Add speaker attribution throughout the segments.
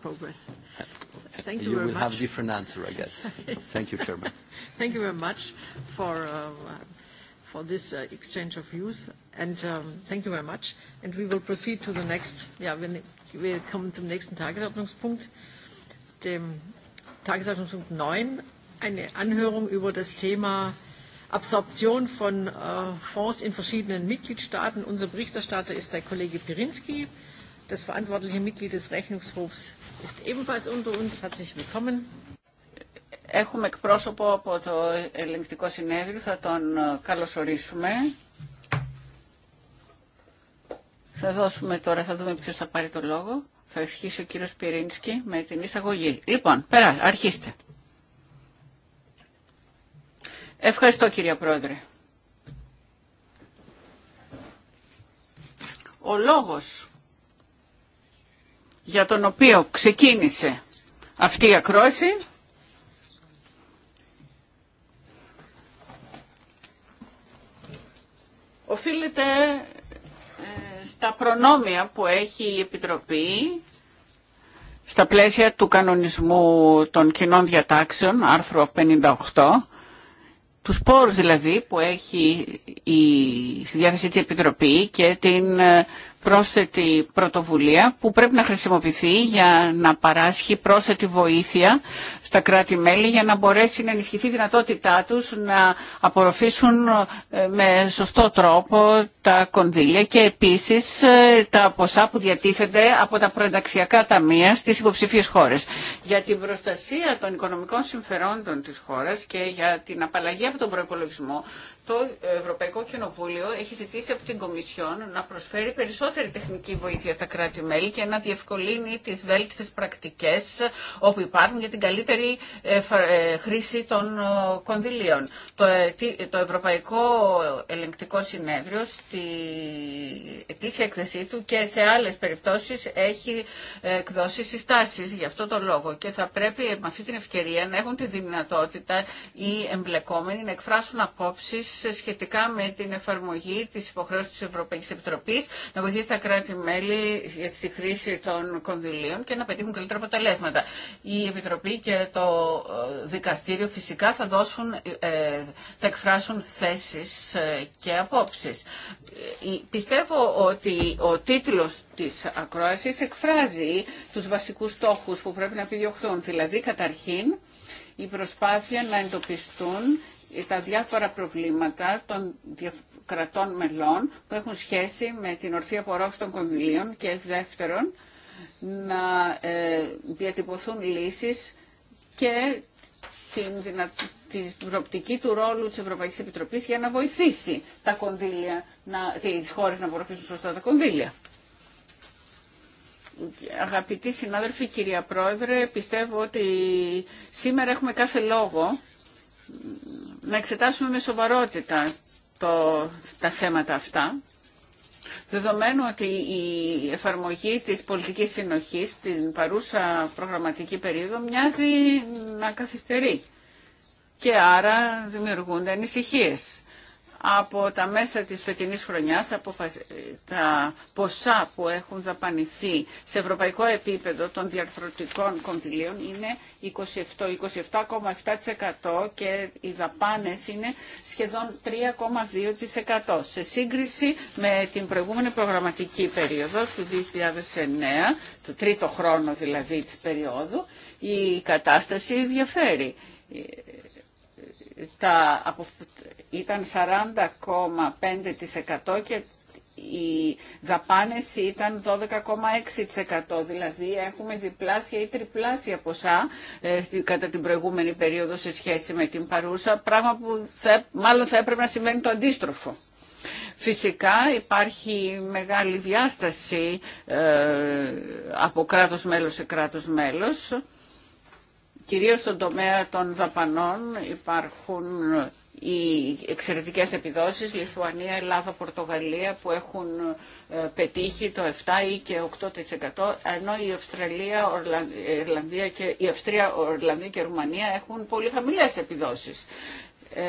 Speaker 1: progress. Thank you very much. You will have a different
Speaker 2: answer, I guess. Thank you, Chairman.
Speaker 1: Thank you very much for for this exchange of views, and thank you very much. And we will proceed to the next, ja, wir kommen zum nächsten Tagesordnungspunkt, dem Tagesordnungspunkt 9, eine Anhörung über das Thema Absorption von Fonds in verschiedenen Mitgliedstaaten. Unser Berichterstatter ist der Kollege Pirinski. Das verantwortliche Mitglied des Rechnungshofs
Speaker 3: ist ebenfalls unter uns. Herzlich willkommen. Έχουμε εκπρόσωπο από το Ελεγκτικό Συνέδριο, θα τον ε, καλωσορίσουμε. Θα δώσουμε τώρα, θα δούμε ποιος θα πάρει το λόγο. Θα αρχίσει ο κύριος Πυρίνσκι με την εισαγωγή. Λοιπόν, πέρα, αρχίστε. Ευχαριστώ κύριε Πρόεδρε. Ο λόγος για τον οποίο ξεκίνησε αυτή η ακρόση οφείλεται ε, στα προνόμια που έχει η Επιτροπή στα πλαίσια του κανονισμού των κοινών διατάξεων, άρθρο 58, τους πόρους δηλαδή που έχει η, στη διάθεση της Επιτροπή και την ε, πρόσθετη πρωτοβουλία που πρέπει να χρησιμοποιηθεί για να παράσχει πρόσθετη βοήθεια στα κράτη-μέλη για να μπορέσει να ενισχυθεί η δυνατότητά τους να απορροφήσουν ε, με σωστό τρόπο τα κονδύλια και επίσης ε, τα ποσά που διατίθενται από τα προενταξιακά ταμεία στις υποψηφίες χώρες. Για την προστασία των οικονομικών συμφερόντων της χώρας και για την απαλλαγή από τον προπολογισμό το Ευρωπαϊκό Κοινοβούλιο έχει ζητήσει από την Κομισιόν να προσφέρει περισσότερη τεχνική βοήθεια στα κράτη-μέλη και να διευκολύνει τι βέλτιστε πρακτικέ όπου υπάρχουν για την καλύτερη ε, ε, χρήση των ε, κονδυλίων. Το Ευρωπαϊκό Ελεγκτικό Συνέδριο στη ετήσια εκθεσή του και σε άλλε περιπτώσει έχει εκδώσει συστάσεις γι' αυτό το λόγο και θα πρέπει με αυτή την ευκαιρία να έχουν τη δυνατότητα οι εμπλεκόμενοι να εκφράσουν απόψεις σχετικά με την εφαρμογή της υποχρέωσης της Ευρωπαϊκής Επιτροπής να βοηθήσει τα κράτη-μέλη για τη χρήση των κονδυλίων και να πετύχουν καλύτερα αποτελέσματα. Η Επιτροπή και το ε, Δικαστήριο φυσικά θα, δώσουν, ε, θα εκφράσουν θέσεις ε, και απόψεις. Πιστεύω ότι ο τίτλος της ακρόασης εκφράζει τους βασικούς στόχους που πρέπει να επιδιωχθούν. Δηλαδή, καταρχήν, η προσπάθεια να εντοπιστούν τα διάφορα προβλήματα των κρατών μελών που έχουν σχέση με την ορθή απορρόφηση των κονδυλίων και δεύτερον να ε, διατυπωθούν λύσεις και την, προοπτική του ρόλου της Ευρωπαϊκής Επιτροπής για να βοηθήσει τα κονδύλια, να... τις χώρες να απορροφήσουν σωστά τα κονδύλια. Αγαπητοί συνάδελφοι, κυρία Πρόεδρε, πιστεύω ότι σήμερα έχουμε κάθε λόγο να εξετάσουμε με σοβαρότητα το, τα θέματα αυτά, δεδομένου ότι η εφαρμογή της πολιτικής συνοχής στην παρούσα προγραμματική περίοδο μοιάζει να καθυστερεί και άρα δημιουργούνται ανησυχίες από τα μέσα της φετινής χρονιάς τα ποσά που έχουν δαπανηθεί σε ευρωπαϊκό επίπεδο των διαρθρωτικών κονδυλίων είναι 27,7% και οι δαπάνες είναι σχεδόν 3,2% σε σύγκριση με την προηγούμενη προγραμματική περίοδο του 2009, το τρίτο χρόνο δηλαδή της περίοδου, η κατάσταση διαφέρει. Τα, ήταν 40,5% και οι δαπάνε ήταν 12,6%. Δηλαδή έχουμε διπλάσια ή τριπλάσια ποσά ε, κατά την προηγούμενη περίοδο σε σχέση με την παρούσα, πράγμα που μάλλον θα έπρεπε να σημαίνει το αντίστροφο. Φυσικά υπάρχει μεγάλη διάσταση ε, από κράτος μέλος σε κράτος μέλος. Κυρίως στον τομέα των δαπανών υπάρχουν οι εξαιρετικές επιδόσεις, Λιθουανία, Ελλάδα, Πορτογαλία που έχουν ε, πετύχει το 7 ή και 8% ενώ η Αυστραλία, Ορλανδία και, η Αυστρία, Ορλανδία και Ρουμανία έχουν πολύ χαμηλές επιδόσεις. Ε,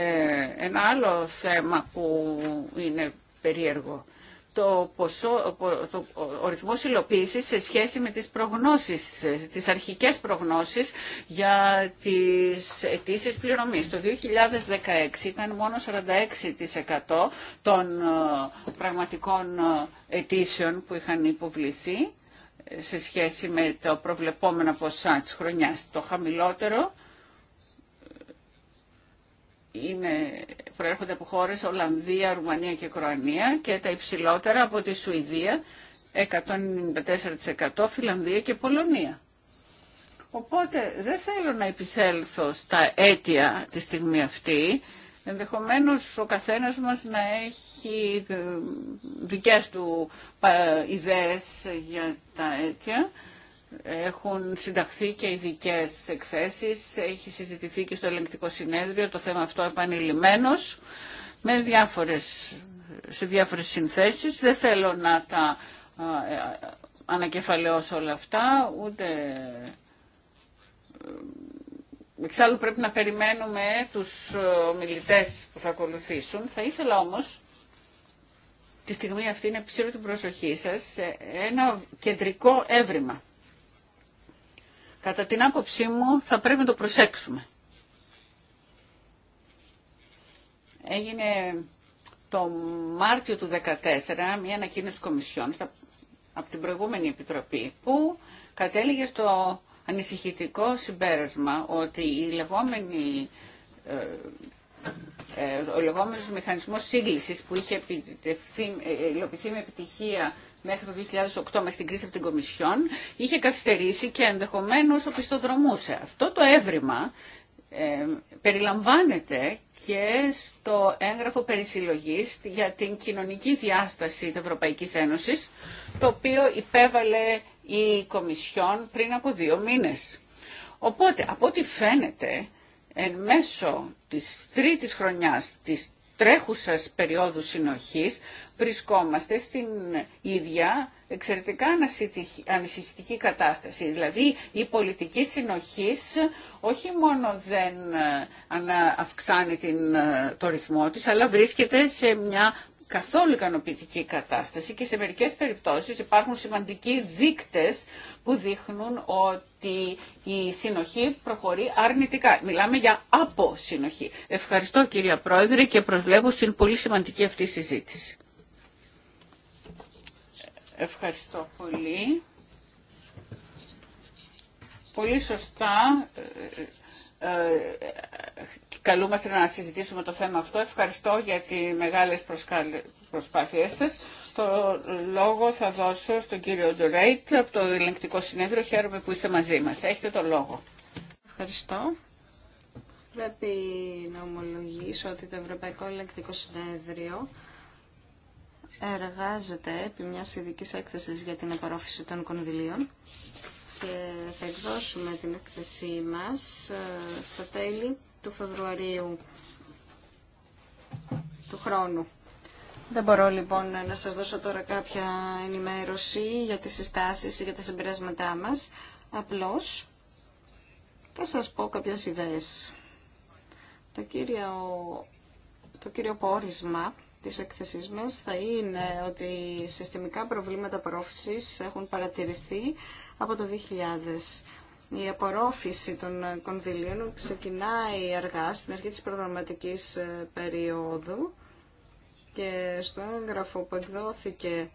Speaker 3: ένα άλλο θέμα που είναι περίεργο το, ποσό, το, ο ρυθμός σε σχέση με τις προγνώσεις, τις αρχικές προγνώσεις για τις αιτήσει πληρωμής. Το 2016 ήταν μόνο 46% των ε, πραγματικών ε, αιτήσεων που είχαν υποβληθεί ε, σε σχέση με τα προβλεπόμενα ποσά της χρονιάς. Το χαμηλότερο είναι, προέρχονται από χώρες Ολλανδία, Ρουμανία και Κροανία και τα υψηλότερα από τη Σουηδία 194%, Φιλανδία και Πολωνία. Οπότε δεν θέλω να επισέλθω στα αίτια τη στιγμή αυτή. Ενδεχομένως ο καθένας μας να έχει ε, δικές του ε, ιδέες για τα αίτια. Έχουν συνταχθεί και ειδικέ εκθέσεις, έχει συζητηθεί και στο ελεγκτικό συνέδριο το θέμα αυτό επανειλημμένος, με διάφορες, σε διάφορες συνθέσεις. Δεν θέλω να τα ε, ανακεφαλαιώσω όλα αυτά, ούτε... Ε, εξάλλου πρέπει να περιμένουμε τους ε, μιλητές που θα ακολουθήσουν. Θα ήθελα όμως τη στιγμή αυτή να επισύρω την προσοχή σας σε ένα κεντρικό έβριμα. Κατά την άποψή μου θα πρέπει να το προσέξουμε. Έγινε το Μάρτιο του 2014 μια ανακοίνωση κομισιών από την προηγούμενη Επιτροπή που κατέληγε στο ανησυχητικό συμπέρασμα ότι η λεγόμενη ε, ε, ο λεγόμενος μηχανισμός σύγκλησης που είχε ε, ε, υλοποιηθεί με επιτυχία μέχρι το 2008, μέχρι την κρίση από την Κομισιόν, είχε καθυστερήσει και ενδεχομένως οπισθοδρομούσε. Αυτό το έβριμα περιλαμβάνεται και στο έγγραφο περισυλλογής για την κοινωνική διάσταση της Ευρωπαϊκής Ένωσης, το οποίο υπέβαλε η Κομισιόν πριν από δύο μήνες. Οπότε, από ό,τι φαίνεται, εν μέσω της τρίτης χρονιάς της τρέχουσας περίοδου συνοχής βρισκόμαστε στην ίδια εξαιρετικά ανησυχητική κατάσταση. Δηλαδή η πολιτική συνοχής όχι μόνο δεν ε, αυξάνει την, ε, το ρυθμό της, αλλά βρίσκεται σε μια καθόλου ικανοποιητική κατάσταση και σε μερικές περιπτώσεις υπάρχουν σημαντικοί δείκτες που δείχνουν ότι η συνοχή προχωρεί αρνητικά. Μιλάμε για αποσυνοχή. Ευχαριστώ κυρία Πρόεδρε και προσβλέπω στην πολύ σημαντική αυτή συζήτηση. Ευχαριστώ πολύ. Πολύ σωστά ε, ε, ε, καλούμαστε να συζητήσουμε το θέμα αυτό. Ευχαριστώ για τις μεγάλες προσπάθειές σα. Το λόγο θα δώσω στον κύριο Ντορέιτ από το ελεγκτικό συνέδριο. Χαίρομαι που είστε μαζί μας. Έχετε το λόγο. Ευχαριστώ.
Speaker 4: Πρέπει να ομολογήσω ότι το Ευρωπαϊκό Ελεγκτικό Συνέδριο εργάζεται επί μια ειδική έκθεσης για την απορρόφηση των κονδυλίων και θα εκδώσουμε την έκθεσή μας ε, στα τέλη του Φεβρουαρίου του χρόνου. Δεν μπορώ λοιπόν να σας δώσω τώρα κάποια ενημέρωση για τις συστάσεις ή για τα συμπεράσματά μας. Απλώς θα σας πω κάποιες ιδέες. Το κύριο, το κύριο πόρισμα της εκθεσής μας θα είναι ότι συστημικά προβλήματα πρόφησης έχουν παρατηρηθεί από το 2000 η απορρόφηση των κονδυλίων ξεκινάει αργά στην αρχή της προγραμματικής ε, περίοδου και στο έγγραφο που εκδόθηκε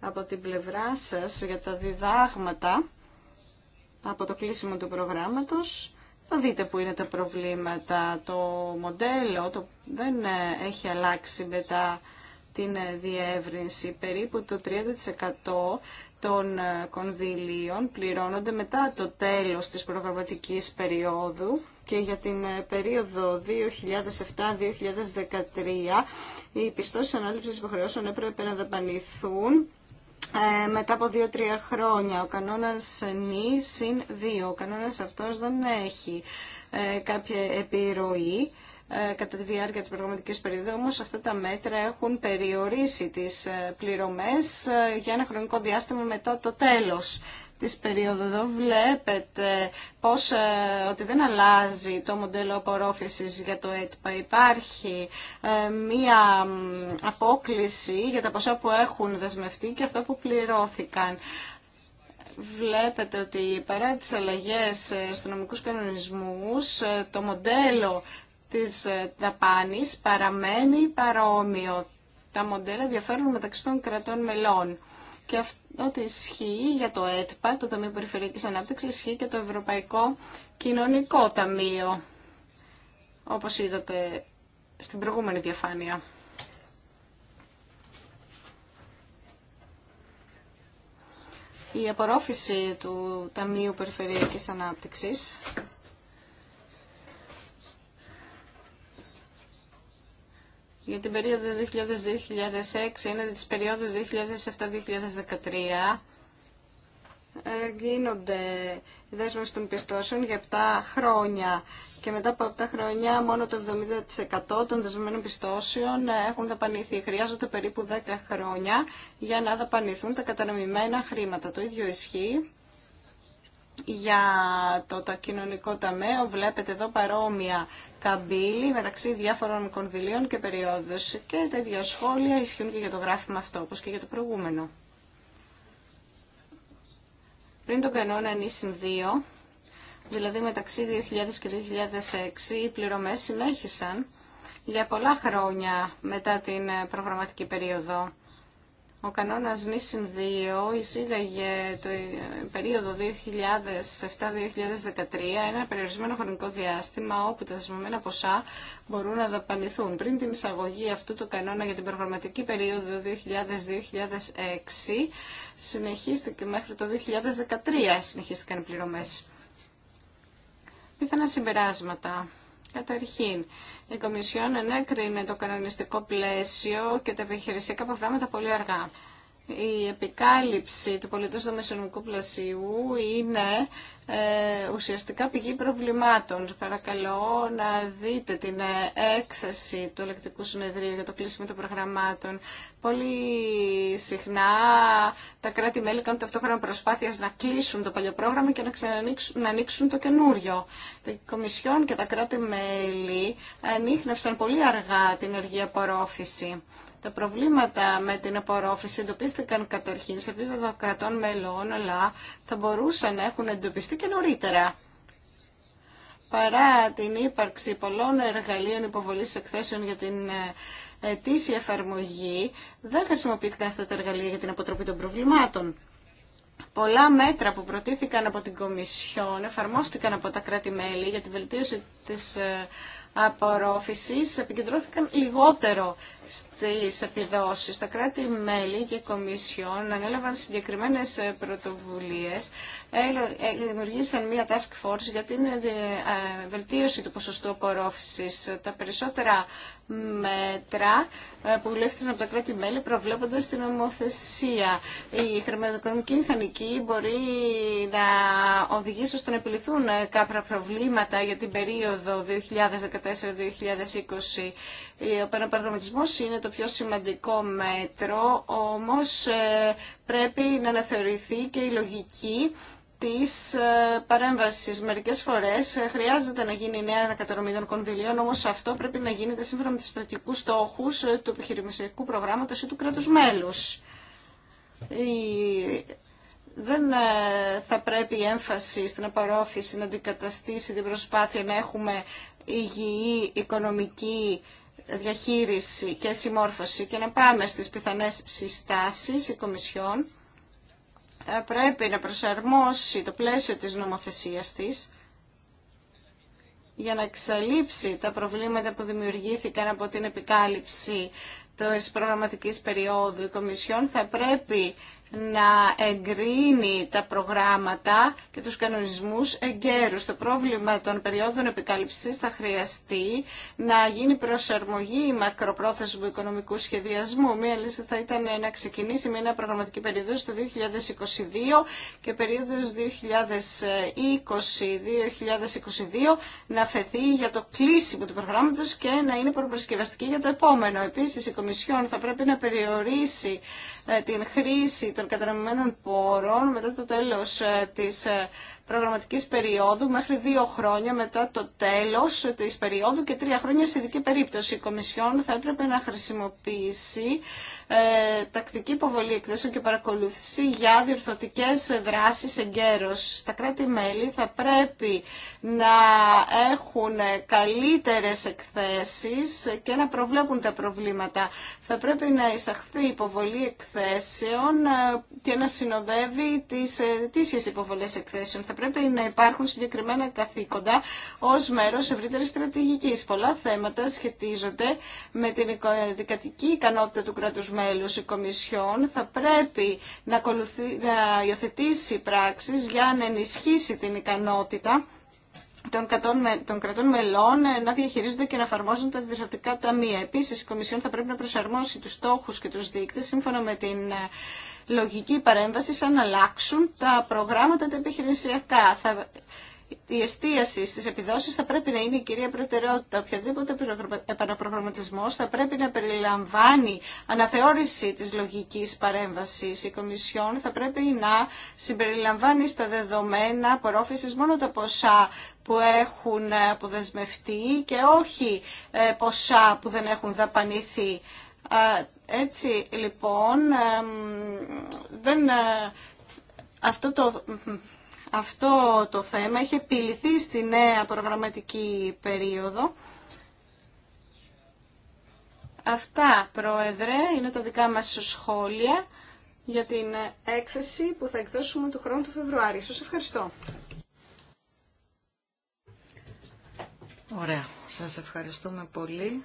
Speaker 4: από την πλευρά σας για τα διδάγματα από το κλείσιμο του προγράμματος θα δείτε που είναι τα προβλήματα. Το μοντέλο το δεν ε, έχει αλλάξει μετά την ε, διεύρυνση. Περίπου το 30% των ε, κονδυλίων πληρώνονται μετά το τέλος της προγραμματικής περίοδου και για την ε, περίοδο 2007-2013 οι πιστώσεις ανάληψης υποχρεώσεων έπρεπε να δαπανηθούν ε, μετά από 2-3 χρόνια. Ο κανόνας νη συν 2. Ο κανόνας αυτός δεν έχει ε, κάποια επιρροή ε, κατά τη διάρκεια της προγραμματικής περίοδου, όμως αυτά τα μέτρα έχουν περιορίσει τις ε, πληρωμές ε, για ένα χρονικό διάστημα μετά το τέλος της περίοδου εδώ βλέπετε πως, ότι δεν αλλάζει το μοντέλο απορρόφησης για το ΕΤΠΑ. Υπάρχει μία απόκληση για τα ποσά που έχουν δεσμευτεί και αυτά που πληρώθηκαν. Βλέπετε ότι παρά τις αλλαγές στους νομικούς κανονισμούς, το μοντέλο της δαπάνης ε, παραμένει παρόμοιο. Τα μοντέλα διαφέρουν μεταξύ των κρατών μελών. Και αυτό ισχύει για το ΕΤΠΑ, το Ταμείο Περιφερειακής Ανάπτυξης, ισχύει και το Ευρωπαϊκό Κοινωνικό Ταμείο, όπως είδατε στην προηγούμενη διαφάνεια. Η απορρόφηση του Ταμείου Περιφερειακής Ανάπτυξης για την περίοδο 2000-2006 είναι της περίοδου 2007-2013 γίνονται δέσμευση των πιστώσεων για 7 χρόνια και μετά από 7 χρόνια μόνο το 70% των δεσμευμένων πιστώσεων ε, έχουν δαπανηθεί. Χρειάζονται περίπου 10 χρόνια για να δαπανηθούν τα κατανοημένα χρήματα. Το ίδιο ισχύει για το κοινωνικό ταμείο βλέπετε εδώ παρόμοια καμπύλη μεταξύ διάφορων κονδυλίων και περιόδους και τα ίδια σχόλια ισχύουν και για το γράφημα αυτό όπως και για το προηγούμενο. Πριν τον κανόνα 2, δηλαδή μεταξύ 2000 και 2006, οι πληρωμές συνέχισαν για πολλά χρόνια μετά την προγραμματική περίοδο. Ο κανόνας νησιν 2 εισήγαγε το ε, περίοδο 2007-2013 ένα περιορισμένο χρονικό διάστημα όπου τα δεσμευμένα ποσά μπορούν να δαπανηθούν. Πριν την εισαγωγή αυτού του κανόνα για την προγραμματική περίοδο 2000-2006 συνεχίστηκε μέχρι το 2013 συνεχίστηκαν οι πληρωμές. Πιθανά συμπεράσματα. Καταρχήν, η Κομισιόν ενέκρινε το κανονιστικό πλαίσιο και τα επιχειρησιακά προγράμματα πολύ αργά. Η επικάλυψη του πολιτού στο μεσονομικού πλασίου είναι ε, ουσιαστικά πηγή προβλημάτων. Παρακαλώ να δείτε την ε, έκθεση του Ελεκτικού Συνεδρίου για το κλείσιμο των προγραμμάτων. Πολύ συχνά τα κράτη-μέλη κάνουν ταυτόχρονα προσπάθειες να κλείσουν το παλιό πρόγραμμα και να ξανανοίξουν να ανοίξουν το καινούριο. Τα Κομισιόν και τα κράτη-μέλη ανείχνευσαν πολύ αργά την εργή απορρόφηση. Τα προβλήματα με την απορρόφηση εντοπίστηκαν καταρχήν σε επίπεδο κρατών μελών, αλλά θα μπορούσαν να έχουν εντοπιστεί και νωρίτερα. Παρά την ύπαρξη πολλών εργαλείων υποβολής εκθέσεων για την ε, ετήσια εφαρμογή, δεν χρησιμοποιήθηκαν αυτά τα εργαλεία για την αποτροπή των προβλημάτων. Πολλά μέτρα που προτίθηκαν από την Κομισιόν εφαρμόστηκαν από τα κράτη-μέλη για τη βελτίωση της ε, απορρόφησης επικεντρώθηκαν λιγότερο στις επιδόσεις. Τα κράτη-μέλη και κομισιόν ανέλαβαν συγκεκριμένες ε, πρωτοβουλίες δημιουργήσαν μία task force για την ε, βελτίωση του ποσοστού απορρόφησης. Τα περισσότερα μέτρα ε, που βουλεύτησαν από τα κράτη-μέλη προβλέπονται στην ομοθεσία. Η χρηματοοικονομική μηχανική μπορεί να οδηγήσει ώστε να επιληθούν ε, κάποια προβλήματα για την περίοδο 2014-2020. Ο παραπρογραμματισμός είναι το πιο σημαντικό μέτρο, όμως πρέπει να αναθεωρηθεί και η λογική της ε, παρέμβασης. Μερικές φορές ε, χρειάζεται να γίνει νέα ανακατανομή των κονδυλίων, όμως αυτό πρέπει να γίνεται σύμφωνα με τους στρατηγικούς στόχους ε, του επιχειρηματικού προγράμματος ή του κράτους μέλους. Δεν θα πρέπει η έμφαση στην απορρόφηση να αντικαταστήσει την προσπάθεια να έχουμε υγιή οικονομική διαχείριση και συμμόρφωση και να πάμε στις πιθανές συστάσεις η Κομισιόν ε, πρέπει να προσαρμόσει το πλαίσιο της νομοθεσίας της για να εξαλείψει τα προβλήματα που δημιουργήθηκαν από την επικάλυψη της προγραμματικής περίοδου. Η Κομισιόν θα πρέπει να εγκρίνει τα προγράμματα και τους κανονισμούς εγκαίρους. Το πρόβλημα των περιόδων επικάλυψης θα χρειαστεί να γίνει προσαρμογή μακροπρόθεσμου οικονομικού σχεδιασμού. Μία λύση θα ήταν να ξεκινήσει με ένα προγραμματική περίοδο το 2022 και περίοδος 2020-2022 να φεθεί για το κλείσιμο του προγράμματος και να είναι προπροσκευαστική για το επόμενο. Επίσης, η Κομισιόν θα πρέπει να περιορίσει ε, την χρήση των καταναμημένων πόρων μετά το τέλος ε, της ε, προγραμματικής περίοδου μέχρι δύο χρόνια μετά το τέλος της περίοδου και τρία χρόνια σε ειδική περίπτωση. Η Κομισιόν θα έπρεπε να χρησιμοποιήσει ε, τακτική υποβολή εκθέσεων και παρακολούθηση για διορθωτικές δράσεις εγκαίρως. Τα κράτη-μέλη θα πρέπει να έχουν καλύτερες εκθέσεις και να προβλέπουν τα προβλήματα. Θα πρέπει να εισαχθεί υποβολή εκθέσεων ε, και να συνοδεύει τις αιτήσιες ε, υποβολές εκθέσεων πρέπει να υπάρχουν συγκεκριμένα καθήκοντα ω μέρο ευρύτερη στρατηγική. Πολλά θέματα σχετίζονται με την δικατική ικανότητα του κρατου μέλους. Η Κομισιόν θα πρέπει να, να υιοθετήσει πράξεις για να ενισχύσει την ικανότητα των, κρατών, των κρατών μελών να διαχειρίζονται και να εφαρμόζουν τα διευθυντικά ταμεία. Επίση, η Κομισιόν θα πρέπει να προσαρμόσει του στόχου και του δείκτε σύμφωνα με την λογική παρέμβαση να αλλάξουν τα προγράμματα τα επιχειρησιακά. Θα... Η εστίαση στις επιδόσεις θα πρέπει να είναι η κυρία προτεραιότητα. οποιοδήποτε επαναπρογραμματισμός θα πρέπει να περιλαμβάνει αναθεώρηση της λογικής παρέμβασης. Η Κομισιόν θα πρέπει να συμπεριλαμβάνει στα δεδομένα απορρόφησης μόνο τα ποσά που έχουν ε, αποδεσμευτεί και όχι ε, ποσά που δεν έχουν δαπανηθεί έτσι λοιπόν δεν, ε, αυτό το αυτό το θέμα έχει επιληθεί στη νέα προγραμματική περίοδο. Αυτά, Πρόεδρε, είναι τα δικά μας σχόλια για την έκθεση που θα εκδώσουμε του χρόνου του Φεβρουάριου. Σας ευχαριστώ.
Speaker 2: Ωραία. Σας ευχαριστούμε πολύ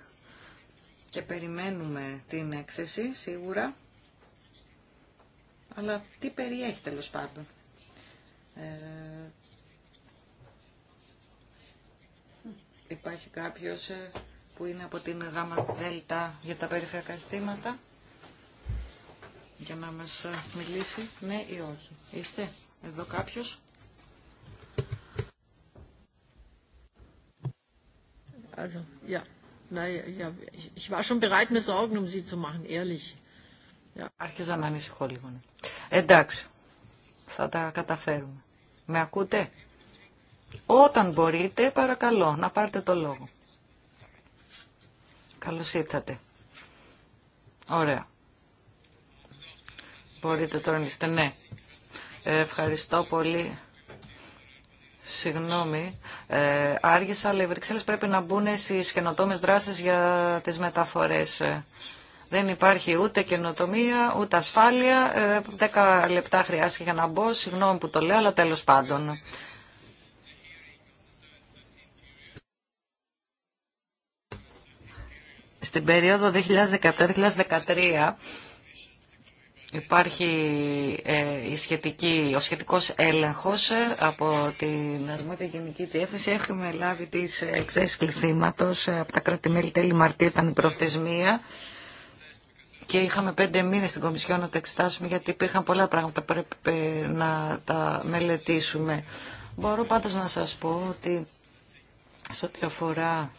Speaker 2: και περιμένουμε την έκθεση σίγουρα. Αλλά τι περιέχει τέλος πάντων. Ε, υπάρχει κάποιος ε, που είναι από την ΓΑΜΑ ΔΕΛΤΑ για τα περιφερειακά ζητήματα για να μας ε, μιλήσει, ναι ή όχι. Είστε εδώ κάποιος.
Speaker 1: Also, ja. Naja, ich war να ανησυχώ λίγο. Ναι. Εντάξει, θα τα καταφέρουμε. Με ακούτε?
Speaker 2: Όταν μπορείτε, παρακαλώ, να πάρετε το λόγο. Καλώς ήρθατε. Ωραία. Μπορείτε τώρα να είστε, ναι. Ε, ευχαριστώ πολύ. Συγγνώμη, ε, άργησα, αλλά οι Βρυξέλλες πρέπει να μπουν στις καινοτόμε δράσεις για τις μεταφορές. Δεν υπάρχει ούτε καινοτομία, ούτε ασφάλεια. Ε, δέκα λεπτά χρειάστηκε για να μπω, συγγνώμη που το λέω, αλλά τέλος πάντων. Στην περίοδο 2017-2013 Υπάρχει ε, ο σχετικός έλεγχος ε, από την αρμόδια γενική διεύθυνση. Έχουμε λάβει τις εκθέσεις κληθήματος ε, από τα κράτη-μέλη τέλη Μαρτίου ήταν η προθεσμία και είχαμε πέντε μήνες στην Κομισιόν να τα εξετάσουμε γιατί υπήρχαν πολλά πράγματα που πρέπει να τα μελετήσουμε. Μπορώ πάντως να σας πω ότι σε ό,τι αφορά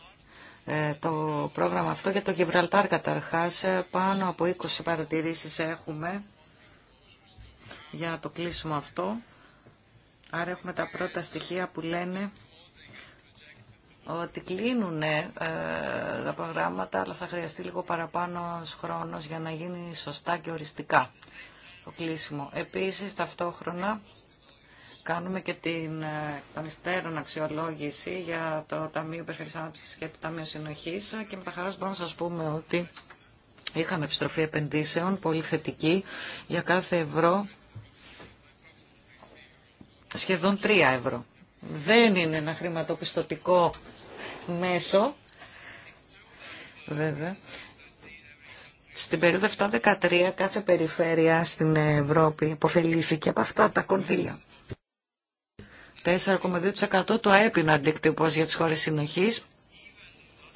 Speaker 2: ε, το πρόγραμμα αυτό για το Γιβραλτάρ καταρχάς. Ε, πάνω από 20 παρατηρήσεις έχουμε για το κλείσουμε αυτό. Άρα έχουμε τα πρώτα στοιχεία που λένε ότι κλείνουν ε, τα προγράμματα, αλλά θα χρειαστεί λίγο παραπάνω χρόνος για να γίνει σωστά και οριστικά το κλείσιμο. Επίσης, ταυτόχρονα, Κάνουμε και την ε, των αξιολόγηση για το Ταμείο Περιφερειακής Ανάπτυξης και το Ταμείο Συνοχής και με τα χαράς μπορούμε να σας πούμε ότι είχαμε επιστροφή επενδύσεων πολύ θετική για κάθε ευρώ σχεδόν 3 ευρώ. Δεν είναι ένα χρηματοπιστωτικό μέσο, βέβαια. Στην περίοδο 7-13 κάθε περιφέρεια στην Ευρώπη υποφελήθηκε από αυτά τα κονδύλια. 4,2% το ΑΕΠ είναι για τις χώρες συνοχής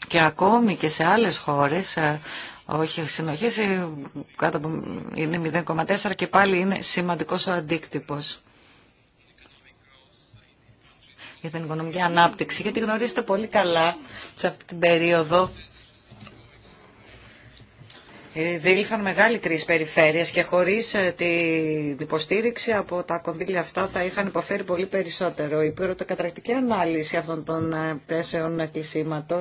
Speaker 2: και ακόμη και σε άλλες χώρες, ε, όχι συνοχής, ε, κάτω είναι 0,4 και πάλι είναι σημαντικός ο αντίκτυπος για την οικονομική ανάπτυξη, γιατί γνωρίζετε πολύ καλά σε αυτή την περίοδο ε, δήλθαν μεγάλη κρίση περιφέρειας και χωρίς ε, την υποστήριξη από τα κονδύλια αυτά θα είχαν υποφέρει πολύ περισσότερο. Η καταρακτική ανάλυση αυτών των ε, πέσεων κλεισίματο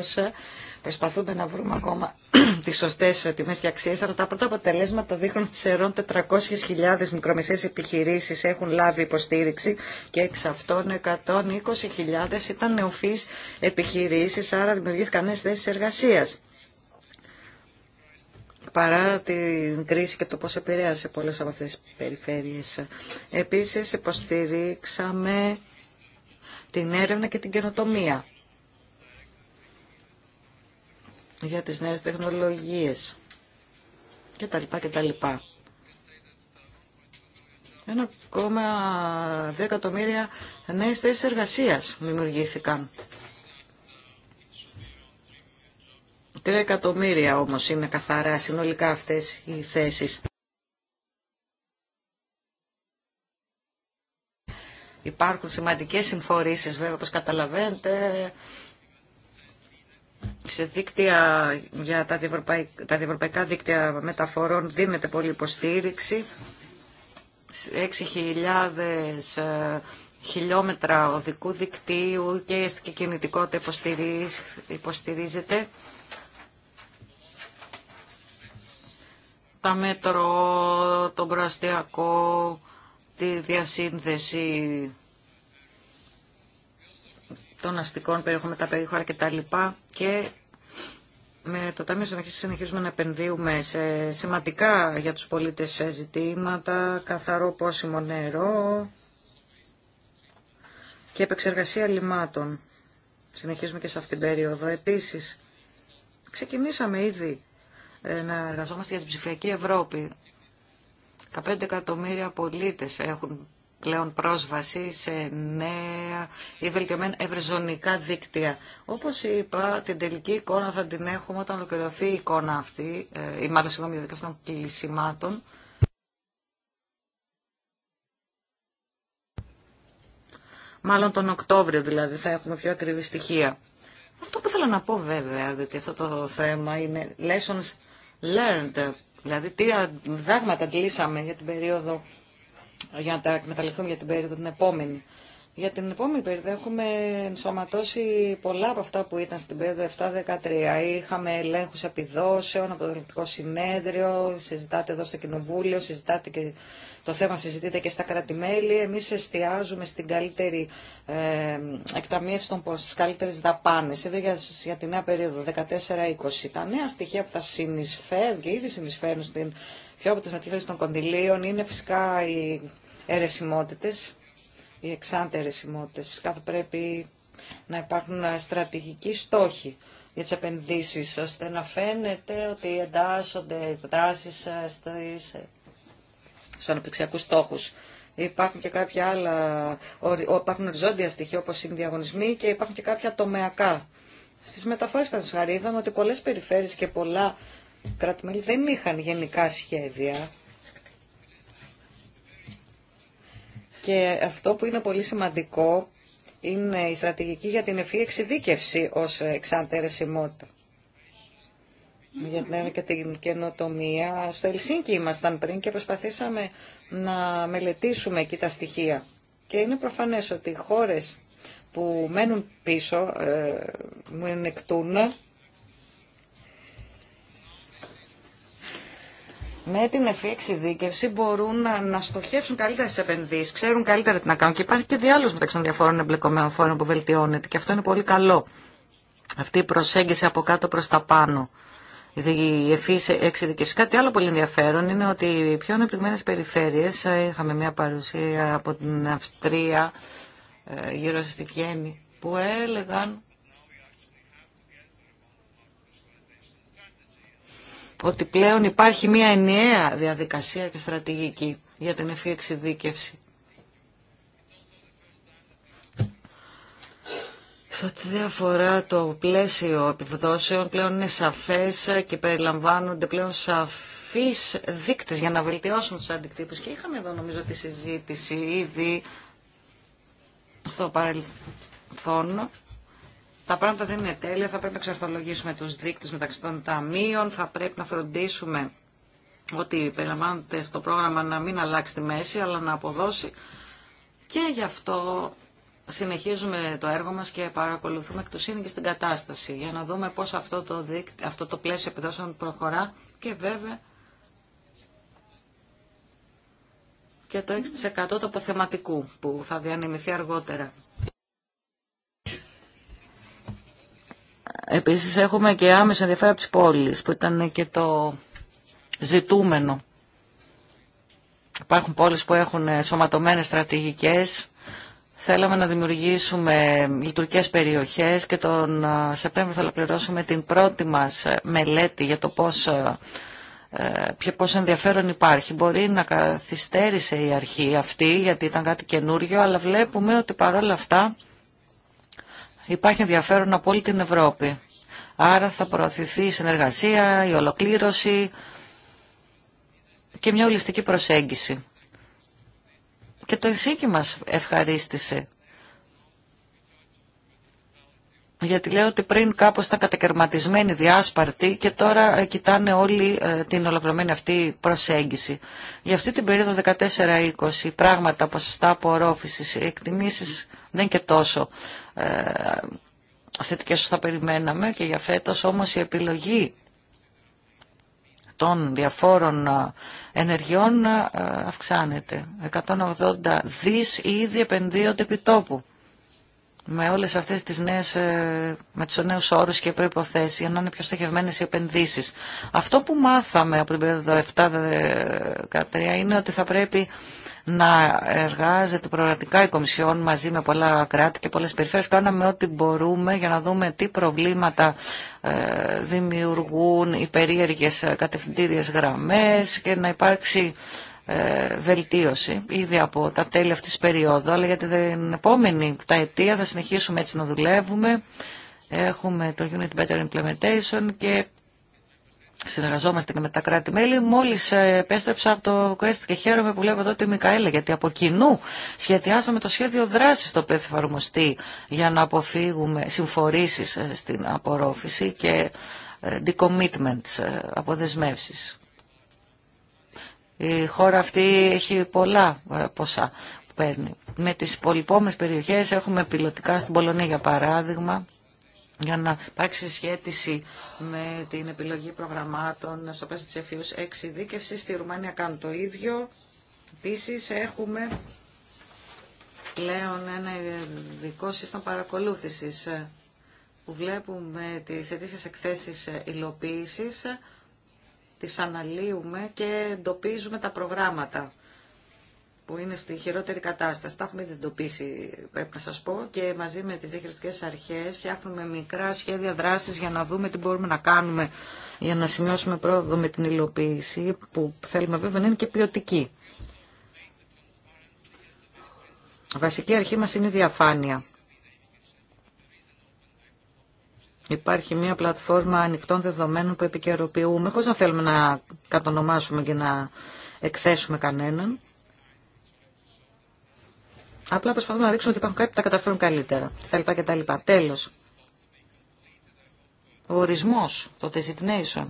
Speaker 2: προσπαθούνται να βρούμε ακόμα τις σωστές τιμέ και αξίε, αλλά τα πρώτα αποτελέσματα δείχνουν ότι σε 400.000 μικρομεσαίε επιχειρήσεις έχουν λάβει υποστήριξη και εξ αυτών 120.000 ήταν νεοφύς επιχειρήσεις, άρα δημιουργήθηκαν νέε θέσει εργασία παρά την κρίση και το πώς επηρέασε πολλές από αυτές τις περιφέρειες. Επίσης υποστηρίξαμε την έρευνα και την καινοτομία για τις νέες τεχνολογίες και τα λοιπά και τα λοιπά. Ένα ακόμα δύο εκατομμύρια νέες θέσεις εργασίας δημιουργήθηκαν 3 εκατομμύρια όμως είναι καθαρά συνολικά αυτές οι θέσεις. Υπάρχουν σημαντικές συμφορήσεις βέβαια όπως καταλαβαίνετε σε δίκτυα για τα, διευρωπαϊκά, τα δίκτυα μεταφορών δίνεται πολύ υποστήριξη. 6.000 ε, χιλιόμετρα οδικού δικτύου και η κινητικότητα υποστηρίζεται. τα μέτρο, το πραστιακό, τη διασύνδεση των αστικών περιοχών με τα περίχωρα κτλ. Και με το Ταμείο Συνεχίσης συνεχίζουμε να επενδύουμε σε σημαντικά για τους πολίτες ζητήματα, καθαρό πόσιμο νερό και επεξεργασία λιμάτων. Συνεχίζουμε και σε αυτήν την περίοδο. Επίσης, ξεκινήσαμε ήδη ε, να εργαζόμαστε για την ψηφιακή Ευρώπη. 15 εκατομμύρια πολίτες έχουν πλέον πρόσβαση σε νέα ή βελτιωμένα ευρυζωνικά δίκτυα. Όπως είπα, την τελική εικόνα θα την έχουμε όταν ολοκληρωθεί η εικόνα αυτή, ε, ή μάλλον συγγνώμη για διαδικασια των κλεισιμάτων. Μάλλον τον Οκτώβριο δηλαδή θα έχουμε πιο ακριβή στοιχεία. Αυτό που θέλω να πω βέβαια, διότι αυτό το θέμα είναι lessons learned, δηλαδή τι δάγματα αντλήσαμε για την περίοδο, για να τα εκμεταλλευτούμε για την περίοδο την επόμενη. Για την επόμενη περίοδο έχουμε ενσωματώσει πολλά από αυτά που ήταν στην περίοδο 7-13. Είχαμε ελέγχου επιδόσεων από το Ελληνικό Συνέδριο, συζητάτε εδώ στο Κοινοβούλιο, συζητάτε και το θέμα συζητείται και στα κρατημέλη. Εμείς Εμεί εστιάζουμε στην καλύτερη ε, των πόρων, στι καλύτερε δαπάνε. Εδώ για, για τη νέα περίοδο 14-20. Τα νέα στοιχεία που θα συνεισφέρουν και ήδη συνεισφέρουν στην πιο αποτελεσματική των κονδυλίων είναι φυσικά οι αιρεσιμότητε οι εξάντερες ημότητες. Φυσικά θα πρέπει να υπάρχουν στρατηγικοί στόχοι για τι επενδύσεις, ώστε να φαίνεται ότι εντάσσονται οι ε, στις, ε, στους αναπτυξιακού στόχους. Υπάρχουν και κάποια άλλα, υπάρχουν οριζόντια στοιχεία όπως είναι διαγωνισμοί και υπάρχουν και κάποια τομεακά. Στις μεταφορές κατά χάρη είδαμε ότι πολλέ περιφέρειες και πολλά κρατημέλη δεν είχαν γενικά σχέδια Και αυτό που είναι πολύ σημαντικό είναι η στρατηγική για την ευφύ εξειδίκευση ως εξαντέρεσιμότητα. Για την και την καινοτομία. Στο Ελσίνκι ήμασταν πριν και προσπαθήσαμε να μελετήσουμε εκεί τα στοιχεία. Και είναι προφανές ότι οι χώρες που μένουν πίσω, μου ε, ενεκτούν, με την ευφύ εξειδίκευση μπορούν να, να στοχεύσουν καλύτερα στις επενδύσεις, ξέρουν καλύτερα τι να κάνουν και υπάρχει και διάλογο μεταξύ των διαφόρων εμπλεκομένων φόρων που βελτιώνεται και αυτό είναι πολύ καλό. Αυτή η προσέγγιση από κάτω προς τα πάνω. Η ευφύ εξειδικευσή. Κάτι άλλο πολύ ενδιαφέρον είναι ότι οι πιο ανεπτυγμένε περιφέρειε, ε, είχαμε μια παρουσία από την Αυστρία ε, γύρω στη Βιέννη, που έλεγαν ότι πλέον υπάρχει μια ενιαία διαδικασία και στρατηγική για την ευφύ εξειδίκευση. Σε ό,τι διαφορά το πλαίσιο επιπτώσεων, πλέον είναι σαφές και περιλαμβάνονται πλέον σαφείς δείκτες για να βελτιώσουν τους αντικτύπους. Και είχαμε εδώ νομίζω τη συζήτηση ήδη στο παρελθόν τα πράγματα δεν είναι τέλεια, θα πρέπει να εξορθολογήσουμε τους δείκτες μεταξύ των ταμείων, θα πρέπει να φροντίσουμε ότι περιλαμβάνεται στο πρόγραμμα να μην αλλάξει τη μέση, αλλά να αποδώσει. Και γι' αυτό συνεχίζουμε το έργο μας και παρακολουθούμε εκ του και στην κατάσταση, για να δούμε πώς αυτό το, αυτό το πλαίσιο επιδόσεων προχωρά και βέβαια και το 6% του αποθεματικού που θα διανεμηθεί αργότερα. Επίσης έχουμε και άμεση ενδιαφέρον από τις πόλεις που ήταν και το ζητούμενο. Υπάρχουν πόλεις που έχουν σωματωμένες στρατηγικές. Θέλαμε να δημιουργήσουμε λειτουργικές περιοχές και τον ε, Σεπτέμβριο θα ολοκληρώσουμε την πρώτη μας ε, μελέτη για το πώς ε, πόσο ενδιαφέρον υπάρχει. Μπορεί να καθυστέρησε η αρχή αυτή γιατί ήταν κάτι καινούργιο, αλλά βλέπουμε ότι παρόλα αυτά υπάρχει ενδιαφέρον από όλη την Ευρώπη. Άρα θα προωθηθεί η συνεργασία, η ολοκλήρωση και μια ολιστική προσέγγιση. Και το ενσύκι μας ευχαρίστησε. Γιατί λέω ότι πριν κάπως ήταν κατακαιρματισμένοι διάσπαρτοι και τώρα ε, κοιτάνε όλη ε, την ολοκληρωμένη αυτή προσέγγιση. Για αυτή την περίοδο 14-20 πράγματα, ποσοστά απορρόφησης, εκτιμήσεις δεν και τόσο. Ε, θετικές όσο θα περιμέναμε και για φέτος όμως η επιλογή των διαφόρων ε, ενεργειών ε, αυξάνεται. 180 δις ήδη επενδύονται επί τόπου με όλες αυτές τις νέες, με τους νέους όρους και προϋποθέσεις για να είναι πιο στοχευμένες οι επενδύσεις. Αυτό που μάθαμε από την περίοδο 7-13 είναι ότι θα πρέπει να εργάζεται προορατικά η Κομισιόν μαζί με πολλά κράτη και πολλές περιφέρειες. Κάναμε ό,τι μπορούμε για να δούμε τι προβλήματα ε, δημιουργούν οι περίεργες κατευθυντήριες γραμμές και να υπάρξει ε, βελτίωση ήδη από τα τέλη αυτής της περίοδου, αλλά για την επόμενη τα αιτία θα συνεχίσουμε έτσι να δουλεύουμε. Έχουμε το Unit Better Implementation και συνεργαζόμαστε και με τα κράτη-μέλη. Μόλις ε, επέστρεψα από το Quest και χαίρομαι που βλέπω εδώ τη Μικαέλα, γιατί από κοινού σχεδιάσαμε το σχέδιο δράσης το οποίο εφαρμοστεί για να αποφύγουμε συμφορήσεις ε, στην απορρόφηση και ε, decommitments, αποδεσμεύσεις. Η χώρα αυτή έχει πολλά ποσά που παίρνει. Με τις υπολοιπόμες περιοχές έχουμε πιλωτικά στην Πολωνία για παράδειγμα για να υπάρξει σχέτιση με την επιλογή προγραμμάτων στο πλαίσιο της εφίους Εξειδίκευση Στη Ρουμανία κάνουν το ίδιο. Επίση έχουμε πλέον ένα ειδικό σύστημα παρακολούθησης που βλέπουμε τις αιτήσεις εκθέσεις υλοποίησης, τις αναλύουμε και εντοπίζουμε τα προγράμματα που είναι στη χειρότερη κατάσταση. Τα έχουμε εντοπίσει, πρέπει να σας πω, και μαζί με τις διαχειριστικές αρχές φτιάχνουμε μικρά σχέδια δράσης για να δούμε τι μπορούμε να κάνουμε για να σημειώσουμε πρόοδο με την υλοποίηση, που θέλουμε βέβαια να είναι και ποιοτική. Βασική αρχή μας είναι η διαφάνεια. Υπάρχει μια πλατφόρμα ανοιχτών δεδομένων που επικαιροποιούμε, χωρίς να θέλουμε να κατονομάσουμε και να εκθέσουμε κανέναν. Απλά προσπαθούμε να δείξουν ότι υπάρχουν κάποιοι που τα καταφέρουν καλύτερα τα λοιπά. Τέλος, ο ορισμός, το designation,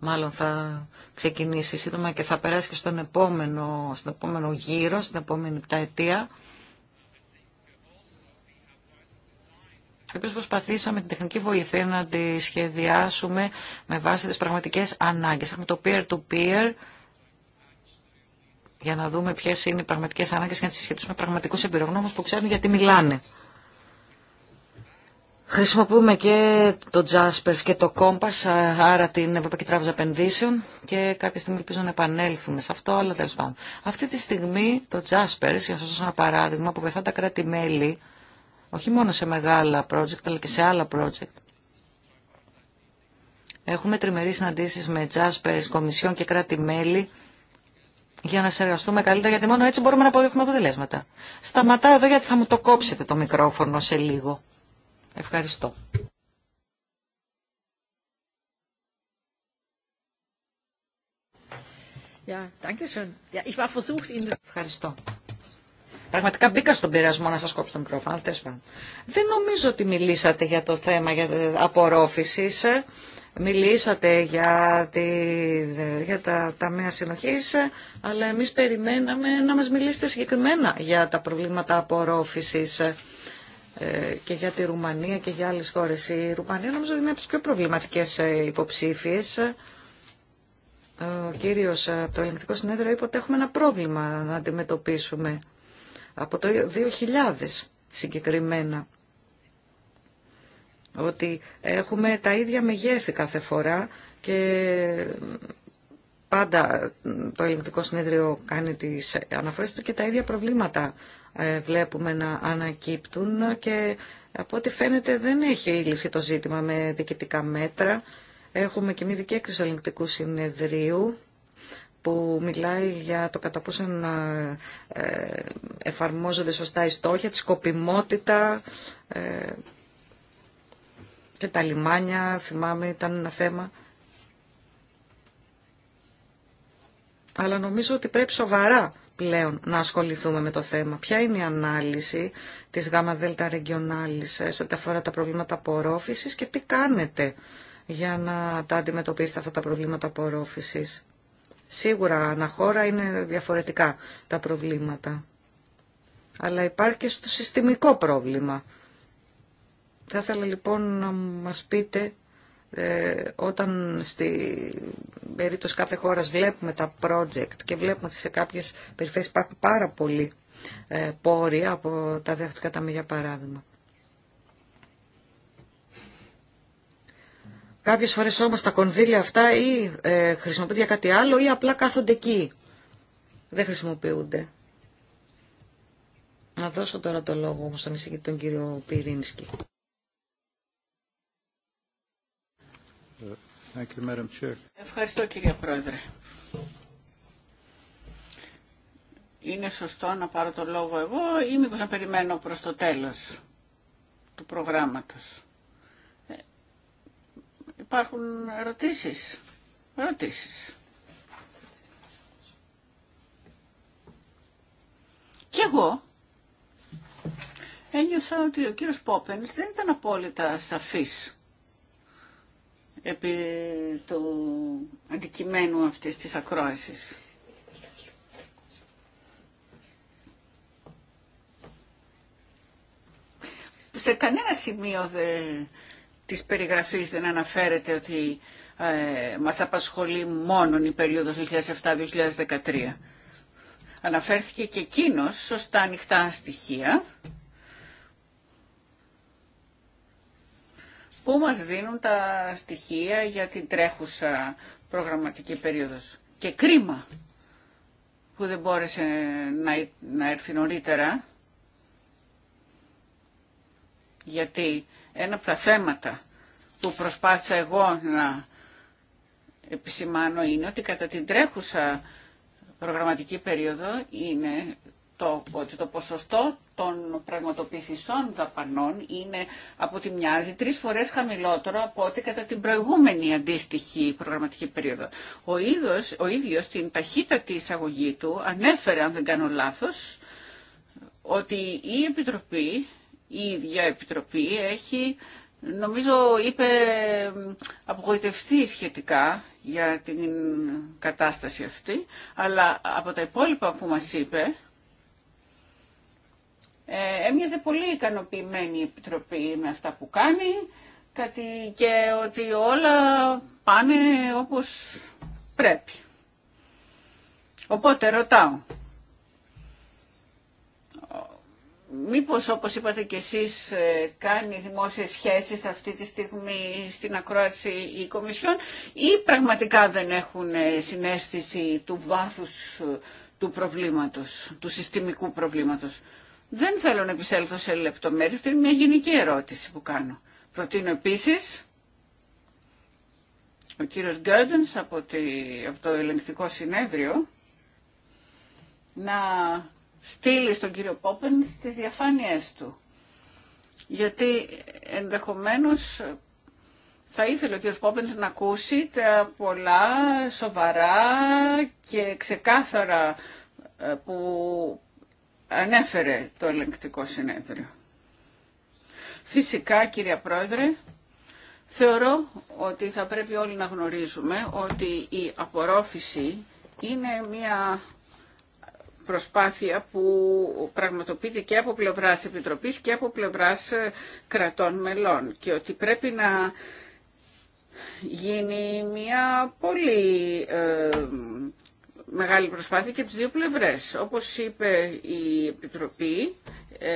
Speaker 2: μάλλον θα ξεκινήσει σύντομα και θα περάσει και στον επόμενο, στον επόμενο γύρο, στην επόμενη πταετία. Επίσης προσπαθήσαμε την τεχνική βοηθή να τη σχεδιάσουμε με βάση τις πραγματικές ανάγκες. Έχουμε το peer-to-peer, -peer, για να δούμε ποιε είναι οι πραγματικέ ανάγκε και να τι με πραγματικού εμπειρογνώμου που ξέρουν γιατί μιλάνε. Χρησιμοποιούμε και το Jaspers και το Compass, άρα την Ευρωπαϊκή Τράπεζα Επενδύσεων και κάποια στιγμή ελπίζω να επανέλθουμε σε αυτό, αλλά τέλο πάντων. Αυτή τη στιγμή το Jaspers, για να σα δώσω ένα παράδειγμα, που βοηθά τα κράτη-μέλη, όχι μόνο σε μεγάλα project, αλλά και σε άλλα project. Έχουμε τριμερεί συναντήσει με Jaspers, Κομισιόν και κράτη-μέλη για να συνεργαστούμε καλύτερα, γιατί μόνο έτσι μπορούμε να αποδείχνουμε αποτελέσματα. Σταματάω εδώ γιατί θα μου το κόψετε το μικρόφωνο σε λίγο. Ευχαριστώ. Ευχαριστώ. Πραγματικά μπήκα στον πειρασμό να σας κόψω το μικρόφωνο, αλλά Δεν νομίζω ότι μιλήσατε για το θέμα για απορρόφησης. Ε μιλήσατε για, τη, για τα ταμεία συνοχής, αλλά εμείς περιμέναμε να μας μιλήσετε συγκεκριμένα για τα προβλήματα απορρόφησης ε, και για τη Ρουμανία και για άλλες χώρες. Η Ρουμανία νομίζω είναι από τις πιο προβληματικές ε, υποψήφιες. Ο κύριος ε, από το Ελληνικό Συνέδριο είπε ότι έχουμε ένα πρόβλημα να αντιμετωπίσουμε από το 2000 συγκεκριμένα ότι έχουμε τα ίδια μεγέθη κάθε φορά και πάντα το ελληνικό συνέδριο κάνει τις αναφορές του και τα ίδια προβλήματα ε, βλέπουμε να ανακύπτουν και από ό,τι φαίνεται δεν έχει λυθεί το ζήτημα με διοικητικά μέτρα. Έχουμε και μια δική ελληνικού συνεδρίου που μιλάει για το κατά πόσο να ε, ε, εφαρμόζονται σωστά οι στόχοι, τη σκοπιμότητα και τα λιμάνια, θυμάμαι, ήταν ένα θέμα. Αλλά νομίζω ότι πρέπει σοβαρά πλέον να ασχοληθούμε με το θέμα. Ποια είναι η ανάλυση της ΓΑΜΑ Regionalis σε ό,τι αφορά τα προβλήματα απορρόφησης και τι κάνετε για να τα αντιμετωπίσετε αυτά τα προβλήματα απορρόφησης. Σίγουρα αναχώρα είναι διαφορετικά τα προβλήματα. Αλλά υπάρχει και στο συστημικό πρόβλημα θα ήθελα λοιπόν να μας πείτε ε, όταν στη περίπτωση κάθε χώρας βλέπουμε τα project και βλέπουμε ότι σε κάποιες περιφέρειες υπάρχουν πάρα πολλοί ε, πόροι από τα διευθυντικά ταμεία για παράδειγμα. Κάποιες φορές όμως τα κονδύλια αυτά ή ε, χρησιμοποιούνται για κάτι άλλο ή απλά κάθονται εκεί. Δεν χρησιμοποιούνται. Να δώσω τώρα το λόγο όμως στον εισηγητή τον κύριο Πυρίνσκι.
Speaker 3: Ευχαριστώ κύριε Πρόεδρε. Είναι σωστό να πάρω το λόγο εγώ ή μήπως να περιμένω προς το τέλος του προγράμματος. Ε, υπάρχουν ερωτήσεις. Ερωτήσεις. Κι εγώ ένιωσα ότι ο κύριος Πόπενς δεν ήταν απόλυτα σαφής επί του αντικειμένου αυτής της ακρόασης. Σε κανένα σημείο δε, της περιγραφής δεν αναφέρεται ότι ε, μας απασχολεί μόνο η περίοδος 2007-2013. Αναφέρθηκε και εκείνος σωστά ανοιχτά στοιχεία που μας δίνουν τα στοιχεία για την τρέχουσα προγραμματική περίοδος. Και κρίμα που δεν μπόρεσε να έρθει νωρίτερα, γιατί ένα από τα θέματα που προσπάθησα εγώ να επισημάνω είναι ότι κατά την τρέχουσα προγραμματική περίοδο είναι το, ότι το ποσοστό των πραγματοποιηθησών δαπανών είναι από ό,τι μοιάζει τρεις φορές χαμηλότερο από ό,τι κατά την προηγούμενη αντίστοιχη προγραμματική περίοδο. Ο, ίδιος, ο ίδιος την ταχύτητα εισαγωγή του ανέφερε, αν δεν κάνω λάθος, ότι η Επιτροπή, η ίδια Επιτροπή έχει, νομίζω είπε, απογοητευτεί σχετικά για την κατάσταση αυτή, αλλά από τα υπόλοιπα που μας είπε, ε, έμοιαζε πολύ ικανοποιημένη η Επιτροπή με αυτά που κάνει κάτι και ότι όλα πάνε όπως πρέπει. Οπότε ρωτάω, μήπως όπως είπατε και εσείς ε, κάνει δημόσιες σχέσεις αυτή τη στιγμή στην ακρόαση η Κομισιόν ή πραγματικά δεν έχουν ε, συνέστηση του βάθους του προβλήματος, του συστημικού προβλήματος. Δεν θέλω να επισέλθω σε λεπτομέρειες, είναι μια γενική ερώτηση που κάνω. Προτείνω επίσης ο κύριος Γκέρντενς από, το ελεγκτικό συνέδριο να στείλει στον κύριο Πόπενς τις διαφάνειές του. Γιατί ενδεχομένως θα ήθελε ο κύριος Πόπενς να ακούσει τα πολλά σοβαρά και ξεκάθαρα ε, που ανέφερε το ελεγκτικό συνέδριο. Φυσικά, κυρία Πρόεδρε, θεωρώ ότι θα πρέπει όλοι να γνωρίζουμε ότι η απορρόφηση είναι μια προσπάθεια που πραγματοποιείται και από πλευράς Επιτροπής και από πλευράς ε, κρατών μελών και ότι πρέπει να γίνει μια πολύ ε, μεγάλη προσπάθεια και τις δύο πλευρές. Όπως είπε η Επιτροπή, ε,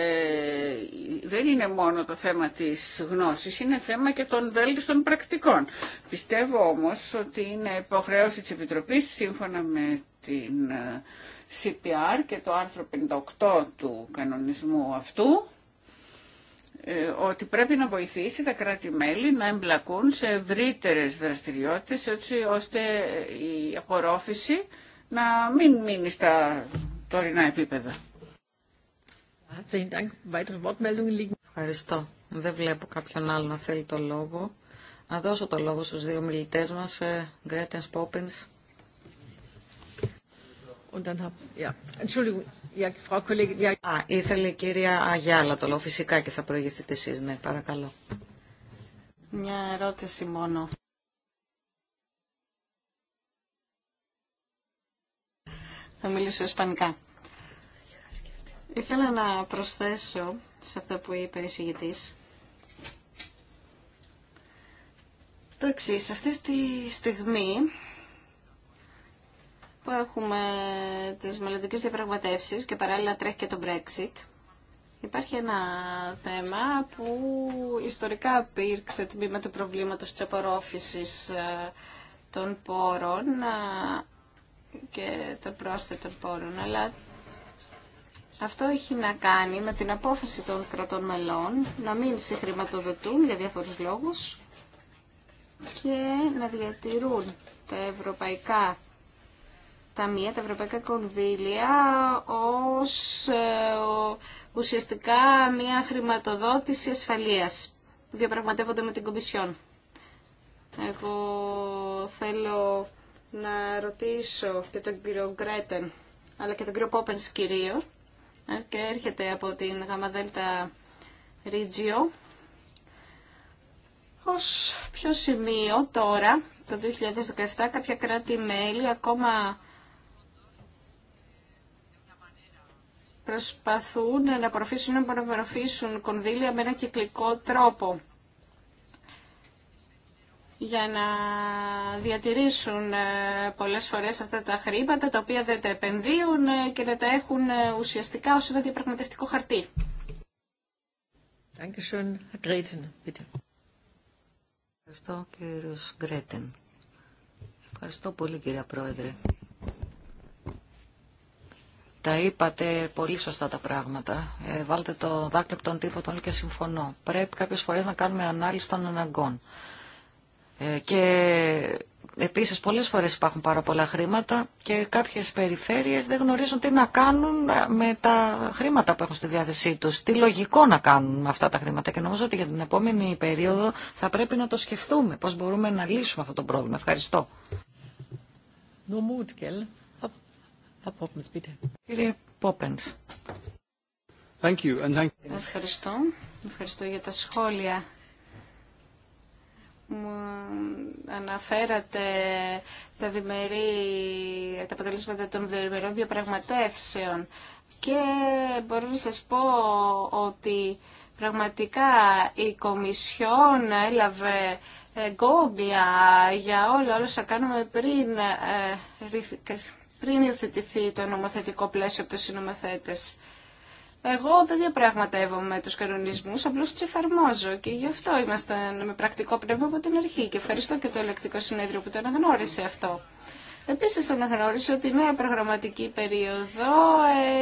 Speaker 3: δεν είναι μόνο το θέμα της γνώσης, είναι θέμα και των βέλτιστων πρακτικών. Πιστεύω όμως ότι είναι υποχρέωση της Επιτροπής, σύμφωνα με την ε, CPR και το άρθρο 58 του κανονισμού αυτού, ε, ότι πρέπει να βοηθήσει τα κράτη-μέλη να εμπλακούν σε ευρύτερες δραστηριότητες έτσι ώστε η απορρόφηση να μην μείνει στα τωρινά επίπεδα.
Speaker 1: Ευχαριστώ. Δεν
Speaker 2: βλέπω κάποιον άλλο να θέλει το λόγο. Να δώσω το λόγο στους δύο μιλητές μας, ε, Πόπινς. Α, ήθελε η κυρία Αγιάλα το λόγο, φυσικά και θα προηγηθείτε εσείς, ναι, παρακαλώ. Μια ερώτηση μόνο. Θα μιλήσω ισπανικά.
Speaker 4: Ήθελα να προσθέσω σε αυτό που είπε η εισηγητής το εξή. Αυτή τη στιγμή που έχουμε τις μελλοντικές διαπραγματεύσεις και παράλληλα τρέχει και το Brexit, Υπάρχει ένα θέμα που ιστορικά υπήρξε με το προβλήματος της απορρόφησης ε, των πόρων, ε, και των πρόσθετων πόρων, αλλά αυτό έχει να κάνει με την απόφαση των κρατών μελών να μην συγχρηματοδοτούν για διάφορους λόγους και να διατηρούν τα ευρωπαϊκά ταμεία, τα ευρωπαϊκά κονδύλια ως ε, ουσιαστικά μια χρηματοδότηση ασφαλείας που διαπραγματεύονται με την Κομισιόν. Εγώ θέλω να ρωτήσω και τον κύριο Γκρέτεν, αλλά και τον κύριο Πόπενς κυρίω, ε, και έρχεται από την ΓΑΜΑΔΕΛΤΑ Ρίτζιο, ως ποιο σημείο τώρα, το 2017, κάποια κράτη-μέλη ακόμα προσπαθούν να απορροφήσουν, να απορροφήσουν κονδύλια με ένα κυκλικό τρόπο για να διατηρήσουν ε, πολλές φορές αυτά τα χρήματα τα οποία δεν τα επενδύουν ε, και να τα έχουν ε, ουσιαστικά ως ένα διαπραγματευτικό χαρτί.
Speaker 1: Ευχαριστώ κύριος Γκρέτεν.
Speaker 2: Ευχαριστώ πολύ κύριε Πρόεδρε. Τα είπατε πολύ σωστά τα πράγματα. βάλτε το δάκτυλο από τον τύπο τον και συμφωνώ. Πρέπει κάποιες φορές να κάνουμε ανάλυση των αναγκών. Ε, και επίσης πολλές φορές υπάρχουν πάρα πολλά χρήματα και κάποιες περιφέρειες δεν γνωρίζουν τι να κάνουν με τα χρήματα που έχουν στη διάθεσή τους, τι λογικό να κάνουν με αυτά τα χρήματα και νομίζω ότι για την επόμενη περίοδο θα πρέπει να το σκεφτούμε πώς μπορούμε να λύσουμε αυτό το πρόβλημα. Ευχαριστώ.
Speaker 1: Ευχαριστώ. Ευχαριστώ για τα
Speaker 4: σχόλια μου αναφέρατε τα, τα αποτελέσματα των διμερών διαπραγματεύσεων και μπορώ να σας πω ότι πραγματικά η Κομισιόν έλαβε εγκόμπια για όλο όσα κάνουμε πριν, ε, πριν υιοθετηθεί το νομοθετικό πλαίσιο από τους συνομοθέτες. Εγώ δεν διαπραγματεύομαι τους κανονισμούς, απλώς τους εφαρμόζω και γι' αυτό ήμασταν με πρακτικό πνεύμα από την αρχή και ευχαριστώ και το ελεκτικό συνέδριο που το αναγνώρισε αυτό. Επίσης αναγνώρισε ότι η νέα προγραμματική περίοδο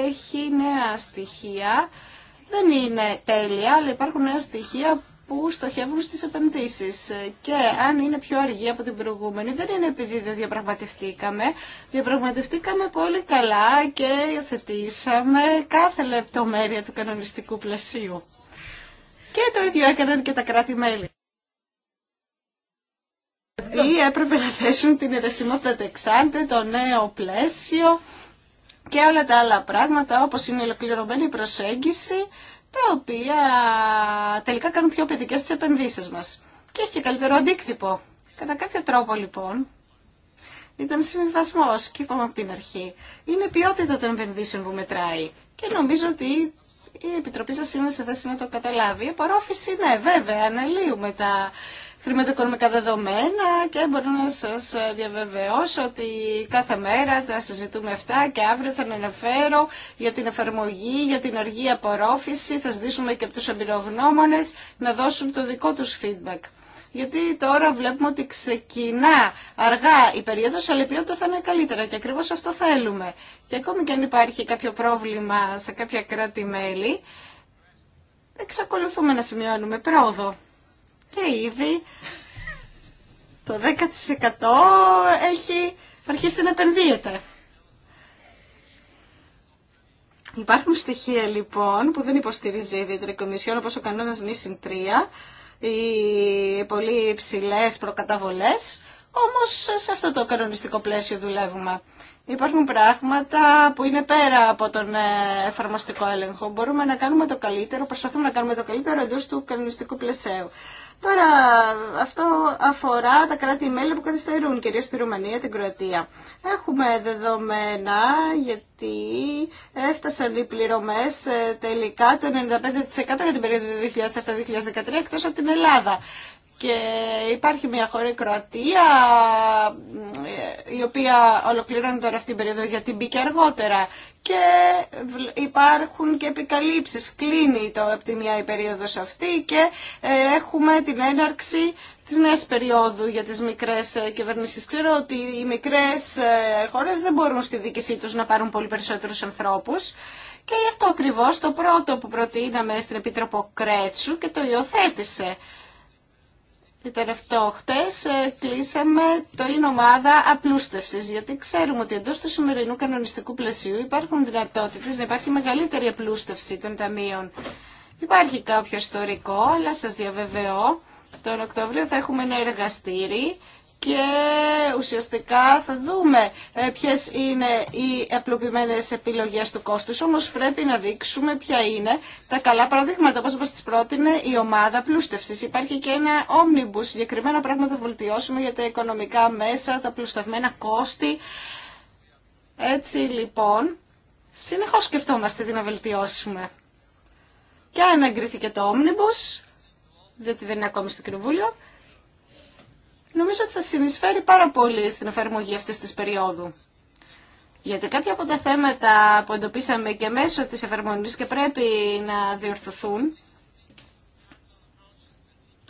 Speaker 4: έχει νέα στοιχεία. Δεν είναι τέλεια, αλλά υπάρχουν νέα στοιχεία που στοχεύουν στις επενδύσεις. Και αν είναι πιο αργή από την προηγούμενη, δεν είναι επειδή δεν διαπραγματευτήκαμε. Διαπραγματευτήκαμε πολύ καλά και υιοθετήσαμε κάθε λεπτομέρεια του κανονιστικού πλαισίου. Και το ίδιο έκαναν και τα κράτη-μέλη. Γιατί έπρεπε να θέσουν την ερεσιμότητα τεξάντε, το νέο πλαίσιο και όλα τα άλλα πράγματα, όπως είναι η ολοκληρωμένη προσέγγιση τα οποία τελικά κάνουν πιο παιδικές τις επενδύσεις μας. Και έχει και καλύτερο αντίκτυπο. Κατά κάποιο τρόπο λοιπόν, ήταν συμβιβασμό και είπαμε από την αρχή. Είναι ποιότητα των επενδύσεων που μετράει. Και νομίζω ότι η Επιτροπή σας είναι σε θέση να το καταλάβει. Η απορρόφηση, ναι, βέβαια, αναλύουμε τα χρηματοοικονομικά δεδομένα και μπορώ να σας ε, διαβεβαιώσω ότι κάθε μέρα θα συζητούμε αυτά και αύριο θα αναφέρω για την εφαρμογή, για την αργή απορρόφηση, θα ζητήσουμε και από τους εμπειρογνώμονες να δώσουν το δικό τους feedback. Γιατί τώρα βλέπουμε ότι ξεκινά αργά η περίοδος, αλλά η ποιότητα θα είναι καλύτερα και ακριβώς αυτό θέλουμε. Και ακόμη και αν υπάρχει κάποιο πρόβλημα σε κάποια κράτη-μέλη, εξακολουθούμε να σημειώνουμε πρόοδο και ήδη το 10% έχει αρχίσει να επενδύεται. Υπάρχουν στοιχεία λοιπόν που δεν υποστηρίζει η ιδιαίτερη Κομισιόν όπως ο κανόνας νήσιν 3, οι πολύ υψηλέ προκαταβολές, όμως σε αυτό το κανονιστικό πλαίσιο δουλεύουμε. Υπάρχουν πράγματα που είναι πέρα από τον ε, εφαρμοστικό έλεγχο. Μπορούμε να κάνουμε το καλύτερο, προσπαθούμε να κάνουμε το καλύτερο εντό του κανονιστικού πλαισίου. Τώρα αυτό αφορά τα κράτη-μέλη που καθυστερούν, κυρίως στη Ρουμανία, την Κροατία. Έχουμε δεδομένα γιατί έφτασαν οι πληρωμές ε, τελικά το 95% για την περίοδο 2007-2013 εκτός από την Ελλάδα. Και υπάρχει μια χώρα, η Κροατία, η οποία ολοκληρώνει τώρα αυτή την περίοδο γιατί μπήκε αργότερα. Και υπάρχουν και επικαλύψεις. Κλείνει το, από τη μια η περίοδος αυτή και ε, έχουμε την έναρξη της νέας περίοδου για τις μικρές ε, κυβερνήσεις. Ξέρω ότι οι μικρές ε, χώρες δεν μπορούν στη δίκησή τους να πάρουν πολύ περισσότερους ανθρώπους. Και γι' αυτό ακριβώς το πρώτο που προτείναμε στην Επίτροπο Κρέτσου και το υιοθέτησε ήταν αυτό. χτε κλείσαμε την ομάδα απλούστευσης, γιατί ξέρουμε ότι εντό του σημερινού κανονιστικού πλαισίου υπάρχουν δυνατότητες να υπάρχει μεγαλύτερη απλούστευση των ταμείων. Υπάρχει κάποιο ιστορικό, αλλά σας διαβεβαιώ, τον Οκτώβριο θα έχουμε ένα εργαστήρι και ουσιαστικά θα δούμε ε, ποιες είναι οι απλοποιημένες επιλογές του κόστους, όμως πρέπει να δείξουμε ποια είναι τα καλά παραδείγματα, όπως μας τις πρότεινε η ομάδα πλούστευσης. Υπάρχει και ένα όμνιμπους, συγκεκριμένα πράγματα θα βελτιώσουμε για τα οικονομικά μέσα, τα πλουστευμένα κόστη. Έτσι λοιπόν, συνεχώς σκεφτόμαστε τι να βελτιώσουμε. Και αν εγκρίθηκε το omnibus, διότι δεν είναι ακόμη στο Κοινοβούλιο, νομίζω ότι θα συνεισφέρει πάρα πολύ στην εφαρμογή αυτής της περίοδου. Γιατί κάποια από τα θέματα που εντοπίσαμε και μέσω της εφαρμογή και πρέπει να διορθωθούν,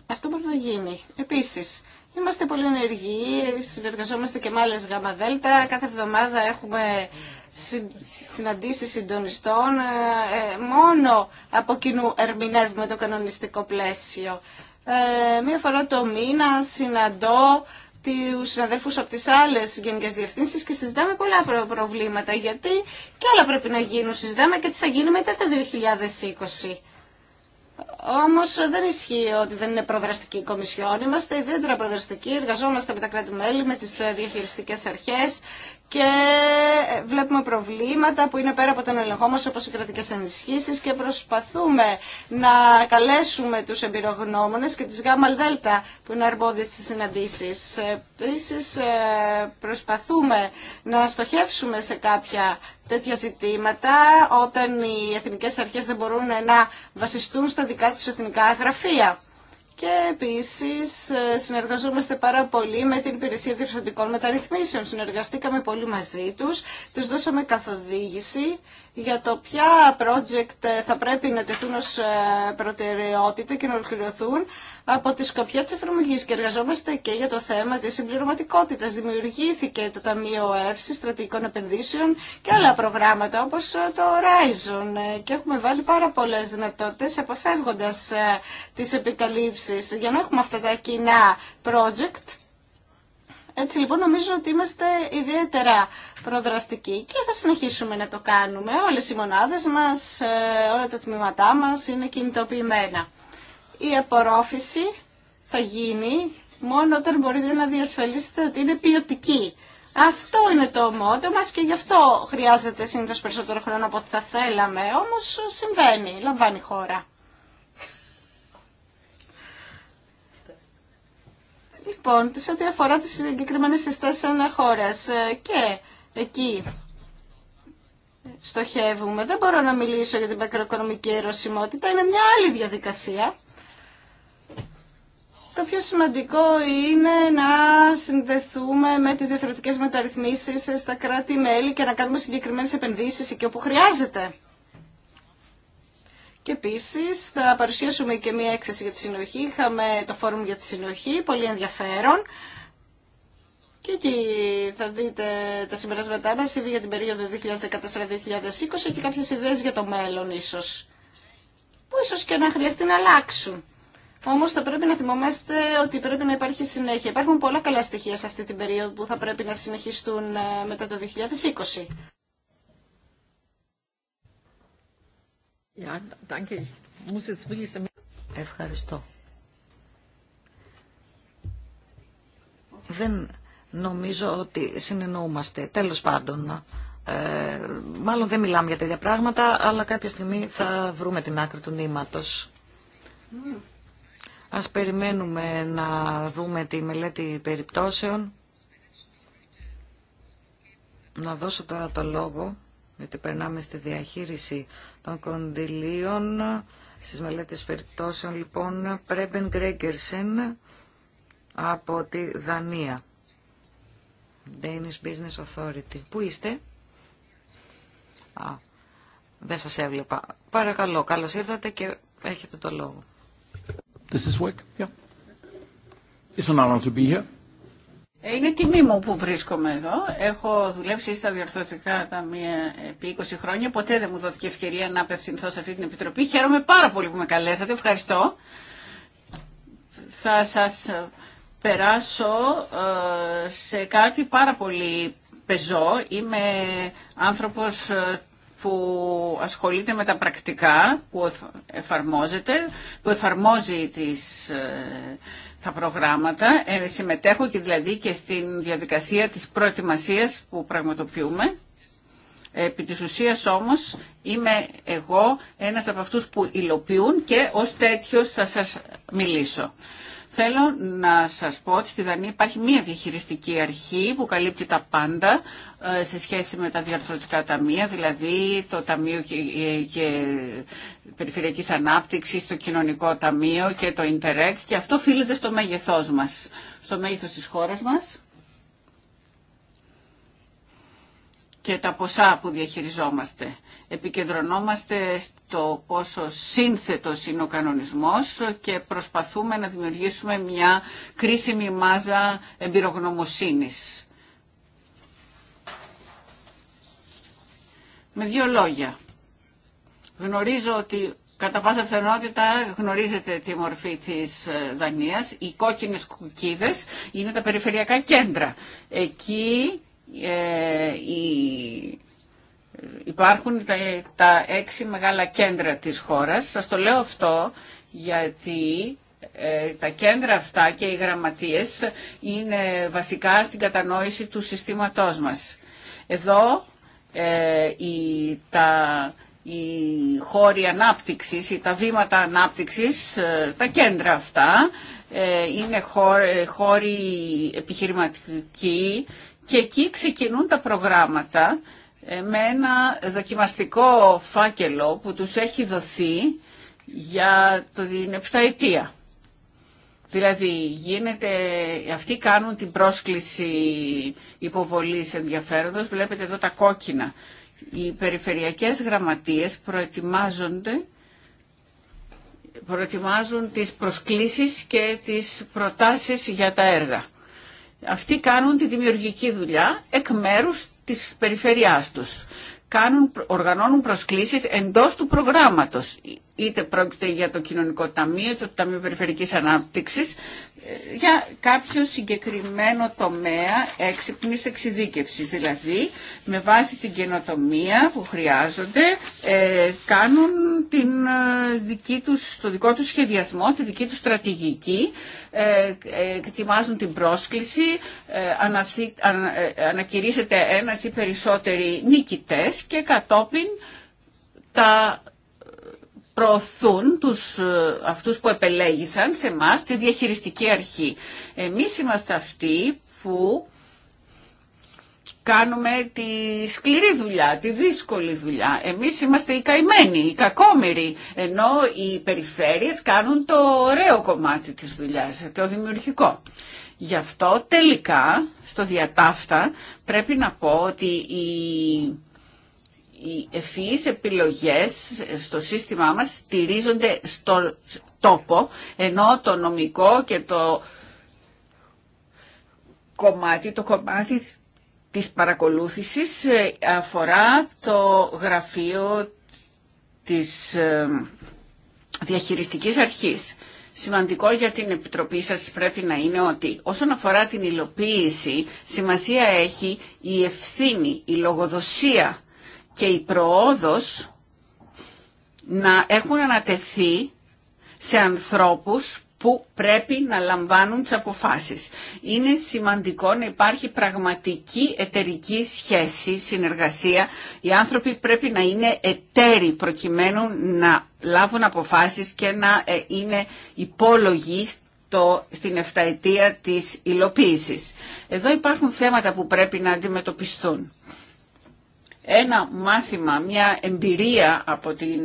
Speaker 4: αυτό μπορεί να γίνει. Επίσης, είμαστε πολύ ενεργοί, συνεργαζόμαστε και με γάμα δέλτα, κάθε εβδομάδα έχουμε συναντήσεις συντονιστών, ε, μόνο από κοινού ερμηνεύουμε το κανονιστικό πλαίσιο ε, μία φορά το μήνα συναντώ του συναδέλφου από τι άλλε γενικέ διευθύνσει και συζητάμε πολλά προβλήματα. Γιατί και άλλα πρέπει να γίνουν. Συζητάμε και τι θα γίνει μετά το 2020. Όμω δεν ισχύει ότι δεν είναι προδραστική η Κομισιόν. Είμαστε ιδιαίτερα προδραστικοί. Εργαζόμαστε με τα κράτη-μέλη, με τι ε, διαχειριστικέ αρχέ και βλέπουμε προβλήματα που είναι πέρα από τον ελεγχό μας όπως οι κρατικές ενισχύσεις και προσπαθούμε να καλέσουμε τους εμπειρογνώμονες και τις γάμα ΔΕΛΤΑ που είναι αρμόδιες στις συναντήσεις. Επίση ε, προσπαθούμε να στοχεύσουμε σε κάποια τέτοια ζητήματα όταν οι εθνικές αρχές δεν μπορούν να βασιστούν στα δικά τους εθνικά γραφεία. Και επίση ε, συνεργαζόμαστε πάρα πολύ με την Υπηρεσία Διευθυντικών Μεταρρυθμίσεων. Συνεργαστήκαμε πολύ μαζί τους, τους δώσαμε καθοδήγηση για το ποια project ε, θα πρέπει να τεθούν ω ε, προτεραιότητα και να ολοκληρωθούν από τη σκοπιά τη εφαρμογή και εργαζόμαστε και για το θέμα τη συμπληρωματικότητα. Δημιουργήθηκε το Ταμείο έύση Στρατηγικών Επενδύσεων και άλλα προγράμματα όπω ε, το Horizon ε, και έχουμε βάλει πάρα πολλέ δυνατότητε, αποφεύγοντα ε, τι επικαλύψεις για να έχουμε αυτά τα κοινά project έτσι λοιπόν νομίζω ότι είμαστε ιδιαίτερα προδραστικοί και θα συνεχίσουμε να το κάνουμε. Όλες οι μονάδες μας, όλα τα τμήματά μας είναι κινητοποιημένα η απορρόφηση θα γίνει μόνο όταν μπορείτε να διασφαλίσετε ότι είναι ποιοτική. Αυτό είναι το μότο μας και γι' αυτό χρειάζεται συνήθως περισσότερο χρόνο από ό,τι θα θέλαμε. Όμως συμβαίνει, λαμβάνει η χώρα. Λοιπόν, σε ό,τι αφορά τις συγκεκριμένες συστάσεις αναχώρας ε, και εκεί στοχεύουμε. Δεν μπορώ να μιλήσω για την μακροοικονομική ερωσιμότητα, είναι μια άλλη διαδικασία. Το πιο σημαντικό είναι να συνδεθούμε με τις διαφορετικές μεταρρυθμίσεις στα κράτη-μέλη και να κάνουμε συγκεκριμένες επενδύσεις εκεί όπου χρειάζεται. Και επίση θα παρουσιάσουμε και μία έκθεση για τη συνοχή. Είχαμε το φόρουμ για τη συνοχή, πολύ ενδιαφέρον. Και εκεί θα δείτε τα συμπεράσματά μας ήδη για την περίοδο 2014-2020 και κάποιες ιδέες για το μέλλον ίσως. Που ίσως και να χρειαστεί να αλλάξουν. Όμω θα πρέπει να θυμόμαστε ότι πρέπει να υπάρχει συνέχεια. Υπάρχουν πολλά καλά στοιχεία σε αυτή την περίοδο που θα πρέπει να συνεχιστούν ε, μετά το 2020.
Speaker 1: Ευχαριστώ.
Speaker 2: Δεν νομίζω ότι συνεννοούμαστε. Τέλος πάντων, ε, μάλλον δεν μιλάμε για τέτοια πράγματα, αλλά κάποια στιγμή θα βρούμε την άκρη του νήματος. Mm. Ας περιμένουμε να δούμε τη μελέτη περιπτώσεων. Να δώσω τώρα το λόγο, γιατί περνάμε στη διαχείριση των κονδυλίων στις μελέτες περιπτώσεων. Λοιπόν, Πρέμπεν Γκρέγκερσεν από τη Δανία. Danish Business Authority. Πού είστε? Α, δεν σας έβλεπα. Παρακαλώ, καλώς ήρθατε και έχετε το λόγο.
Speaker 1: Does this work?
Speaker 3: Ε, είναι τιμή μου που βρίσκομαι εδώ. Έχω δουλέψει στα διορθωτικά ταμεία επί 20 χρόνια. Ποτέ δεν μου δόθηκε ευκαιρία να απευθυνθώ σε αυτή την επιτροπή. Χαίρομαι πάρα πολύ που με καλέσατε. Ευχαριστώ. Θα σας ε, περάσω ε, σε κάτι πάρα πολύ πεζό. Είμαι άνθρωπος που ασχολείται με τα πρακτικά που εφαρμόζεται, που εφαρμόζει τις, ε, τα προγράμματα. Ε, συμμετέχω και δηλαδή και στην διαδικασία της προετοιμασίας που πραγματοποιούμε. Επί της ουσίας όμως είμαι εγώ ένας από αυτούς που υλοποιούν και ως τέτοιος θα σας μιλήσω. Θέλω να σας πω ότι στη Δανία υπάρχει μία διαχειριστική αρχή που καλύπτει τα πάντα ε, σε σχέση με τα διαρθρωτικά ταμεία, δηλαδή το Ταμείο και, ε, Ανάπτυξης, το Κοινωνικό Ταμείο και το Ιντερεκ και αυτό οφείλεται στο μέγεθός μας, στο μέγεθος της χώρας μας. και τα ποσά που διαχειριζόμαστε επικεντρωνόμαστε στο πόσο σύνθετος είναι ο κανονισμός και προσπαθούμε να δημιουργήσουμε μια κρίσιμη μάζα εμπειρογνωμοσύνης. Με δύο λόγια. Γνωρίζω ότι κατά πάσα πιθανότητα γνωρίζετε τη μορφή της ε, Δανίας. Οι κόκκινες κουκίδες είναι τα περιφερειακά κέντρα. Εκεί ε, Υπάρχουν τα, τα έξι μεγάλα κέντρα της χώρας. Σας το λέω αυτό γιατί ε, τα κέντρα αυτά και οι γραμματείες είναι βασικά στην κατανόηση του συστήματός μας. Εδώ ε, τα, οι χώροι ανάπτυξης ή τα βήματα ανάπτυξης, ε, τα κέντρα αυτά, είναι χώροι επιχειρηματικοί και εκεί ξεκινούν τα προγράμματα με ένα δοκιμαστικό φάκελο που τους έχει δοθεί για την επταετία. Δηλαδή γίνεται, αυτοί κάνουν την πρόσκληση υποβολής ενδιαφέροντος, βλέπετε εδώ τα κόκκινα. Οι περιφερειακές γραμματείες προετοιμάζονται, προετοιμάζουν τις προσκλήσεις και τις προτάσεις για τα έργα. Αυτοί κάνουν τη δημιουργική δουλειά εκ μέρους της περιφερειάς τους. Κάνουν, οργανώνουν προσκλήσεις εντός του προγράμματος είτε πρόκειται για το κοινωνικό ταμείο, το ταμείο περιφερικής ανάπτυξης, ε, για κάποιο συγκεκριμένο τομέα έξυπνης εξειδίκευσης. Δηλαδή, με βάση την καινοτομία που χρειάζονται, ε, κάνουν την, ε, δική τους, το δικό τους σχεδιασμό, τη δική τους στρατηγική, εκτιμάζουν την πρόσκληση, ανακηρύσσεται ένας ή περισσότεροι νικητές και κατόπιν τα προωθούν τους, ε, αυτούς που επελέγησαν σε εμά τη διαχειριστική αρχή. Εμείς είμαστε αυτοί που κάνουμε τη σκληρή δουλειά, τη δύσκολη δουλειά. Εμείς είμαστε οι καημένοι, οι κακόμεροι, ενώ οι περιφέρειες κάνουν το ωραίο κομμάτι της δουλειάς, το δημιουργικό. Γι' αυτό τελικά στο διατάφτα πρέπει να πω ότι η οι ευφυείς επιλογές στο σύστημά μας στηρίζονται στο τόπο, ενώ το νομικό και το κομμάτι, το κομμάτι της παρακολούθησης ε, αφορά το γραφείο της ε, διαχειριστικής αρχής. Σημαντικό για την Επιτροπή σας πρέπει να είναι ότι όσον αφορά την υλοποίηση, σημασία έχει η ευθύνη, η λογοδοσία και η προόδος να έχουν ανατεθεί σε ανθρώπους που πρέπει να λαμβάνουν τις αποφάσεις. Είναι σημαντικό να υπάρχει πραγματική εταιρική σχέση, συνεργασία. Οι άνθρωποι πρέπει να είναι εταίροι προκειμένου να λάβουν αποφάσεις και να ε, είναι υπόλογοι το, στην εφταετία της υλοποίησης. Εδώ υπάρχουν θέματα που πρέπει να αντιμετωπιστούν ένα μάθημα, μια εμπειρία από την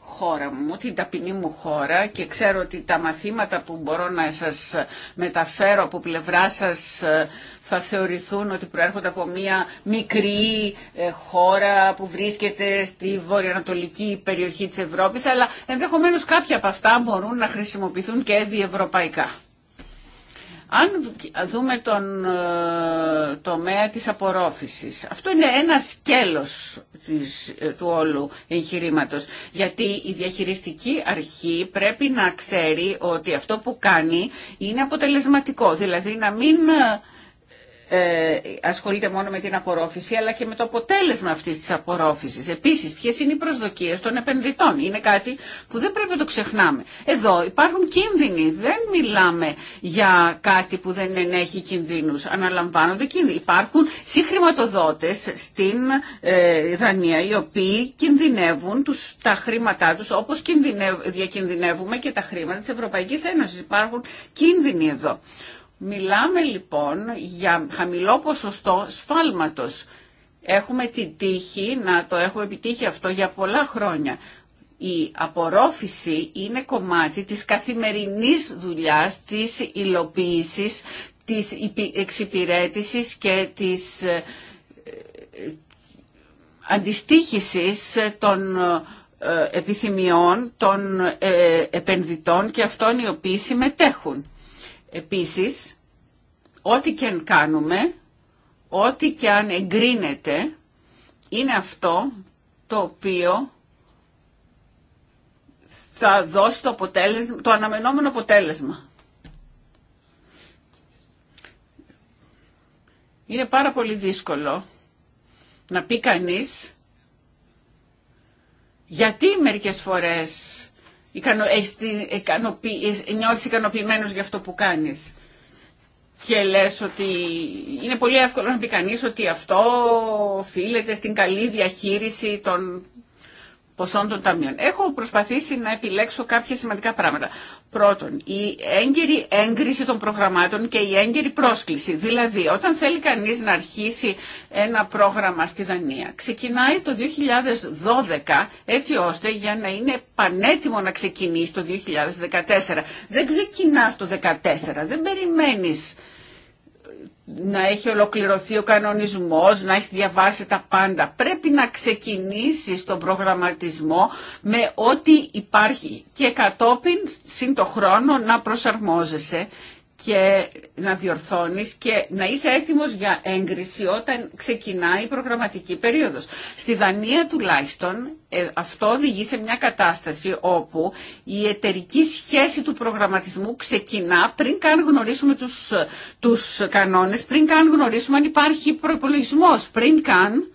Speaker 3: χώρα μου, την ταπεινή μου χώρα και ξέρω ότι τα μαθήματα που μπορώ να σας μεταφέρω από πλευρά σας ε, θα θεωρηθούν ότι προέρχονται από μια μικρή ε, χώρα που βρίσκεται στη βορειοανατολική περιοχή της Ευρώπης, αλλά ενδεχομένως κάποια από αυτά μπορούν να χρησιμοποιηθούν και διευρωπαϊκά. Αν δούμε τον ε, τομέα της απορρόφησης, αυτό είναι ένα σκέλος της, ε, του όλου εγχειρήματο. Γιατί η διαχειριστική αρχή πρέπει να ξέρει ότι αυτό που κάνει είναι αποτελεσματικό. Δηλαδή να μην ε, ε, ασχολείται μόνο με την απορρόφηση αλλά και με το αποτέλεσμα αυτής της απορρόφησης. Επίσης, ποιε είναι οι προσδοκίε των επενδυτών. Είναι κάτι που δεν πρέπει να το ξεχνάμε. Εδώ υπάρχουν κίνδυνοι. Δεν μιλάμε για κάτι που δεν ενέχει κινδύνους. Αναλαμβάνονται κίνδυνοι. Υπάρχουν συγχρηματοδότε στην ε, Δανία οι οποίοι κινδυνεύουν τους, τα χρήματά του, όπω διακινδυνεύουμε και τα χρήματα τη Ευρωπαϊκή Ένωση. Υπάρχουν κίνδυνοι εδώ. Μιλάμε λοιπόν για χαμηλό ποσοστό σφάλματος. Έχουμε την τύχη να το έχουμε επιτύχει αυτό για πολλά χρόνια. Η απορρόφηση είναι κομμάτι της καθημερινής δουλειάς, της υλοποίησης, της εξυπηρέτησης και της ε, ε, αντιστήχησης των ε, επιθυμιών των επενδυτών και αυτών οι οποίοι συμμετέχουν. Επίσης, ό,τι και αν κάνουμε, ό,τι και αν εγκρίνεται, είναι αυτό το οποίο θα δώσει το, αποτέλεσμα, το αναμενόμενο αποτέλεσμα. Είναι πάρα πολύ δύσκολο να πει κανείς γιατί μερικές φορές έχεις, νιώθεις ικανοποιημένος για αυτό που κάνεις. Και λες ότι είναι πολύ εύκολο να πει κανείς ότι αυτό οφείλεται στην καλή διαχείριση των ποσών των ταμείων. Έχω προσπαθήσει να επιλέξω κάποια σημαντικά πράγματα. Πρώτον, η έγκαιρη έγκριση των προγραμμάτων και η έγκαιρη πρόσκληση. Δηλαδή, όταν θέλει κανείς να αρχίσει ένα πρόγραμμα στη Δανία, ξεκινάει το 2012 έτσι ώστε για να είναι πανέτοιμο να ξεκινήσει το 2014. Δεν ξεκινάς το 2014, δεν περιμένεις να έχει ολοκληρωθεί ο κανονισμός, να έχει διαβάσει τα πάντα. Πρέπει να ξεκινήσεις τον προγραμματισμό με ό,τι υπάρχει και κατόπιν, σύν το χρόνο, να προσαρμόζεσαι και να διορθώνεις και να είσαι έτοιμος για έγκριση όταν ξεκινάει η προγραμματική περίοδος. Στη Δανία τουλάχιστον ε, αυτό οδηγεί σε μια κατάσταση όπου η εταιρική σχέση του προγραμματισμού ξεκινά πριν καν γνωρίσουμε τους, τους κανόνες, πριν καν γνωρίσουμε αν υπάρχει προπολογισμό, πριν καν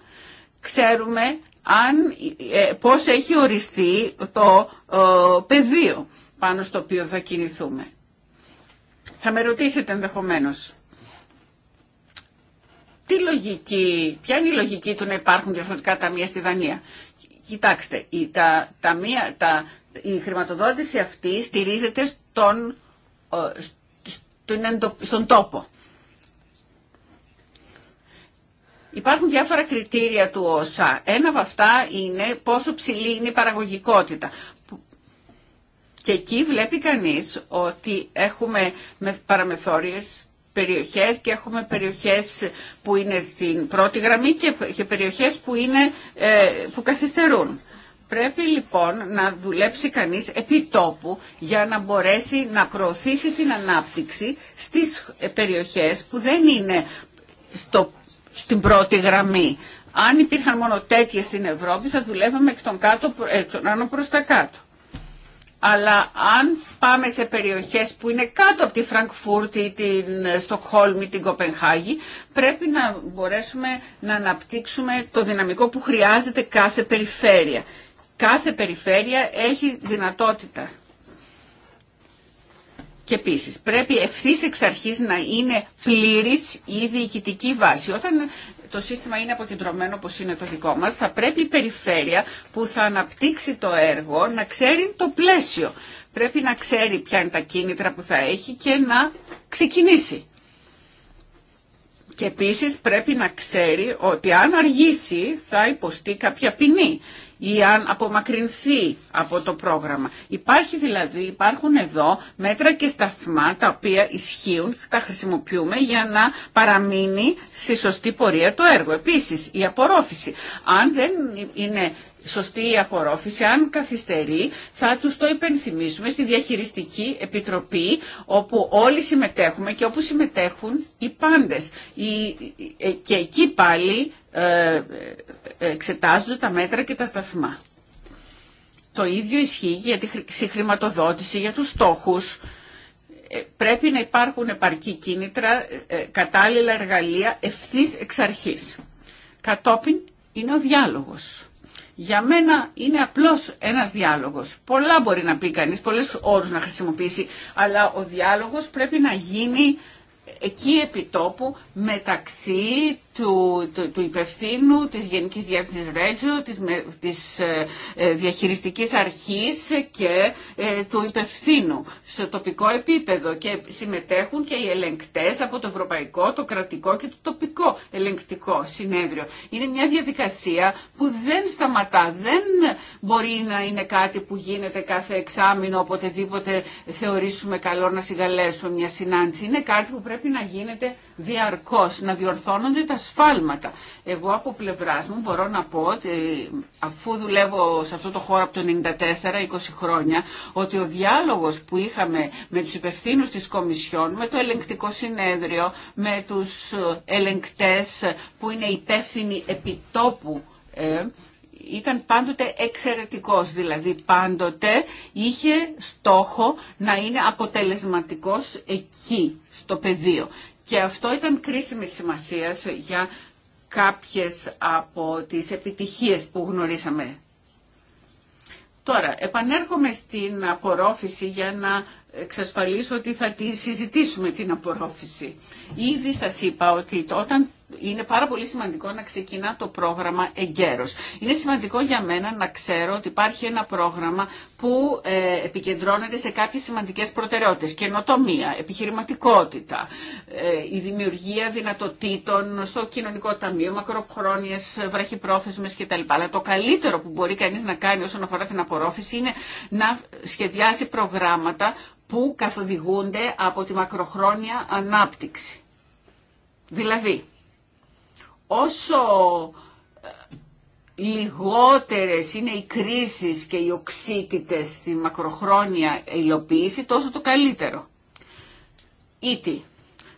Speaker 3: ξέρουμε αν, ε, πώς έχει οριστεί το ε, πεδίο πάνω στο οποίο θα κινηθούμε. Θα με ρωτήσετε ενδεχομένω. Τι λογική, ποια είναι η λογική του να υπάρχουν διαφορετικά ταμεία στη Δανία. Κοιτάξτε, η, τα, ταμεία, τα, η χρηματοδότηση αυτή στηρίζεται στον, στον τόπο. Υπάρχουν διάφορα κριτήρια του ΩΣΑ. Ένα από αυτά είναι πόσο ψηλή είναι η παραγωγικότητα, και εκεί βλέπει κανείς ότι έχουμε παραμεθόριες περιοχές και έχουμε περιοχές που είναι στην πρώτη γραμμή και περιοχές που, είναι, ε, που καθυστερούν. Πρέπει λοιπόν να δουλέψει κανείς επί τόπου για να μπορέσει να προωθήσει την ανάπτυξη στις ε, περιοχές που δεν είναι στο, στην πρώτη γραμμή. Αν υπήρχαν μόνο τέτοιες στην Ευρώπη θα δουλεύαμε εκ των, εκ των άνω προς τα κάτω. Αλλά αν πάμε σε περιοχές που είναι κάτω από τη Φραγκφούρτη, την Στοκχόλμη, την Κοπενχάγη, πρέπει να μπορέσουμε να αναπτύξουμε το δυναμικό που χρειάζεται κάθε περιφέρεια. Κάθε περιφέρεια έχει δυνατότητα. Και επίσης πρέπει ευθύ εξ αρχής να είναι πλήρης η διοικητική βάση. Όταν το σύστημα είναι αποκεντρωμένο όπως είναι το δικό μας, θα πρέπει η περιφέρεια που θα αναπτύξει το έργο να ξέρει το πλαίσιο. Πρέπει να ξέρει ποια είναι τα κίνητρα που θα έχει και να ξεκινήσει. Και επίσης πρέπει να ξέρει ότι αν αργήσει θα υποστεί κάποια ποινή ή αν απομακρυνθεί από το πρόγραμμα. Υπάρχει δηλαδή, υπάρχουν εδώ μέτρα και σταθμά τα οποία ισχύουν, τα χρησιμοποιούμε για να παραμείνει στη σωστή πορεία το έργο. Επίσης, η απορρόφηση. Αν δεν είναι σωστή η απορρόφηση, αν καθυστερεί, θα τους το υπενθυμίσουμε στη Διαχειριστική Επιτροπή, όπου όλοι συμμετέχουμε και όπου συμμετέχουν οι πάντες. Ε, και εκεί πάλι ε, ε, εξετάζονται τα μέτρα και τα σταθμά. Το ίδιο ισχύει για τη συγχρηματοδότηση, για τους στόχους. Ε, πρέπει να υπάρχουν επαρκή κίνητρα, κατάλληλα εργαλεία ευθύ εξ αρχής. Κατόπιν είναι ο διάλογος. Για μένα είναι απλώς ένας διάλογος. Πολλά μπορεί να πει κανείς, πολλές όρους να χρησιμοποιήσει, αλλά ο διάλογος πρέπει να γίνει εκεί επιτόπου μεταξύ του, του, υπευθύνου, της Γενικής Διεύθυνσης Ρέτζου, της, της ε, ε, διαχειριστικής αρχής και ε, του υπευθύνου στο τοπικό επίπεδο και συμμετέχουν και οι ελεγκτές από το ευρωπαϊκό, το κρατικό και το τοπικό ελεγκτικό συνέδριο. Είναι μια διαδικασία που δεν σταματά, δεν μπορεί να είναι κάτι που γίνεται κάθε εξάμεινο, οποτεδήποτε θεωρήσουμε καλό να συγκαλέσουμε μια συνάντηση. Είναι κάτι που πρέπει να γίνεται διαρκώς, να διορθώνονται τα σφάλματα. Εγώ από πλευράς μου μπορώ να πω ότι αφού δουλεύω σε αυτό το χώρο από το 94, 20 χρόνια, ότι ο διάλογος που είχαμε με τους υπευθύνου της Κομισιόν, με το ελεγκτικό συνέδριο, με τους ε, ελεγκτές που είναι υπεύθυνοι επιτόπου, ε, ήταν πάντοτε εξαιρετικός, δηλαδή πάντοτε είχε στόχο να είναι αποτελεσματικός εκεί, στο πεδίο. Και αυτό ήταν κρίσιμη σημασία για κάποιες από τις επιτυχίες που γνωρίσαμε. Τώρα, επανέρχομαι στην απορρόφηση για να εξασφαλίσω ότι θα τη συζητήσουμε την απορρόφηση. Ήδη σας είπα ότι όταν είναι πάρα πολύ σημαντικό να ξεκινά το πρόγραμμα εγκαίρως. Είναι σημαντικό για μένα να ξέρω ότι υπάρχει ένα πρόγραμμα που ε, επικεντρώνεται σε κάποιες σημαντικές προτεραιότητες. Καινοτομία, επιχειρηματικότητα, ε, η δημιουργία δυνατοτήτων στο κοινωνικό ταμείο, μακροχρόνιες, βραχυπρόθεσμες κτλ. Αλλά το καλύτερο που μπορεί κανείς να κάνει όσον αφορά την απορρόφηση είναι να σχεδιάσει προγράμματα που καθοδηγούνται από τη μακροχρόνια ανάπτυξη. Δηλαδή, όσο ε, λιγότερες είναι οι κρίσεις και οι οξύτητες στη μακροχρόνια υλοποίηση, τόσο το καλύτερο. Ήτι, e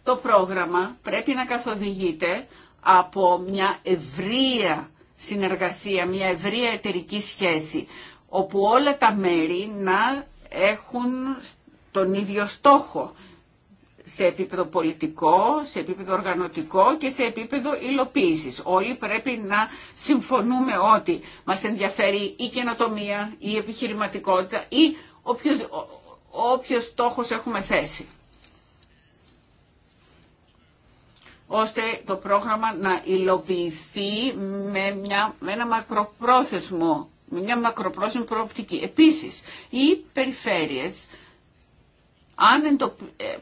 Speaker 3: το πρόγραμμα πρέπει να καθοδηγείται από μια ευρεία συνεργασία, μια ευρεία εταιρική σχέση, όπου όλα τα μέρη να έχουν τον ίδιο στόχο σε επίπεδο πολιτικό, σε επίπεδο οργανωτικό και σε επίπεδο υλοποίησης. Όλοι πρέπει να συμφωνούμε ότι μα ενδιαφέρει η καινοτομία, η επιχειρηματικότητα ή όποιος, όποιος στόχος έχουμε θέσει. ώστε το πρόγραμμα να υλοποιηθεί με, μια, με ένα μακροπρόθεσμο, με μια μακροπρόθεσμη προοπτική. Επίσης, οι περιφέρειες αν ε,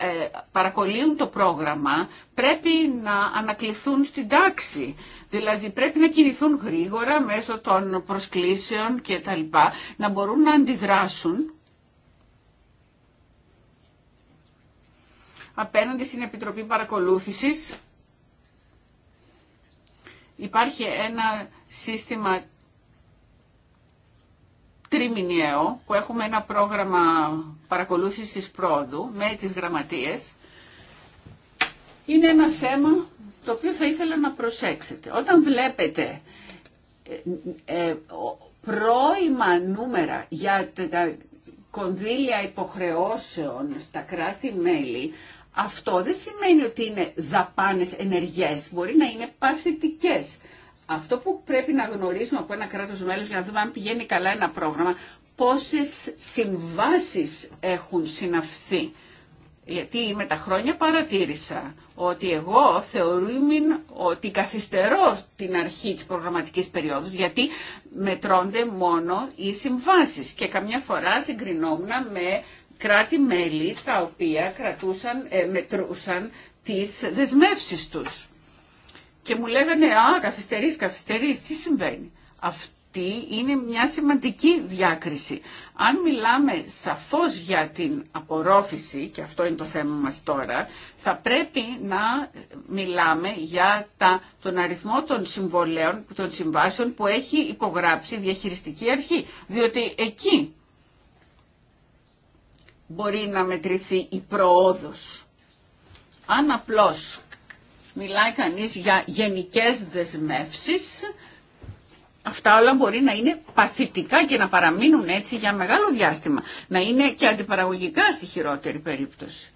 Speaker 3: ε, παρακολύουν το πρόγραμμα πρέπει να ανακληθούν στην τάξη. Δηλαδή πρέπει να κινηθούν γρήγορα μέσω των προσκλήσεων και τα λοιπά, να μπορούν να αντιδράσουν απέναντι στην Επιτροπή Παρακολούθησης. Υπάρχει ένα σύστημα τριμηνιαίο που έχουμε ένα πρόγραμμα παρακολούθησης της πρόοδου με τις γραμματείες. Είναι ένα θέμα το οποίο θα ήθελα να προσέξετε. Όταν βλέπετε ε, ε πρώιμα νούμερα για τα κονδύλια υποχρεώσεων στα κράτη-μέλη, αυτό δεν σημαίνει ότι είναι δαπάνες ενεργές, μπορεί να είναι παθητικές. Αυτό που πρέπει να γνωρίζουμε από ένα κράτος μέλο, για να δούμε αν πηγαίνει καλά ένα πρόγραμμα, πόσε συμβάσεις έχουν συναυθεί. Γιατί με τα χρόνια παρατήρησα ότι εγώ θεωρούμε ότι καθυστερώ την αρχή της προγραμματικής περίοδου γιατί μετρώνται μόνο οι συμβάσεις και καμιά φορά συγκρινόμουν με κράτη-μέλη τα οποία κρατούσαν, ε, μετρούσαν τις δεσμεύσεις τους και μου λέγανε «Α, καθυστερείς, καθυστερείς, τι συμβαίνει». Αυτή είναι μια σημαντική διάκριση. Αν μιλάμε σαφώς για την απορρόφηση, και αυτό είναι το θέμα μας τώρα, θα πρέπει να μιλάμε για τα, τον αριθμό των συμβολέων, των συμβάσεων που έχει υπογράψει η διαχειριστική αρχή. Διότι εκεί μπορεί να μετρηθεί η προόδος. Αν απλώς μιλάει κανείς για γενικές δεσμεύσεις, αυτά όλα μπορεί να είναι παθητικά και να παραμείνουν έτσι για μεγάλο διάστημα. Να είναι και αντιπαραγωγικά στη χειρότερη περίπτωση.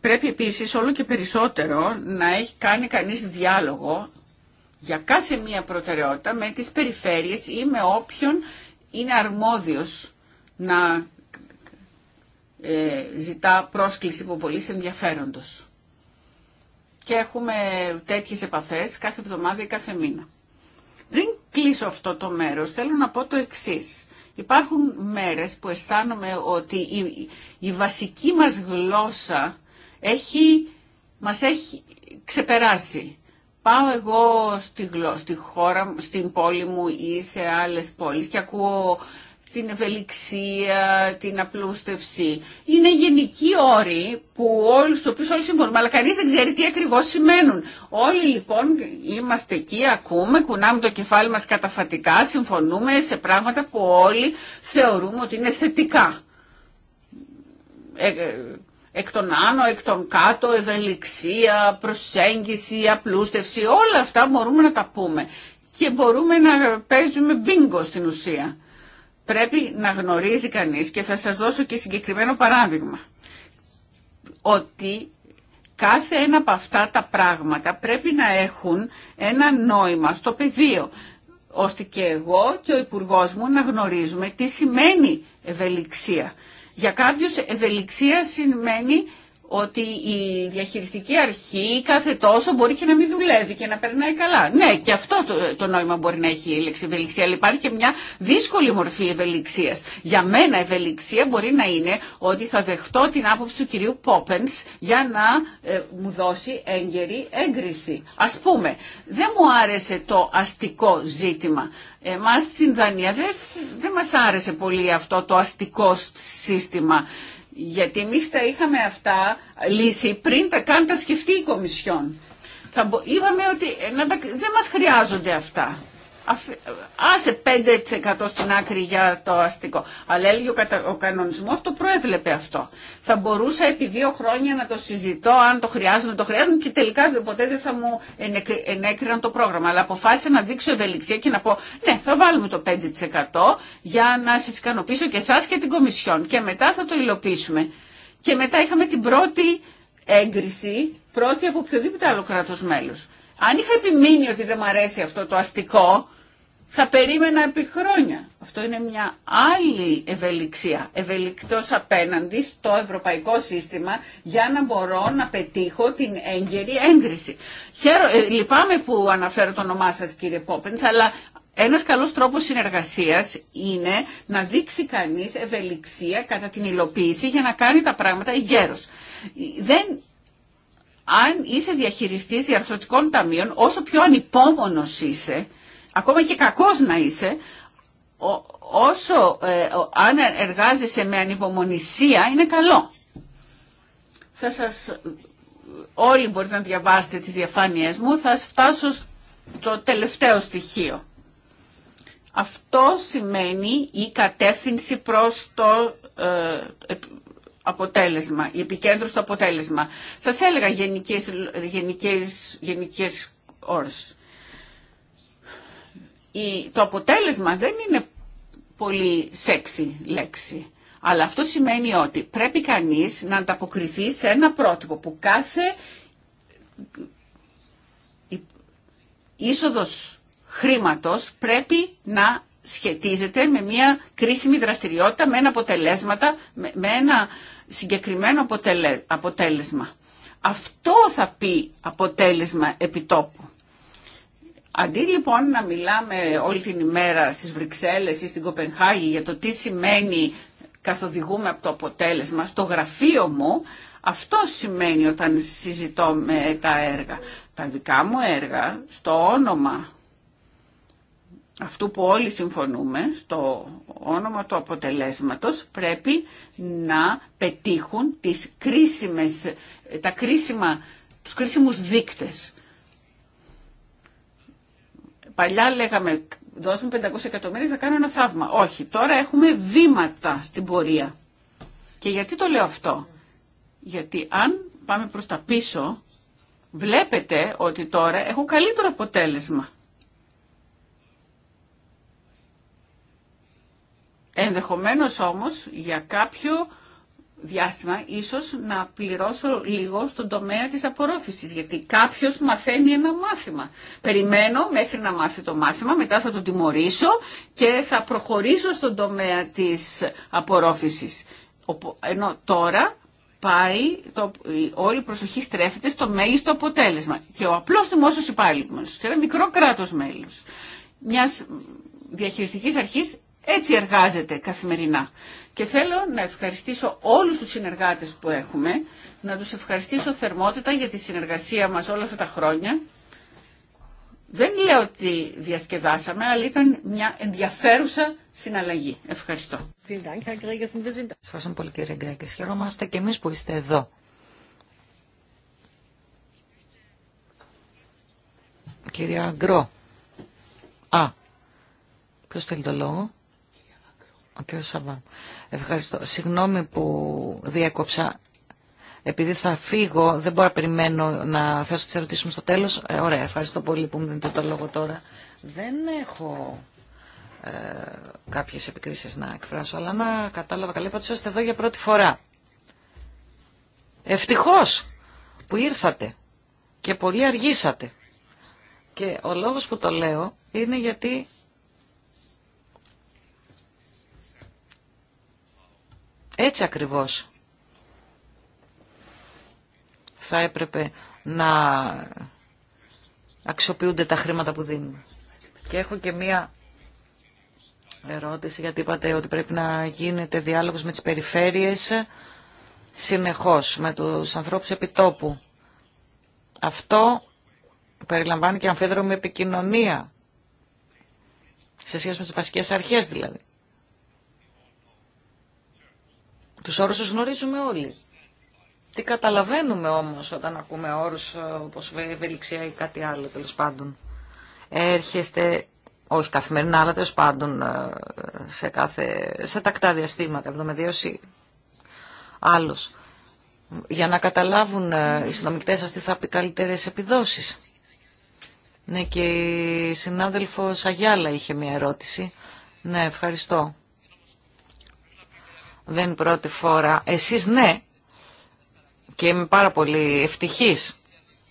Speaker 3: Πρέπει επίσης όλο και περισσότερο να έχει κάνει κανείς διάλογο για κάθε μία προτεραιότητα με τις περιφέρειες ή με όποιον είναι αρμόδιος να ε, ζητά πρόσκληση από πολύ ενδιαφέροντος. Και έχουμε τέτοιες επαφές κάθε εβδομάδα ή κάθε μήνα. Πριν κλείσω αυτό το μέρος, θέλω να πω το εξής. Υπάρχουν μέρες που αισθάνομαι ότι η, η βασική μας γλώσσα έχει, μας έχει ξεπεράσει. Πάω εγώ στη, γλώσσα, στη χώρα, στην πόλη μου ή σε άλλες πόλεις και ακούω την ευελιξία, την απλούστευση. Είναι γενικοί όροι που όλοι, όλοι συμφωνούμε, αλλά κανείς δεν ξέρει τι ακριβώς σημαίνουν. Όλοι λοιπόν είμαστε εκεί, ακούμε, κουνάμε το κεφάλι μας καταφατικά, συμφωνούμε σε πράγματα που όλοι θεωρούμε ότι είναι θετικά. Ε, ε, εκ των άνω, εκ των κάτω, ευελιξία, προσέγγιση, απλούστευση, όλα αυτά μπορούμε να τα πούμε. Και μπορούμε να παίζουμε μπίνγκο στην ουσία πρέπει να γνωρίζει κανείς και θα σας δώσω και συγκεκριμένο παράδειγμα ότι κάθε ένα από αυτά τα πράγματα πρέπει να έχουν ένα νόημα στο πεδίο ώστε και εγώ και ο υπουργό μου να γνωρίζουμε τι σημαίνει ευελιξία. Για κάποιους ευελιξία σημαίνει ότι η διαχειριστική αρχή κάθε τόσο μπορεί και να μην δουλεύει και να περνάει καλά. Ναι, και αυτό το, το νόημα μπορεί να έχει η λέξη ευελιξία, αλλά υπάρχει και μια δύσκολη μορφή ευελιξία. Για μένα ευελιξία μπορεί να είναι ότι θα δεχτώ την άποψη του κυρίου Πόπεν για να ε, μου δώσει έγκαιρη έγκριση. Α πούμε, δεν μου άρεσε το αστικό ζήτημα. Εμάς στην Δανία δεν, δεν μας άρεσε πολύ αυτό το αστικό σύστημα γιατί εμεί τα είχαμε αυτά λύσει πριν τα καν τα σκεφτεί η Κομισιόν. Θα, είπαμε ότι ε, δεν μας χρειάζονται αυτά άσε 5% στην άκρη για το αστικό. Αλλά έλεγε ο κανονισμό, το προέβλεπε αυτό. Θα μπορούσα επί δύο χρόνια να το συζητώ αν το χρειάζομαι, το χρειάζομαι και τελικά ποτέ δεν θα μου ενέκριναν το πρόγραμμα. Αλλά αποφάσισα να δείξω ευελιξία και να πω ναι θα βάλουμε το 5% για να σα ικανοποιήσω και εσά και την Κομισιόν και μετά θα το υλοποιήσουμε. Και μετά είχαμε την πρώτη έγκριση, πρώτη από οποιοδήποτε άλλο κράτο μέλος. Αν είχα επιμείνει ότι δεν μου αρέσει αυτό το αστικό, θα περίμενα επί χρόνια. Αυτό είναι μια άλλη ευελιξία. Ευελικτός απέναντι στο ευρωπαϊκό σύστημα για να μπορώ να πετύχω την έγκαιρη έγκριση. Χαίρο, ε, λυπάμαι που αναφέρω το όνομά σας κύριε Πόπενς, αλλά ένας καλός τρόπος συνεργασίας είναι να δείξει κανείς ευελιξία κατά την υλοποίηση για να κάνει τα πράγματα εγκαίρως. Δεν αν είσαι διαχειριστής διαρθρωτικών ταμείων, όσο πιο ανυπόμονος είσαι, ακόμα και κακός να είσαι, όσο ε, αν εργάζεσαι με ανυπομονησία είναι καλό. Θα σας, όλοι μπορείτε να διαβάσετε τις διαφάνειές μου, θα φτάσω στο τελευταίο στοιχείο. Αυτό σημαίνει η κατεύθυνση προς το ε, αποτέλεσμα, η επικέντρωση στο αποτέλεσμα. Σας έλεγα γενικές, γενικές, γενικές όρες το αποτέλεσμα δεν είναι πολύ σεξι λέξη. Αλλά αυτό σημαίνει ότι πρέπει κανείς να ανταποκριθεί σε ένα πρότυπο που κάθε είσοδος χρήματος πρέπει να σχετίζεται με μια κρίσιμη δραστηριότητα, με ένα, αποτελέσματα, με ένα συγκεκριμένο αποτέλεσμα. Αυτό θα πει αποτέλεσμα επιτόπου. Αντί λοιπόν να μιλάμε όλη την ημέρα στις Βρυξέλλες ή στην Κοπενχάγη για το τι σημαίνει καθοδηγούμε από το αποτέλεσμα, στο γραφείο μου αυτό σημαίνει όταν συζητώ με τα έργα. Τα δικά μου έργα στο όνομα αυτού που όλοι συμφωνούμε, στο όνομα του αποτελέσματος, πρέπει να πετύχουν τις κρίσιμες, τα κρίσιμα, τους κρίσιμους δείκτες. Παλιά λέγαμε δώσουμε 500 εκατομμύρια θα κάνω ένα θαύμα. Όχι, τώρα έχουμε βήματα στην πορεία. Και γιατί το λέω αυτό. Γιατί αν πάμε προς τα πίσω, βλέπετε ότι τώρα έχω καλύτερο αποτέλεσμα. Ενδεχομένως όμως για κάποιο διάστημα ίσως να πληρώσω λίγο στον τομέα της απορρόφησης γιατί κάποιος μαθαίνει ένα μάθημα. Περιμένω μέχρι να μάθει το μάθημα, μετά θα το τιμωρήσω και θα προχωρήσω στον τομέα της απορρόφησης. Ενώ τώρα πάει, το, όλη η προσοχή στρέφεται στο μέγιστο αποτέλεσμα. Και ο απλός δημόσιος υπάλληλος, και ένα μικρό κράτος μέλος, μιας διαχειριστικής αρχής έτσι εργάζεται καθημερινά. Και θέλω να ευχαριστήσω όλους τους συνεργάτες που έχουμε, να τους ευχαριστήσω θερμότητα για τη συνεργασία μας όλα αυτά τα χρόνια. Δεν λέω ότι διασκεδάσαμε, αλλά ήταν μια ενδιαφέρουσα συναλλαγή. Ευχαριστώ. Ευχαριστώ πολύ κύριε Γκρέγκες. Χαιρόμαστε και εμείς που είστε εδώ.
Speaker 2: Κυρία Γκρό. Α, ποιος θέλει το λόγο. Κύριε Σαββά, ευχαριστώ. Συγγνώμη που διέκοψα. Επειδή θα φύγω, δεν μπορώ να περιμένω να θέσω τις ερωτήσεις μου στο τέλος. Ε, ωραία, ευχαριστώ πολύ που μου δίνετε το λόγο τώρα. Δεν έχω ε, κάποιες επικρίσεις να εκφράσω, αλλά να κατάλαβα καλά. Είπατε είστε εδώ για πρώτη φορά. Ευτυχώς που ήρθατε και πολύ αργήσατε. Και ο λόγος που το λέω είναι γιατί Έτσι ακριβώς θα έπρεπε να αξιοποιούνται τα χρήματα που δίνουν. Και έχω και μία ερώτηση, γιατί είπατε ότι πρέπει να γίνεται διάλογος με τις περιφέρειες συνεχώς, με τους ανθρώπους επιτόπου. Αυτό περιλαμβάνει και αμφίδρομη επικοινωνία, σε σχέση με τις βασικές αρχές δηλαδή. Τους όρους τους γνωρίζουμε όλοι. Τι καταλαβαίνουμε όμως όταν ακούμε όρους ε, όπως ευελιξία ή κάτι άλλο τέλο πάντων. Έρχεστε, όχι καθημερινά, αλλά τέλο πάντων ε, σε, κάθε, σε τακτά διαστήματα, 72 άλλος. Για να καταλάβουν ε, οι συνομικτές σας τι θα πει καλύτερες επιδόσεις. Ναι και η συνάδελφος Αγιάλα είχε μια ερώτηση. Ναι, ευχαριστώ. Δεν είναι πρώτη φορά. Εσείς ναι. Και είμαι πάρα πολύ ευτυχής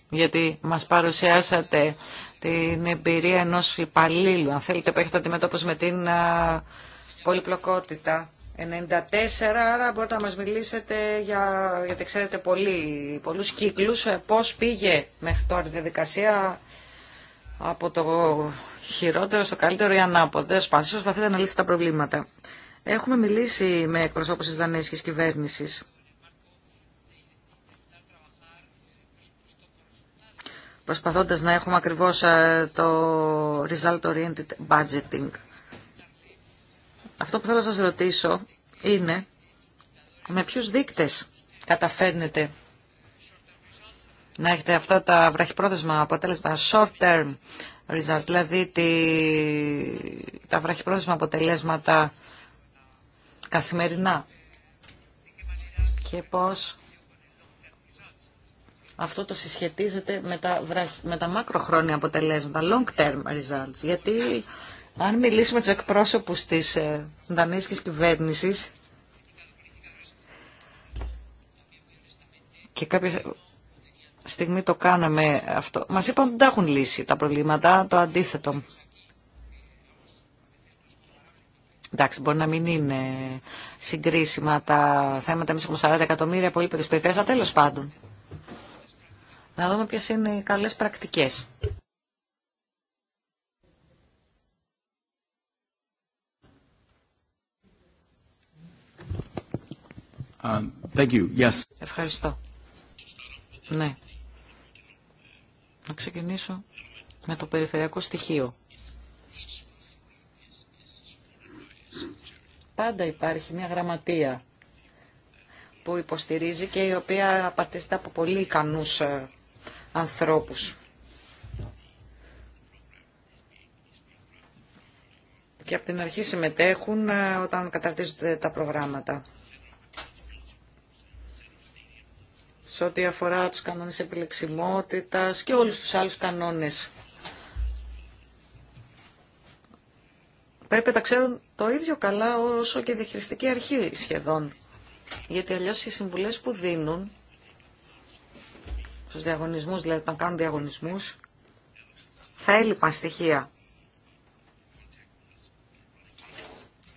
Speaker 2: γιατί μας παρουσιάσατε την εμπειρία ενός υπαλλήλου. Αν θέλετε που έχετε αντιμετώπιση με την πολυπλοκότητα. 94, άρα μπορείτε να μας μιλήσετε για, γιατί ξέρετε πολύ, πολλούς κύκλους, ε, πώς πήγε μέχρι τώρα η διαδικασία από το χειρότερο στο καλύτερο ή ανάποδο. Σπαθείτε να λύσετε τα προβλήματα. Έχουμε μιλήσει με εκπροσώπους της Δανέσκης Κυβέρνησης. Προσπαθώντας να έχουμε ακριβώς ε, το result oriented budgeting. Αυτό που θέλω να σας ρωτήσω είναι με ποιους δείκτες καταφέρνετε να έχετε αυτά τα βραχυπρόθεσμα αποτελεσματα short term results, δηλαδή τα βραχυπρόθεσμα αποτελέσματα καθημερινά και πώς αυτό το συσχετίζεται με τα, με τα μακροχρόνια αποτελέσματα, long term results. Γιατί αν μιλήσουμε τους εκπρόσωπους της ε, δανέσκης κυβέρνησης και κάποια στιγμή το κάναμε αυτό, μας είπαν ότι δεν έχουν λύσει τα προβλήματα, το αντίθετο. Εντάξει, μπορεί να μην είναι συγκρίσιμα τα θέματα. Εμεί έχουμε 40 εκατομμύρια από υπέρ Αλλά τέλο πάντων, να δούμε ποιε είναι οι καλέ πρακτικέ.
Speaker 1: Uh, yes.
Speaker 2: Ευχαριστώ. Ναι. Να ξεκινήσω με το περιφερειακό στοιχείο. πάντα υπάρχει μια γραμματεία που υποστηρίζει και η οποία απαρτίζεται από πολύ ικανούς ε, ανθρώπους. Και από την αρχή συμμετέχουν ε, όταν καταρτίζονται τα προγράμματα. Σε ό,τι αφορά τους κανόνες επιλεξιμότητας και όλους τους άλλους κανόνες πρέπει να τα ξέρουν το ίδιο καλά όσο και η διαχειριστική αρχή σχεδόν. Γιατί αλλιώς οι συμβουλές που δίνουν στους διαγωνισμούς, δηλαδή όταν κάνουν διαγωνισμούς, θα έλειπαν στοιχεία.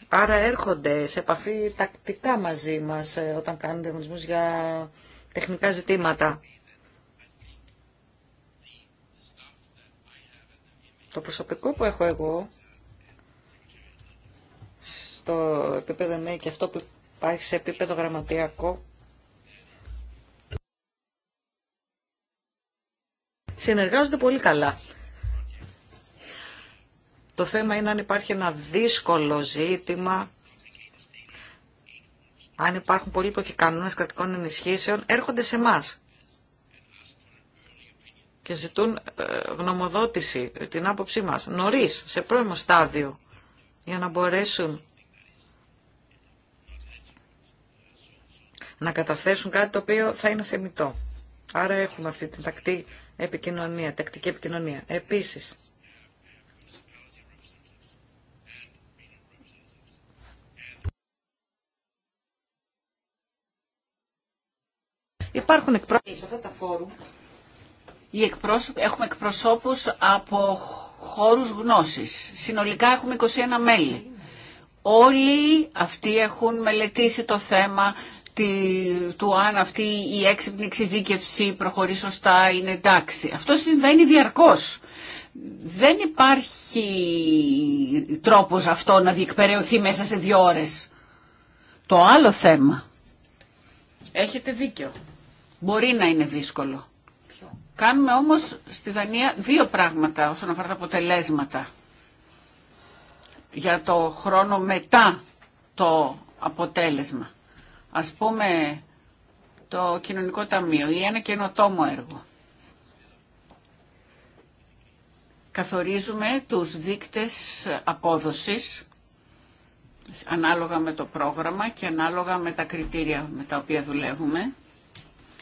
Speaker 2: Άρα έρχονται σε επαφή τακτικά μαζί μας ε, όταν κάνουν διαγωνισμούς για τεχνικά ζητήματα. Το προσωπικό που έχω εγώ στο επίπεδο ΜΕ και αυτό που υπάρχει σε επίπεδο γραμματιακό συνεργάζονται πολύ καλά. Το θέμα είναι αν υπάρχει ένα δύσκολο ζήτημα, αν υπάρχουν πολύ κανόνες κρατικών ενισχύσεων, έρχονται σε εμά και ζητούν ε, γνωμοδότηση, την άποψή μας, νωρίς, σε πρώιμο στάδιο, για να μπορέσουν να καταθέσουν κάτι το οποίο θα είναι θεμητό. Άρα έχουμε αυτή την τακτή επικοινωνία, τακτική επικοινωνία. Επίσης,
Speaker 3: Υπάρχουν εκπρόσωποι σε αυτά τα φόρου. έχουμε εκπροσώπους από χώρους γνώσης. Συνολικά έχουμε 21 μέλη. Όλοι αυτοί έχουν μελετήσει το θέμα, του αν αυτή η έξυπνη εξειδίκευση προχωρεί σωστά είναι εντάξει. Αυτό συμβαίνει διαρκώς. Δεν υπάρχει τρόπος αυτό να διεκπαιρεωθεί μέσα σε δύο ώρες. Το άλλο θέμα. Έχετε δίκιο. Μπορεί να είναι δύσκολο. Κάνουμε όμως στη Δανία δύο πράγματα όσον αφορά τα αποτελέσματα. Για το χρόνο μετά το αποτέλεσμα. Ας πούμε το κοινωνικό ταμείο ή ένα καινοτόμο έργο. Καθορίζουμε τους δείκτες απόδοσης ανάλογα με το πρόγραμμα και ανάλογα με τα κριτήρια με τα οποία δουλεύουμε.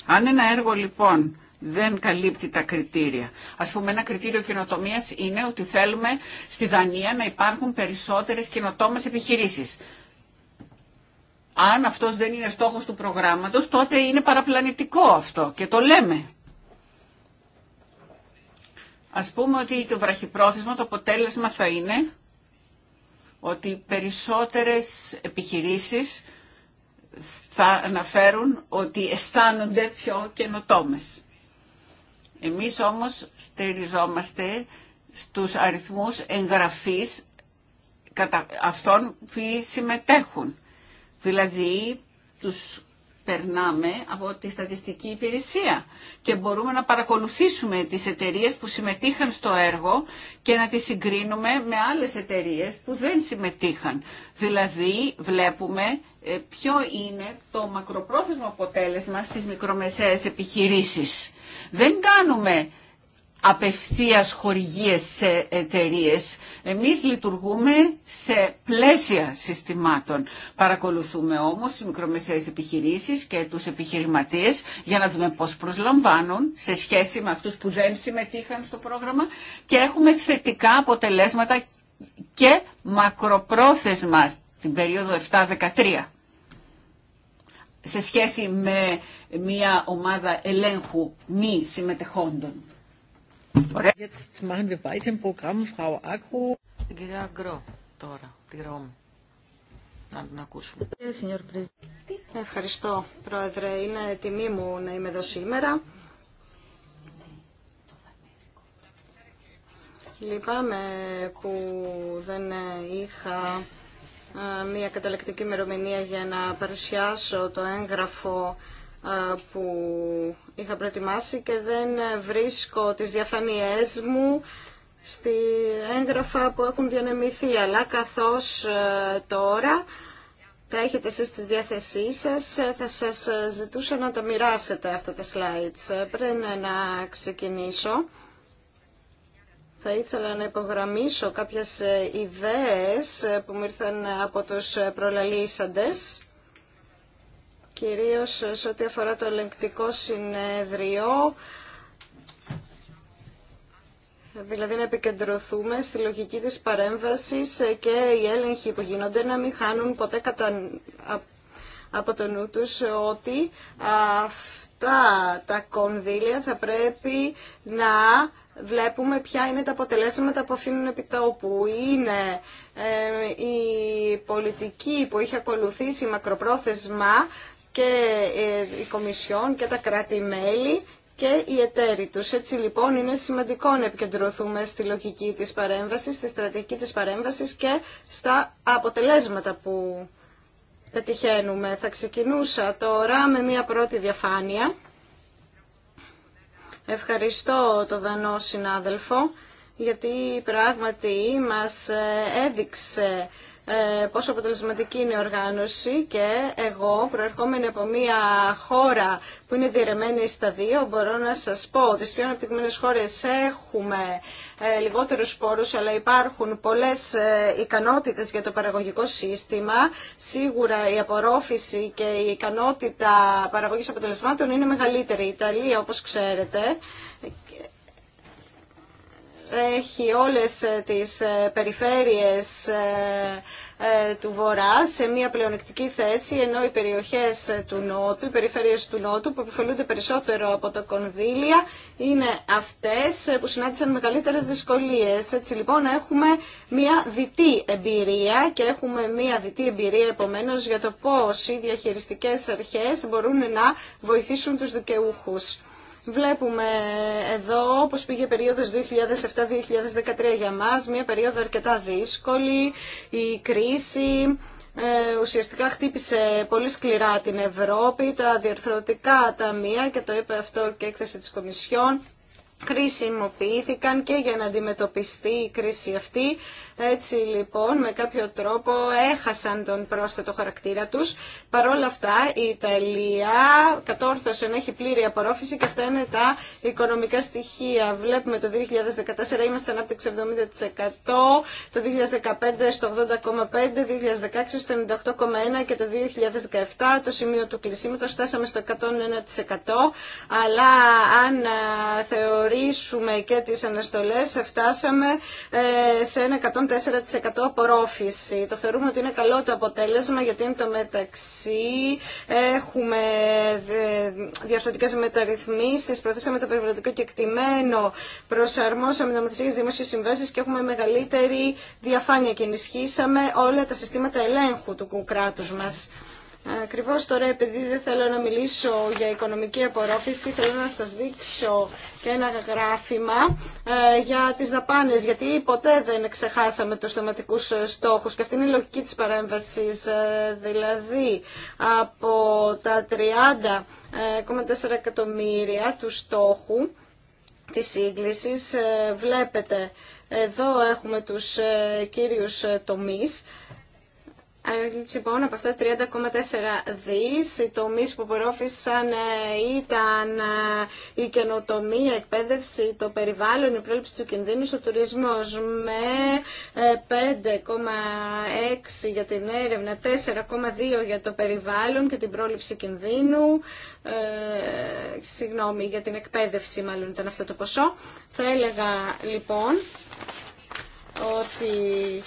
Speaker 3: Αν ένα έργο λοιπόν δεν καλύπτει τα κριτήρια. Ας πούμε ένα κριτήριο καινοτομία είναι ότι θέλουμε στη Δανία να υπάρχουν περισσότερες καινοτόμες επιχειρήσεις αν αυτός δεν είναι στόχος του προγράμματος, τότε είναι παραπλανητικό αυτό και το λέμε. Ας πούμε ότι το βραχυπρόθεσμα, το αποτέλεσμα θα είναι ότι περισσότερες επιχειρήσεις θα αναφέρουν ότι αισθάνονται πιο καινοτόμες. Εμείς όμως στηριζόμαστε στους αριθμούς εγγραφής κατά αυτών που συμμετέχουν. Δηλαδή τους περνάμε από τη στατιστική υπηρεσία και μπορούμε να παρακολουθήσουμε τις εταιρείες που συμμετείχαν στο έργο και να τις συγκρίνουμε με άλλες εταιρείες που δεν συμμετείχαν. Δηλαδή βλέπουμε ε, ποιο είναι το μακροπρόθεσμο αποτέλεσμα στις μικρομεσαίες επιχειρήσεις. Δεν κάνουμε απευθείας χορηγίες σε εταιρείε. Εμείς λειτουργούμε σε πλαίσια συστημάτων. Παρακολουθούμε όμως τις μικρομεσαίες επιχειρήσεις και τους επιχειρηματίες για να δούμε πώς προσλαμβάνουν σε σχέση με αυτούς που δεν συμμετείχαν στο πρόγραμμα και έχουμε θετικά αποτελέσματα και μακροπρόθεσμα στην περίοδο 7-13 σε σχέση με μια ομάδα ελέγχου μη συμμετεχόντων τη
Speaker 1: Να
Speaker 4: ε, Ευχαριστώ, Πρόεδρε. Είναι τιμή μου να είμαι εδώ σήμερα. Λυπάμαι που δεν είχα ε, μια καταλεκτική ημερομηνία για να παρουσιάσω το έγγραφο που είχα προετοιμάσει και δεν βρίσκω τις διαφανίες μου στη έγγραφα που έχουν διανεμηθεί, αλλά καθώς ε, τώρα τα έχετε εσείς στη διάθεσή σας, ε, θα σας ε, ζητούσα να τα μοιράσετε αυτά τα slides. Πριν να ξεκινήσω, θα ήθελα να υπογραμμίσω κάποιες ιδέες που μου ήρθαν από τους προλαλήσαντες κυρίως σε ό,τι αφορά το ελεγκτικό συνέδριο, δηλαδή να επικεντρωθούμε στη λογική της παρέμβασης και οι έλεγχοι που γίνονται να μην χάνουν ποτέ από το νου τους ότι αυτά τα κονδύλια θα πρέπει να βλέπουμε ποια είναι τα αποτελέσματα που αφήνουν τόπου. Είναι ε, η πολιτική που είχε ακολουθήσει μακροπρόθεσμα και ε, η Κομισιόν και τα κράτη-μέλη και οι εταίροι τους. Έτσι λοιπόν είναι σημαντικό να επικεντρωθούμε στη λογική της παρέμβασης, στη στρατηγική της παρέμβασης και στα αποτελέσματα που πετυχαίνουμε. Θα ξεκινούσα τώρα με μια πρώτη διαφάνεια. Ευχαριστώ τον δανό συνάδελφο γιατί πράγματι μας ε, έδειξε ε, πόσο αποτελεσματική είναι η οργάνωση και εγώ προερχόμενη από μια χώρα που είναι διερεμένη στα δύο μπορώ να σας πω ότι στις πιο αναπτυγμένες χώρες έχουμε ε, λιγότερους σπόρους αλλά υπάρχουν πολλές ε, ικανότητες για το παραγωγικό σύστημα. Σίγουρα η απορρόφηση και η ικανότητα παραγωγής αποτελεσμάτων είναι μεγαλύτερη. Η Ιταλία όπως ξέρετε έχει όλες τις περιφέρειες ε, του Βορρά σε μια πλεονεκτική θέση, ενώ οι περιοχές του Νότου, οι περιφέρειες του Νότου που επιφελούνται περισσότερο από τα κονδύλια είναι αυτές που συνάντησαν μεγαλύτερες δυσκολίες. Έτσι λοιπόν έχουμε μια διτή εμπειρία και έχουμε μια διτή εμπειρία επομένως για το πώς οι διαχειριστικές αρχές μπορούν να βοηθήσουν τους δικαιούχου. Βλέπουμε εδώ πως πήγε περίοδος 2007-2013 για μας, μια περίοδο αρκετά δύσκολη, η κρίση ε, ουσιαστικά χτύπησε πολύ σκληρά την Ευρώπη, τα διαρθρωτικά ταμεία και το είπε αυτό και έκθεση της Κομισιόν, χρησιμοποιήθηκαν και για να αντιμετωπιστεί η κρίση αυτή έτσι λοιπόν με κάποιο τρόπο έχασαν τον πρόσθετο χαρακτήρα τους. Παρόλα αυτά η Ιταλία κατόρθωσε να έχει πλήρη απορρόφηση και αυτά είναι τα οικονομικά στοιχεία. Βλέπουμε το 2014 είμαστε ανάπτυξη 70%, το 2015 στο 80,5%, 2016 στο 98,1% και το 2017 το σημείο του κλεισίματος φτάσαμε στο 101%. Αλλά αν ε, θεωρήσουμε και τις αναστολές ε, φτάσαμε ε, σε ένα 4% απορρόφηση. Το θεωρούμε ότι είναι καλό το αποτέλεσμα γιατί είναι το μεταξύ. Έχουμε ε, διαφορετικέ μεταρρυθμίσει. προωθήσαμε το περιβαλλοντικό κεκτημένο, προσαρμόσαμε τα για συμβάσει συμβάσεις και έχουμε μεγαλύτερη διαφάνεια και ενισχύσαμε όλα τα συστήματα ελέγχου του κράτου μα. Ακριβώ τώρα, επειδή δεν θέλω να μιλήσω για οικονομική απορρόφηση, θέλω να σας δείξω και ένα γράφημα ε, για τις δαπάνες, γιατί ποτέ δεν ξεχάσαμε τους θεματικούς ε, στόχους και αυτή είναι η λογική της παρέμβασης, ε, δηλαδή από τα 30,4 εκατομμύρια του στόχου της σύγκλησης βλέπετε εδώ έχουμε τους κύριους τομείς Λοιπόν, από αυτά 30,4 δις, οι τομείς που προώθησαν ε, ήταν ε, η καινοτομία, η εκπαίδευση, το περιβάλλον, η πρόληψη του κινδύνου, ο τουρισμός με 5,6 ε, για την έρευνα, 4,2 για το περιβάλλον και την πρόληψη κινδύνου, ε, συγγνώμη, για την εκπαίδευση μάλλον ήταν αυτό το ποσό. Θα έλεγα λοιπόν ότι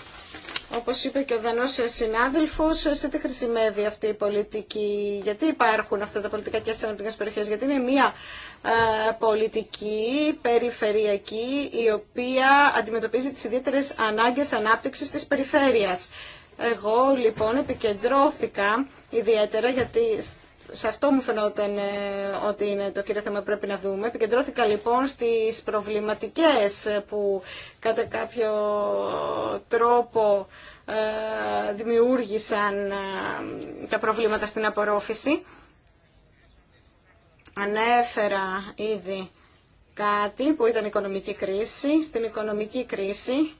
Speaker 4: όπως είπε και ο Δανός συνάδελφος, σε τι χρησιμεύει αυτή η πολιτική, γιατί υπάρχουν αυτά τα πολιτικά και αστυνομικές περιοχές, γιατί είναι μία ε, πολιτική περιφερειακή η οποία αντιμετωπίζει τις ιδιαίτερες ανάγκες ανάπτυξης της περιφέρειας. Εγώ λοιπόν επικεντρώθηκα ιδιαίτερα γιατί σε αυτό μου φαινόταν ε, ότι είναι το κύριο θέμα που πρέπει να δούμε. Επικεντρώθηκα λοιπόν στις προβληματικές που κατά κάποιο τρόπο ε, δημιούργησαν ε, τα προβλήματα στην απορρόφηση. Ανέφερα ήδη κάτι που ήταν η οικονομική κρίση. Στην οικονομική κρίση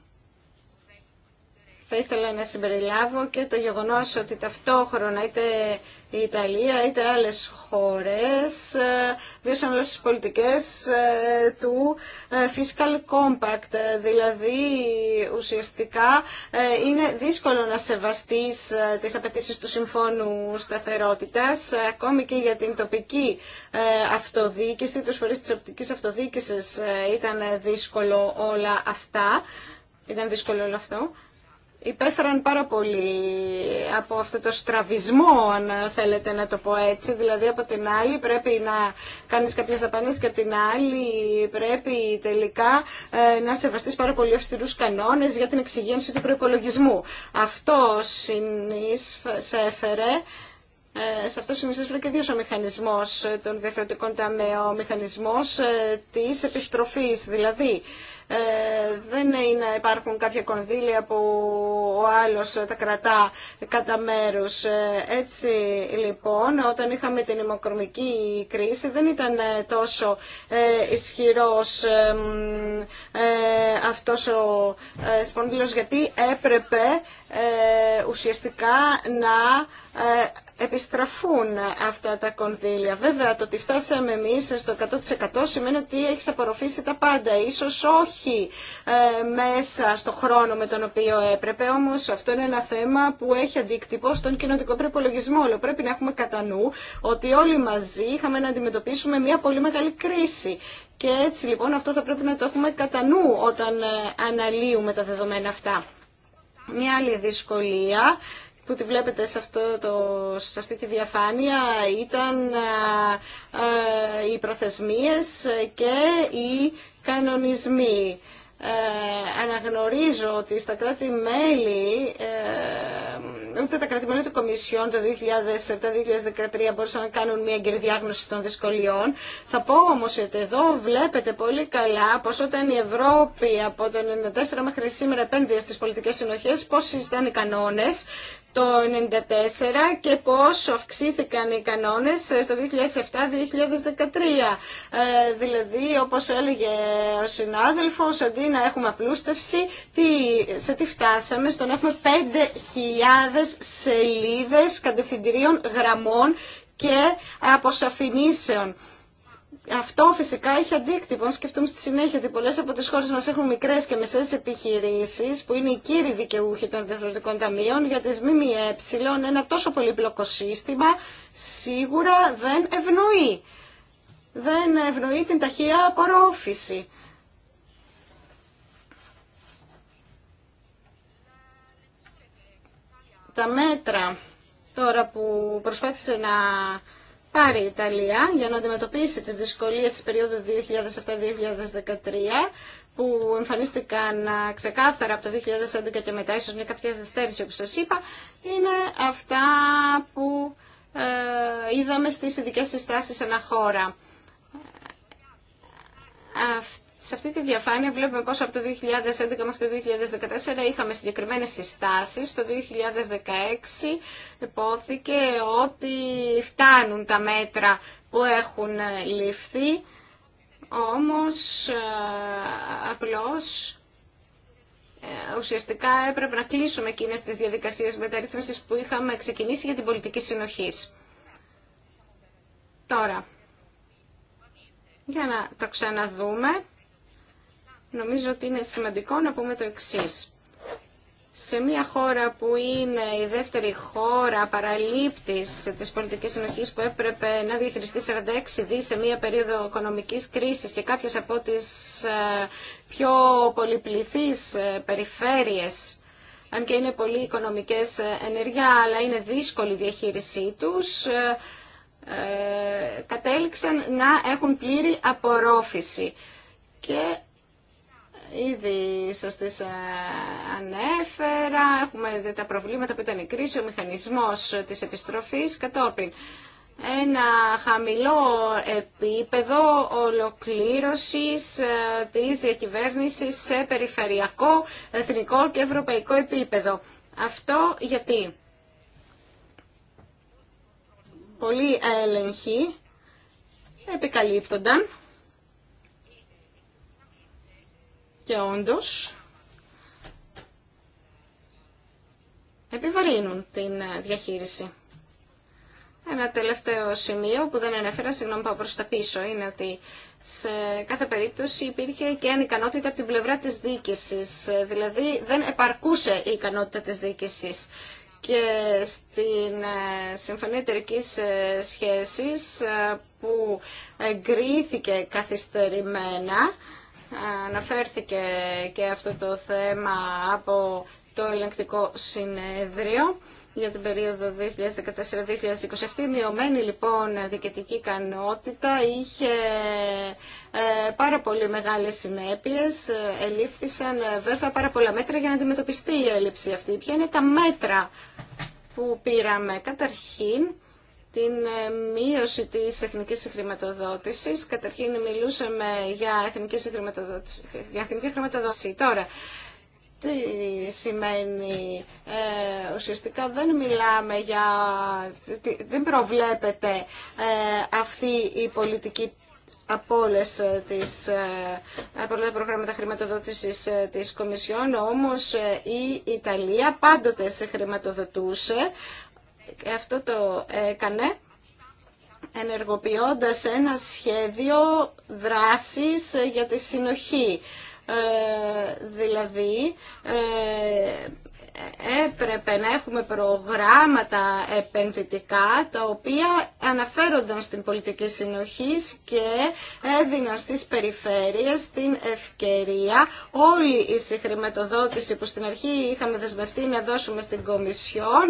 Speaker 4: θα ήθελα να συμπεριλάβω και το γεγονός ότι ταυτόχρονα είτε η Ιταλία είτε άλλες χώρες ε, βίωσαν όλες τις πολιτικές ε, του ε, fiscal compact. Δηλαδή ουσιαστικά είναι δύσκολο να σεβαστείς τις απαιτήσεις του Συμφώνου Σταθερότητας ακόμη και για την τοπική αυτοδιοίκηση, τους φορείς της οπτικής αυτοδιοίκησης ήταν δύσκολο όλα αυτά. Ήταν δύσκολο όλο αυτό υπέφεραν πάρα πολύ από αυτό το στραβισμό, αν θέλετε να το πω έτσι. Δηλαδή, από την άλλη πρέπει να κάνεις κάποιες δαπάνες και από την άλλη πρέπει τελικά ε, να σεβαστείς πάρα πολύ αυστηρούς κανόνες για την εξυγένση του προϋπολογισμού. Αυτό συνεισφέρε ε, σε αυτό συνεισφέρει και δύο ο μηχανισμό των διαφορετικών ταμείων. Ο μηχανισμό ε, τη επιστροφή. Δηλαδή, ε, δεν είναι, υπάρχουν κάποια κονδύλια που ο άλλος τα κρατά κατά μέρους. Ε, έτσι λοιπόν, όταν είχαμε την ημοκρομική κρίση δεν ήταν ε, τόσο ισχυρός αυτός ο σπονδύλος γιατί έπρεπε ουσιαστικά να επιστραφούν αυτά τα κονδύλια. Βέβαια το ότι φτάσαμε εμεί στο 100% σημαίνει ότι έχει απορροφήσει τα πάντα. Ίσως όχι ε, μέσα στο χρόνο με τον οποίο έπρεπε, όμω αυτό είναι ένα θέμα που έχει αντίκτυπο στον κοινωνικό προπολογισμό. Όλο πρέπει να έχουμε κατά νου ότι όλοι μαζί είχαμε να αντιμετωπίσουμε μια πολύ μεγάλη κρίση. Και έτσι λοιπόν αυτό θα πρέπει να το έχουμε κατά νου όταν ε, αναλύουμε τα δεδομένα αυτά. Μια άλλη δυσκολία που τη βλέπετε σε, αυτό το, σε αυτή τη διαφάνεια ήταν ε, ε, οι προθεσμίες και οι κανονισμοί. Ε, αναγνωρίζω ότι στα κράτη-μέλη, ε, ούτε τα κράτη-μέλη του Κομισιόν το 2007-2013 μπορούσαν να κάνουν μια εγκαιρή διάγνωση των δυσκολιών. Θα πω όμως ότι εδώ βλέπετε πολύ καλά πως όταν η Ευρώπη από το 1994 μέχρι σήμερα επένδυε στις πολιτικές συνοχές, πώς ήταν οι κανόνες το 1994 και πώς αυξήθηκαν οι κανόνες στο 2007-2013. Ε, δηλαδή, όπως έλεγε ο συνάδελφος, αντί να έχουμε απλούστευση, τι, σε τι φτάσαμε, στο να έχουμε 5.000 σελίδες κατευθυντηρίων γραμμών και αποσαφηνήσεων αυτό φυσικά έχει αντίκτυπο. Αν σκεφτούμε στη συνέχεια ότι πολλέ από τι χώρε μα έχουν μικρέ και μεσαίε επιχειρήσει, που είναι οι κύριοι δικαιούχοι των διαφορετικών ταμείων, για τι ΜΜΕ ένα τόσο πολύπλοκο σύστημα σίγουρα δεν ευνοεί. Δεν ευνοεί την ταχεία απορρόφηση. Τα μέτρα τώρα που προσπάθησε να πάρει η Ιταλία για να αντιμετωπίσει τις δυσκολίες της περίοδου 2007-2013 που εμφανίστηκαν ξεκάθαρα από το 2011 και μετά, ίσως με κάποια δευτέρηση όπως σας είπα, είναι αυτά που ε, είδαμε στις ειδικέ συστάσεις αναχώρα. χώρα. Ε, σε αυτή τη διαφάνεια βλέπουμε πως από το 2011 μέχρι το 2014 είχαμε συγκεκριμένες συστάσεις. Το 2016 υπόθηκε ότι φτάνουν τα μέτρα που έχουν ε, ληφθεί, όμως ε, απλώς ε, ουσιαστικά έπρεπε να κλείσουμε εκείνες τις διαδικασίες μεταρρύθμισης που είχαμε ξεκινήσει για την πολιτική συνοχής. Τώρα, για να το ξαναδούμε νομίζω ότι είναι σημαντικό να πούμε το εξή. Σε μια χώρα που είναι η δεύτερη χώρα παραλήπτης της πολιτικής συνοχής που έπρεπε να διαχειριστεί 46 δι σε μια περίοδο οικονομικής κρίσης και κάποιες από τις ε, πιο πολυπληθείς ε, περιφέρειες αν και είναι πολύ οικονομικές ε, ενεργά, αλλά είναι δύσκολη η διαχείρισή τους, κατέληξαν να έχουν πλήρη απορρόφηση. Και Ήδη σα τι ε, ανέφερα, έχουμε τα προβλήματα που ήταν η κρίση, ο μηχανισμός της επιστροφής κατόπιν ένα χαμηλό επίπεδο ολοκλήρωσης ε, της διακυβέρνησης σε περιφερειακό, εθνικό και ευρωπαϊκό επίπεδο. Αυτό γιατί πολλοί έλεγχοι επικαλύπτονταν και όντως επιβαρύνουν την ε, διαχείριση. Ένα τελευταίο σημείο που δεν ανέφερα, συγγνώμη πάω προς τα πίσω, είναι ότι σε κάθε περίπτωση υπήρχε και ανικανότητα από την πλευρά της διοίκησης, ε, δηλαδή δεν επαρκούσε η ικανότητα της διοίκησης. Και στην ε, Συμφωνία Εταιρική Σχέσης που εγκρίθηκε καθυστερημένα, αναφέρθηκε και αυτό το θέμα από το ελεγκτικό συνέδριο για την περίοδο 2014-2027. Μειωμένη λοιπόν διοικητική ικανότητα είχε ε, πάρα πολύ μεγάλες συνέπειες. Ελήφθησαν ε, βέβαια πάρα πολλά μέτρα για να αντιμετωπιστεί η έλλειψη αυτή. Ποια είναι τα μέτρα που πήραμε. Καταρχήν, την ε, μείωση της εθνικής χρηματοδότησης. Καταρχήν μιλούσαμε για εθνική χρηματοδότηση. Τώρα, τι σημαίνει, ε, ουσιαστικά δεν μιλάμε για, δεν προβλέπεται ε, αυτή η πολιτική από όλε τις προγράμματα χρηματοδότησης της Κομισιόν, όμως η Ιταλία πάντοτε σε χρηματοδοτούσε αυτό το έκανε ενεργοποιώντας ένα σχέδιο δράσης για τη συνοχή. Ε, δηλαδή, ε, έπρεπε να έχουμε προγράμματα επενδυτικά τα οποία αναφέρονταν στην πολιτική συνοχής και έδιναν στις περιφέρειες την ευκαιρία όλη η συγχρηματοδότηση που στην αρχή είχαμε δεσμευτεί να δώσουμε στην Κομισιόν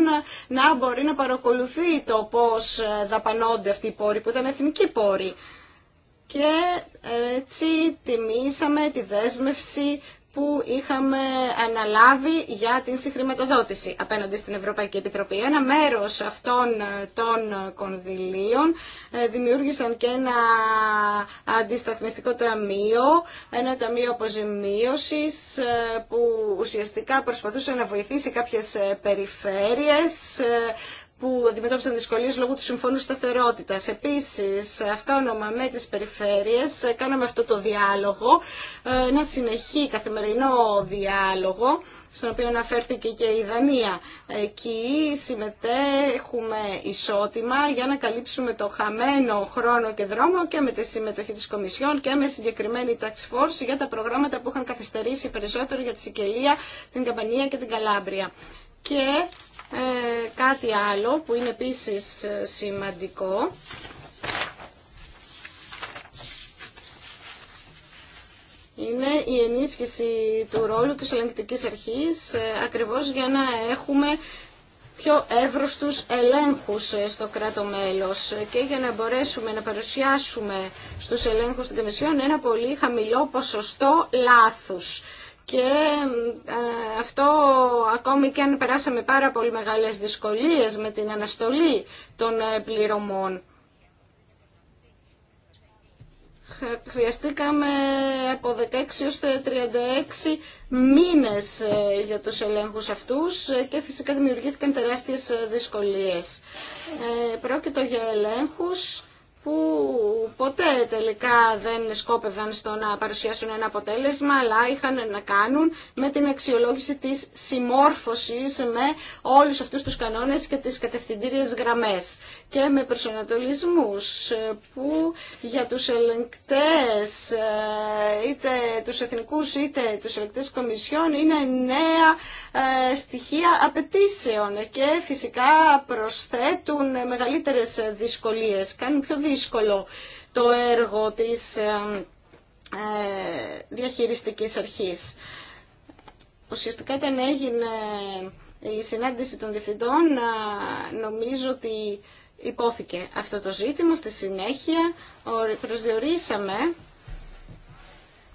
Speaker 4: να μπορεί να παρακολουθεί το πώς δαπανώνται αυτοί οι πόροι που ήταν εθνικοί πόροι και έτσι τιμήσαμε τη δέσμευση που είχαμε αναλάβει για την συγχρηματοδότηση απέναντι στην Ευρωπαϊκή Επιτροπή. Ένα μέρος αυτών ε, των κονδυλίων ε, δημιούργησαν και ένα αντισταθμιστικό ταμείο, ένα ταμείο αποζημίωσης ε, που ουσιαστικά προσπαθούσε να βοηθήσει κάποιες περιφέρειες που αντιμετώπισαν δυσκολίε λόγω του Συμφώνου Σταθερότητα. Επίση, όνομα με τι περιφέρειε κάναμε αυτό το διάλογο, ε, ένα συνεχή καθημερινό διάλογο, στον οποίο αναφέρθηκε και η Δανία. Εκεί συμμετέχουμε ισότιμα για να καλύψουμε το χαμένο χρόνο και δρόμο και με τη συμμετοχή της Κομισιόν και με συγκεκριμένη tax force για τα προγράμματα που είχαν καθυστερήσει περισσότερο για τη Σικελία, την Καμπανία και την Καλάμπρια. Και ε, κάτι άλλο που είναι επίσης ε, σημαντικό είναι η ενίσχυση του ρόλου της ελεγκτικής αρχής ε, ακριβώς για να έχουμε πιο εύρωστους ελέγχους ε, στο κράτο μέλος και για να μπορέσουμε να παρουσιάσουμε στους ελέγχους των Κομισιόν ένα πολύ χαμηλό ποσοστό λάθους και ε, αυτό ακόμη και αν περάσαμε πάρα πολύ μεγάλες δυσκολίες με την αναστολή των ε, πληρωμών. Χρειαστήκαμε από 16 έως 36 μήνες ε, για τους ελέγχους αυτούς και φυσικά δημιουργήθηκαν τεράστιες δυσκολίες. Πρόκειτο για ελέγχους που ποτέ τελικά δεν σκόπευαν στο να παρουσιάσουν ένα αποτέλεσμα, αλλά είχαν να κάνουν με την αξιολόγηση της συμμόρφωσης με όλους αυτούς τους κανόνες και τις κατευθυντήριες γραμμές και με προσανατολισμούς που για τους ελεγκτές, ε, είτε τους εθνικούς είτε τους ελεγκτές κομισιών, είναι νέα ε, στοιχεία απαιτήσεων και φυσικά προσθέτουν μεγαλύτερες δυσκολίες, κάνουν πιο δύσκολο το έργο της ε, διαχειριστικής αρχής. Ουσιαστικά ήταν έγινε η συνάντηση των διευθυντών νομίζω ότι υπόθηκε αυτό το ζήτημα. Στη συνέχεια προσδιορίσαμε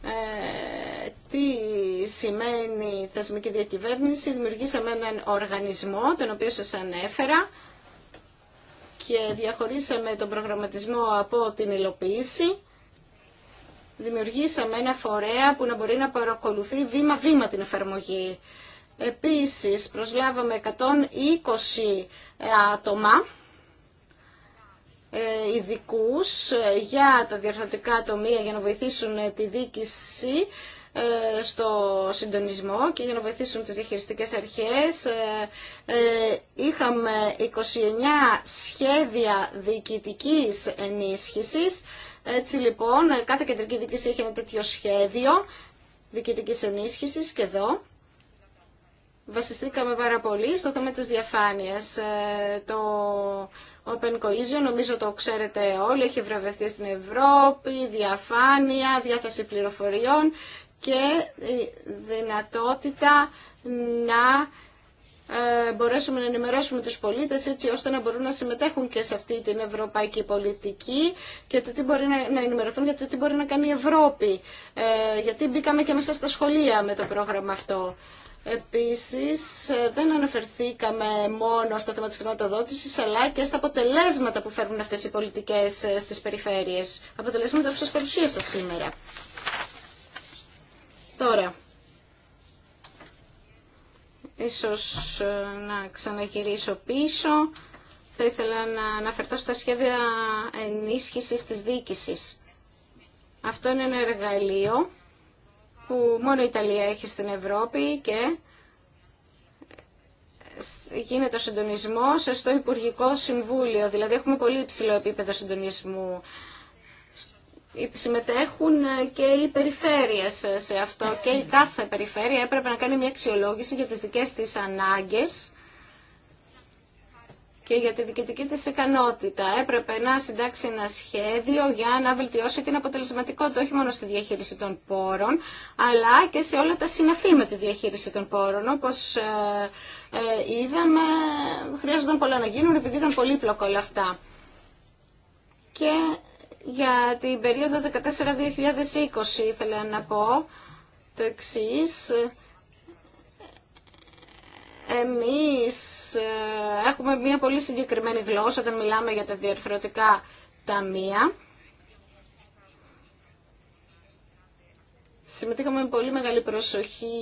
Speaker 4: ε, τι σημαίνει θεσμική διακυβέρνηση. Δημιουργήσαμε έναν οργανισμό, τον οποίο σας ανέφερα, και διαχωρίσαμε τον προγραμματισμό από την υλοποίηση. Δημιουργήσαμε ένα φορέα που να μπορεί να παρακολουθεί βήμα-βήμα την εφαρμογή. Επίσης προσλάβαμε 120 άτομα ε, ειδικού ε, για τα διαρθρωτικά τομεία για να βοηθήσουν ε, τη δίκηση ε, στο συντονισμό και για να βοηθήσουν τις διαχειριστικές αρχές. Ε, ε, είχαμε 29 σχέδια διοικητικής ενίσχυσης. Έτσι λοιπόν, κάθε κεντρική διοίκηση είχε ένα τέτοιο σχέδιο διοικητικής ενίσχυσης και εδώ βασιστήκαμε πάρα πολύ στο θέμα της διαφάνειας. Το Open Cohesion, νομίζω το ξέρετε όλοι, έχει βραβευτεί στην Ευρώπη, διαφάνεια, διάθεση πληροφοριών και η δυνατότητα να ε, μπορέσουμε να ενημερώσουμε τους πολίτες έτσι ώστε να μπορούν να συμμετέχουν και σε αυτή την ευρωπαϊκή πολιτική και το τι μπορεί να, ενημερωθούν για το τι μπορεί να κάνει η Ευρώπη. Ε, γιατί μπήκαμε και μέσα στα σχολεία με το πρόγραμμα αυτό. Επίσης, ε, δεν αναφερθήκαμε μόνο στο θέμα της χρηματοδότησης, αλλά και στα αποτελέσματα που φέρνουν αυτές οι πολιτικές στις περιφέρειες. Αποτελέσματα που σας παρουσίασα σήμερα. Τώρα, ίσως ε, να ξαναγυρίσω πίσω. Θα ήθελα να αναφερθώ στα σχέδια ενίσχυσης της δίκησης. Αυτό είναι ένα εργαλείο που μόνο η Ιταλία έχει στην Ευρώπη και γίνεται ο συντονισμός στο Υπουργικό Συμβούλιο. Δηλαδή έχουμε πολύ υψηλό επίπεδο συντονισμού συμμετέχουν ε, και οι περιφέρειες ε, σε αυτό και η κάθε περιφέρεια έπρεπε να κάνει μια αξιολόγηση για τις δικές της ανάγκες και για τη διοικητική της ικανότητα. Έπρεπε να συντάξει ένα σχέδιο για να βελτιώσει την αποτελεσματικότητα όχι μόνο στη διαχείριση των πόρων, αλλά και σε όλα τα συναφή με τη διαχείριση των πόρων. Όπως ε, είδαμε, χρειάζονταν πολλά να γίνουν επειδή ήταν πολύπλοκο όλα αυτά. Και για την περίοδο 14-2020 ήθελα να πω το εξής. Εμείς ε, έχουμε μια πολύ συγκεκριμένη γλώσσα όταν μιλάμε για τα διαρθρωτικά ταμεία. Συμμετείχαμε με πολύ μεγάλη προσοχή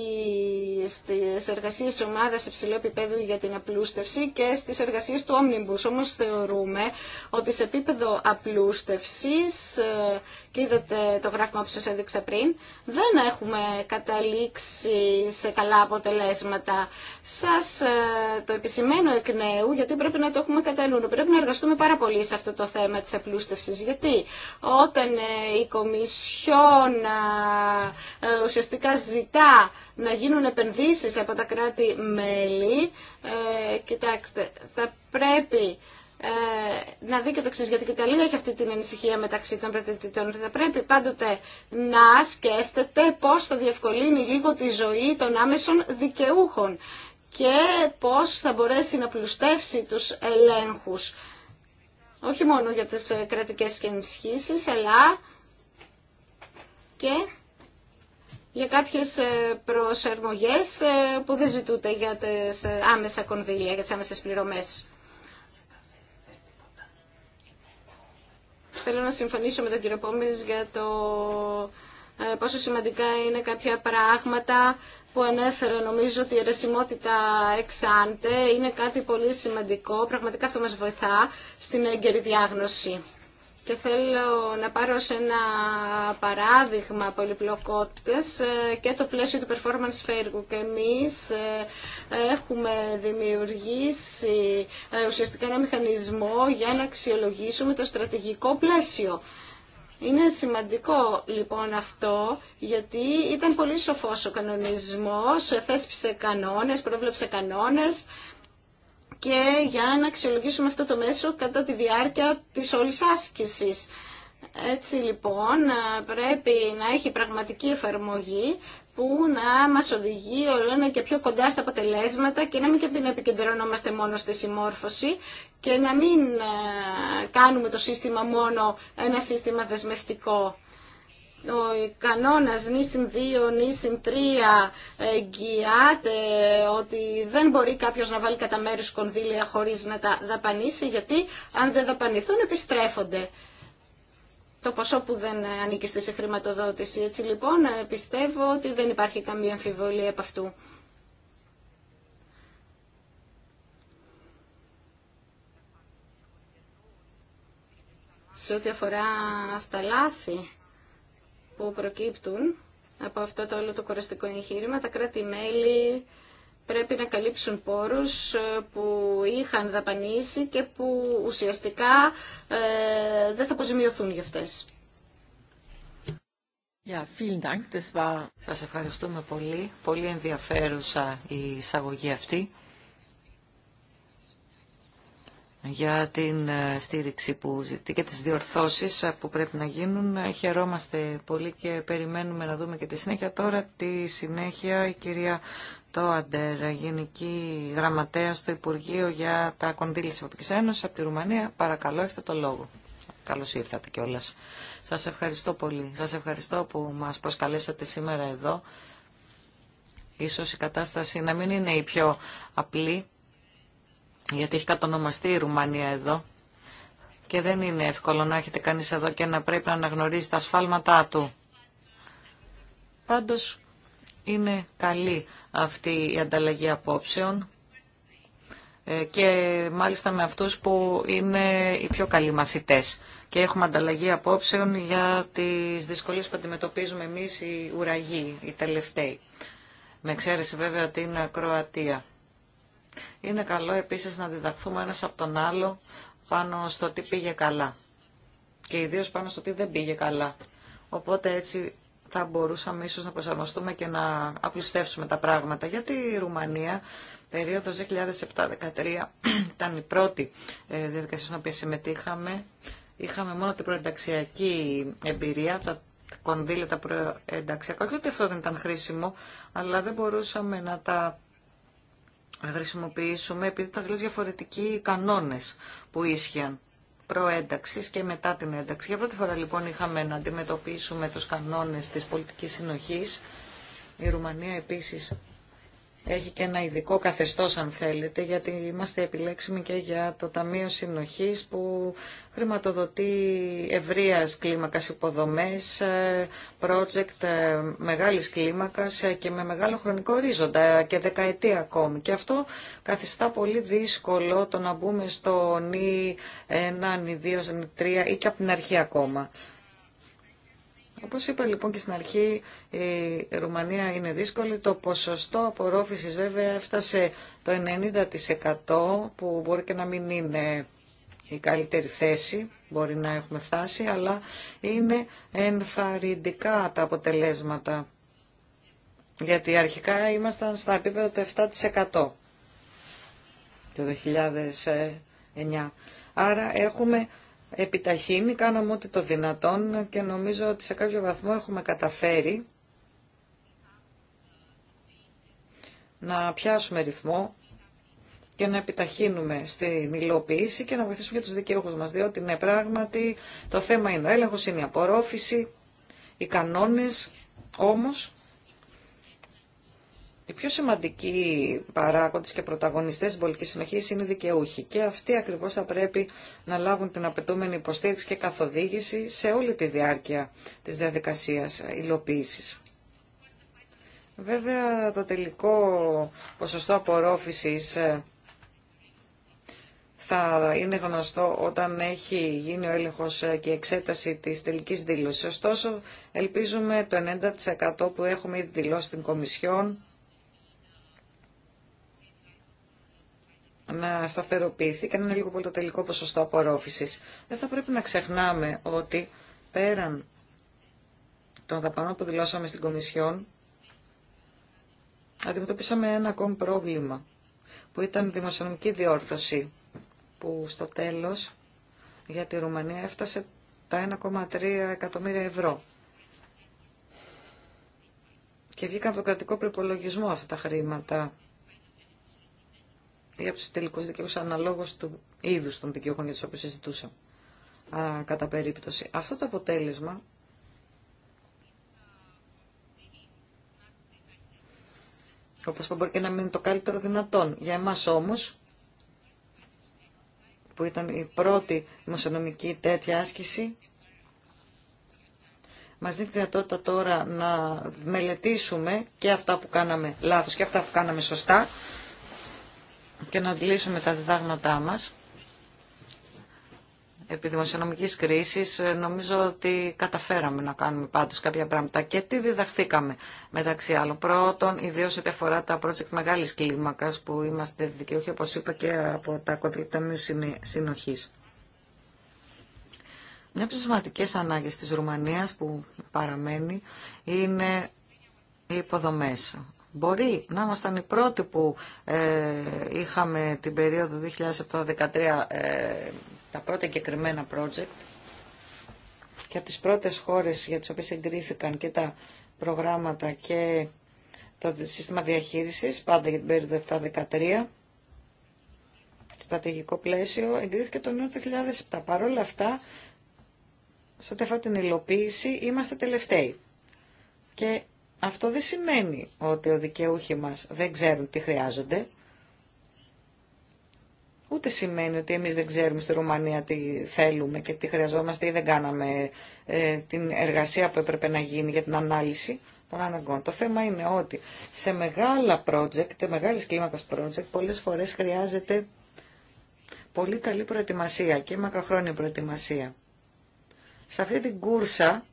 Speaker 4: στις εργασίες της ομάδας υψηλού επίπεδο για την απλούστευση και στις εργασίες του Όμνιμπου. Όμως θεωρούμε ότι σε επίπεδο απλούστευσης ε, και είδατε το γράφημα που σας έδειξα πριν, δεν έχουμε καταλήξει σε καλά αποτελέσματα. Σας ε, το επισημαίνω εκ νέου, γιατί πρέπει να το έχουμε κατά Πρέπει να εργαστούμε πάρα πολύ σε αυτό το θέμα της απλούστευσης, γιατί όταν ε, η Κομισιόν ε, ουσιαστικά ζητά να γίνουν επενδύσεις από τα κράτη-μέλη, κοιτάξτε, θα πρέπει ε, να δει και το εξή, γιατί η έχει αυτή την ανησυχία μεταξύ των πρωτοτήτων, ότι θα πρέπει πάντοτε να σκέφτεται πώς θα διευκολύνει λίγο τη ζωή των άμεσων δικαιούχων και πώς θα μπορέσει να πλουστεύσει τους ελέγχους. Όχι μόνο για τις ε, κρατικές και ενισχύσεις, αλλά και για κάποιες ε, προσαρμογές που δεν ζητούνται για τις άμεσα κονδύλια, για τις άμεσες πληρωμές. Θέλω να συμφωνήσω με τον κύριο Πόμπης για το ε, πόσο σημαντικά είναι κάποια πράγματα που ανέφερε. Νομίζω ότι η αιρεσιμότητα εξάντε είναι κάτι πολύ σημαντικό. Πραγματικά αυτό μας βοηθά στην έγκαιρη διάγνωση. Και θέλω να πάρω σε ένα παράδειγμα πολυπλοκότητες ε, και το πλαίσιο του performance fair και εμείς ε, έχουμε δημιουργήσει ε, ουσιαστικά ένα μηχανισμό για να αξιολογήσουμε το στρατηγικό πλαίσιο. Είναι σημαντικό λοιπόν αυτό γιατί ήταν πολύ σοφός ο κανονισμός, θέσπισε κανόνες, πρόβλεψε κανόνες και για να αξιολογήσουμε αυτό το μέσο κατά τη διάρκεια της όλης άσκησης. Έτσι λοιπόν πρέπει να έχει πραγματική εφαρμογή που να μας οδηγεί όλο και πιο κοντά στα αποτελέσματα και να μην και επικεντρωνόμαστε μόνο στη συμμόρφωση και να μην κάνουμε το σύστημα μόνο ένα σύστημα δεσμευτικό ο κανόνας νη 2, συν 3 εγγυάται ότι δεν μπορεί κάποιος να βάλει κατά μέρου κονδύλια χωρίς να τα δαπανίσει, γιατί αν δεν δαπανηθούν επιστρέφονται το ποσό που δεν ανήκει στη χρηματοδότηση Έτσι λοιπόν πιστεύω ότι δεν υπάρχει καμία αμφιβολία από αυτού. Σε ό,τι αφορά στα λάθη, που προκύπτουν από αυτό το όλο το κοραστικό εγχείρημα, τα κράτη-μέλη πρέπει να καλύψουν πόρους ε, που είχαν δαπανίσει και που ουσιαστικά ε, δεν θα αποζημιωθούν για αυτές.
Speaker 1: Yeah, vielen Dank. Das Σας ευχαριστούμε πολύ. Πολύ
Speaker 2: ενδιαφέρουσα η εισαγωγή αυτή για την ε, στήριξη που ζητεί και τις διορθώσεις ε, που πρέπει να γίνουν. Ε, χαιρόμαστε πολύ και περιμένουμε να δούμε και τη συνέχεια. Τώρα τη συνέχεια η κυρία Τόαντερ, Γενική Γραμματέα στο Υπουργείο για τα Κονδύλια της Ευρωπαϊκής Ένωσης από τη Ρουμανία. Παρακαλώ, έχετε το λόγο. Καλώς ήρθατε κιόλας. Σας ευχαριστώ πολύ. Σας ευχαριστώ που μας προσκαλέσατε σήμερα εδώ. Ίσως η κατάσταση να μην είναι η πιο απλή γιατί έχει κατονομαστεί η Ρουμανία εδώ και δεν είναι εύκολο να έχετε κανείς εδώ και να πρέπει να αναγνωρίζει τα ασφάλματά του. Πάντως είναι καλή αυτή η ανταλλαγή απόψεων ε, και μάλιστα με αυτούς που είναι οι πιο καλοί μαθητές. Και έχουμε ανταλλαγή απόψεων για τις δυσκολίες που αντιμετωπίζουμε εμείς οι ουραγοί, οι τελευταίοι. Με εξαίρεση βέβαια ότι είναι Κροατία. Είναι καλό επίσης να διδαχθούμε ένας από τον άλλο πάνω στο τι πήγε καλά και ιδίως πάνω στο τι δεν πήγε καλά. Οπότε έτσι θα μπορούσαμε ίσως να προσαρμοστούμε και να απλουστεύσουμε τα πράγματα. Γιατί η Ρουμανία περίοδος 2007-2013 ήταν η πρώτη ε, διαδικασία στην οποία συμμετείχαμε. Είχαμε μόνο την προενταξιακή εμπειρία, τα κονδύλια τα προενταξιακά. Όχι ότι αυτό δεν ήταν χρήσιμο, αλλά δεν μπορούσαμε να τα χρησιμοποιήσουμε, επειδή ήταν τελείως διαφορετικοί οι κανόνες που ίσχυαν προένταξης και μετά την ένταξη. Για πρώτη φορά λοιπόν είχαμε να αντιμετωπίσουμε τους κανόνες της πολιτικής συνοχής. Η Ρουμανία επίσης έχει και ένα ειδικό καθεστώς αν θέλετε, γιατί είμαστε επιλέξιμοι και για το Ταμείο Συνοχής που χρηματοδοτεί ευρείας κλίμακας υποδομές, ε, project ε, μεγάλης κλίμακας ε, και με μεγάλο χρονικό ορίζοντα και δεκαετία ακόμη. Και αυτό καθιστά πολύ δύσκολο το να μπούμε στο νη 1, νη 2, νη 3 ή και από την αρχή ακόμα. Όπως είπα λοιπόν και στην αρχή, η Ρουμανία είναι δύσκολη. Το ποσοστό απορρόφησης βέβαια έφτασε το 90% που μπορεί και να μην είναι η καλύτερη θέση, μπορεί να έχουμε φτάσει, αλλά είναι ενθαρρυντικά τα αποτελέσματα. Γιατί αρχικά ήμασταν στα επίπεδα του 7% το 2009. Άρα έχουμε επιταχύνει, κάναμε ό,τι το δυνατόν και νομίζω ότι σε κάποιο βαθμό έχουμε καταφέρει να πιάσουμε ρυθμό και να επιταχύνουμε στην υλοποίηση και να βοηθήσουμε και τους δικαιούχους μας, διότι ναι, πράγματι το θέμα είναι ο έλεγχος, είναι η απορρόφηση, οι κανόνες, όμως οι πιο σημαντικοί παράγοντες και πρωταγωνιστές της πολιτικής συνοχής είναι οι δικαιούχοι και αυτοί ακριβώς θα πρέπει να λάβουν την απαιτούμενη υποστήριξη και καθοδήγηση σε όλη τη διάρκεια της διαδικασίας υλοποίησης. Βέβαια το τελικό ποσοστό απορρόφησης ε, θα είναι γνωστό όταν έχει γίνει ο έλεγχος ε, και η εξέταση της τελικής δήλωσης. Ωστόσο, ελπίζουμε το 90% που έχουμε ήδη δηλώσει στην Κομισιόν να σταθεροποιηθεί και να είναι λίγο πολύ το τελικό ποσοστό απορρόφησης. Δεν θα πρέπει να ξεχνάμε ότι πέραν των δαπανών που δηλώσαμε στην Κομισιόν, αντιμετωπίσαμε ένα ακόμη πρόβλημα, που ήταν δημοσιονομική διόρθωση, που στο τέλος για τη Ρουμανία έφτασε τα 1,3 εκατομμύρια ευρώ. Και βγήκαν από το κρατικό προπολογισμό αυτά τα χρήματα ή από του τελικού δικαιούς αναλόγω του είδου των δικαιούχων για του οποίου συζητούσα Α, κατά περίπτωση. Αυτό το αποτέλεσμα όπως μπορεί και να μείνει το καλύτερο δυνατόν. Για εμάς όμως, που ήταν η πρώτη δημοσιονομική τέτοια άσκηση, μας δίνει τη δυνατότητα τώρα να μελετήσουμε και αυτά που κάναμε λάθος και αυτά που κάναμε σωστά και να αντλήσουμε τα διδάγματά μας επί δημοσιονομικής κρίσης νομίζω ότι καταφέραμε να κάνουμε πάντως κάποια πράγματα και τι διδαχθήκαμε μεταξύ άλλων. Πρώτον, ιδίως ό,τι αφορά τα project μεγάλης κλίμακας που είμαστε δικαιούχοι όπως είπα και από τα κοντιλεκτομείου συνοχής. Μια από τις σημαντικές ανάγκες της Ρουμανίας που παραμένει είναι οι υποδομές. Μπορεί να ήμασταν οι πρώτοι που ε, είχαμε την περιοδο 2017 2007-2013 τα πρώτα εγκεκριμένα project και από τις πρώτες χώρες για τις οποίες εγκρίθηκαν και τα προγράμματα και το σύστημα διαχείρισης, πάντα για την περιοδο 2017-2013 το στρατηγικό πλαίσιο, εγκρίθηκε το νέο του 2007. Παρ' όλα αυτά, σε ό,τι αφορά την υλοποίηση, είμαστε τελευταίοι. Και αυτό δεν σημαίνει ότι ο δικαιούχοι μας δεν ξέρουν τι χρειάζονται. Ούτε σημαίνει ότι εμείς δεν ξέρουμε στη Ρουμανία τι θέλουμε και τι χρειαζόμαστε ή δεν κάναμε ε, την εργασία που έπρεπε να γίνει για την ανάλυση των αναγκών. Το θέμα είναι ότι σε μεγάλα project, μεγάλες κλίμακες project, πολλές φορές χρειάζεται πολύ καλή προετοιμασία και μακροχρόνια προετοιμασία. Σε αυτή την κούρσα